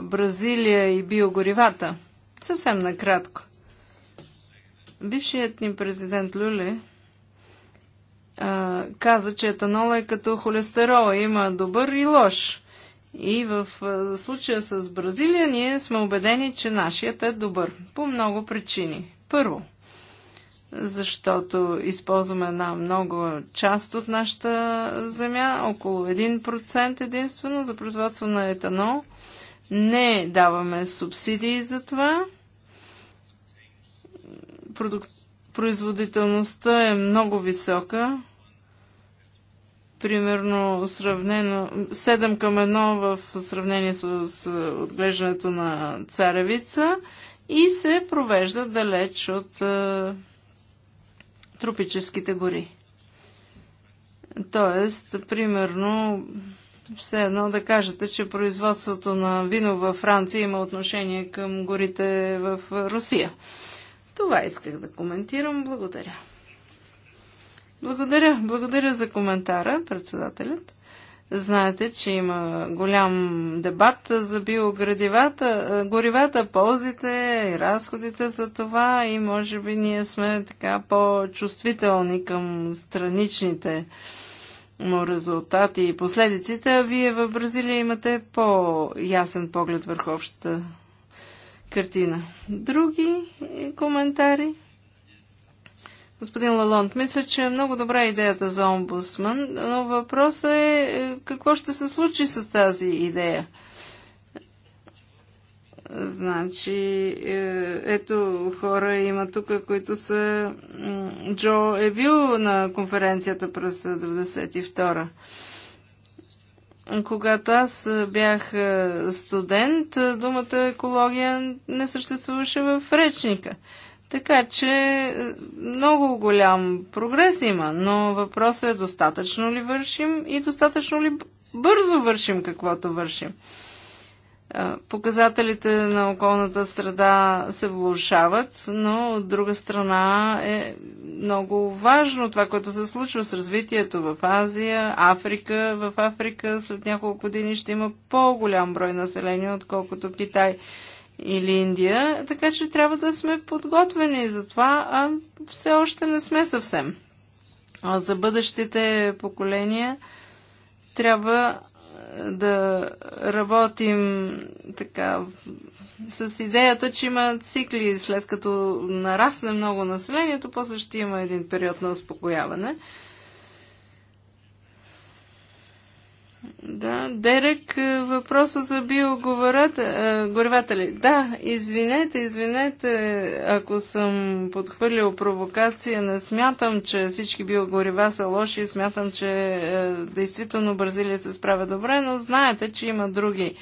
Бразилия и биогоривата. Съвсем накратко. Бившият ни президент Люле а, каза, че етанола е като холестерола. Има добър и лош. И в а, случая с Бразилия ние сме убедени, че нашият е добър. По много причини. Първо, защото използваме една много част от нашата земя, около 1% единствено за производство на етанол. Не даваме субсидии за това. Продук... Производителността е много висока. Примерно сравнено 7 към 1 в сравнение с, с отглеждането на царевица и се провежда далеч от е, тропическите гори. Тоест, примерно, все едно да кажете, че производството на вино във Франция има отношение към горите в Русия. Това исках да коментирам. Благодаря. Благодаря. Благодаря за коментара, председателят. Знаете, че има голям дебат за биоградивата, е, горивата, ползите и разходите за това и може би ние сме така по-чувствителни към страничните му резултати и последиците, а вие в Бразилия имате по-ясен поглед върху общата картина. Други коментари? Господин Лалонт, мисля, че е много добра идеята за омбусман, но въпросът е, е какво ще се случи с тази идея. Значи, е, ето хора има тук, които са... Джо е бил на конференцията през 92-а. Когато аз бях студент, думата екология не съществуваше в речника. Така че много голям прогрес има, но въпросът е достатъчно ли вършим и достатъчно ли бързо вършим каквото вършим. Показателите на околната среда се влушават, но от друга страна е много важно това, което се случва с развитието в Азия, Африка. В Африка след няколко години ще има по-голям брой население, отколкото Китай или Индия, така че трябва да сме подготвени за това, а все още не сме съвсем. А за бъдещите поколения трябва да работим така с идеята, че има цикли, след като нарасне много населението, после ще има един период на успокояване. Да, Дерек, е, въпроса за биогоревата ли? Да, извинете, извинете, ако съм подхвърлил провокация, не смятам, че всички биогорива са лоши, смятам, че е, действително Бразилия се справя добре, но знаете, че има други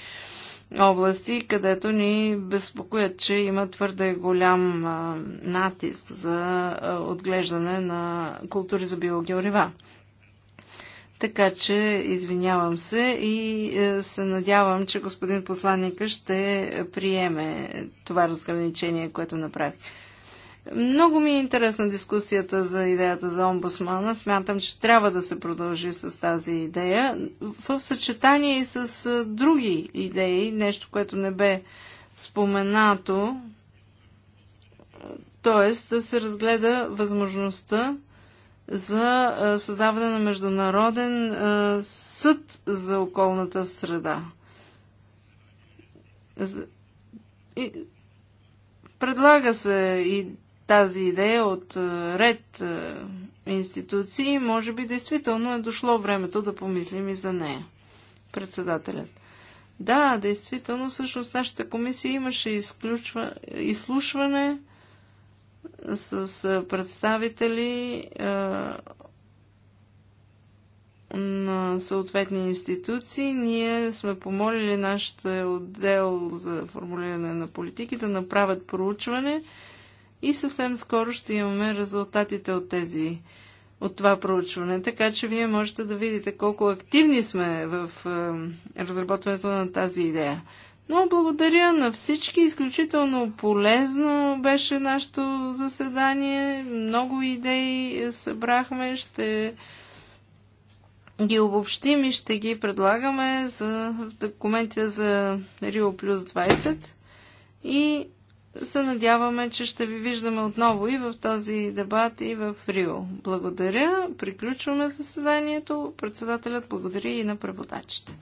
области, където ни безпокоят, че има твърде голям е, натиск за е, отглеждане на култури за биогорива. Така че извинявам се и е, се надявам, че господин посланника ще приеме това разграничение, което направи. Много ми е интересна дискусията за идеята за омбусмана. Смятам, че трябва да се продължи с тази идея в съчетание и с е, други идеи, нещо, което не бе споменато, т.е. да се разгледа възможността за създаване на Международен съд за околната среда. Предлага се и тази идея от ред институции. Може би действително е дошло времето да помислим и за нея. Председателят. Да, действително, всъщност нашата комисия имаше изключва, изслушване с представители на съответни институции. Ние сме помолили нашите отдел за формулиране на политики да направят проучване и съвсем скоро ще имаме резултатите от тези от това проучване. Така че вие можете да видите колко активни сме в разработването на тази идея. Но благодаря на всички. Изключително полезно беше нашето заседание. Много идеи събрахме. Ще ги обобщим и ще ги предлагаме за документите за Рио плюс 20. И се надяваме, че ще ви виждаме отново и в този дебат, и в Рио. Благодаря. Приключваме заседанието. Председателят благодари и на преводачите.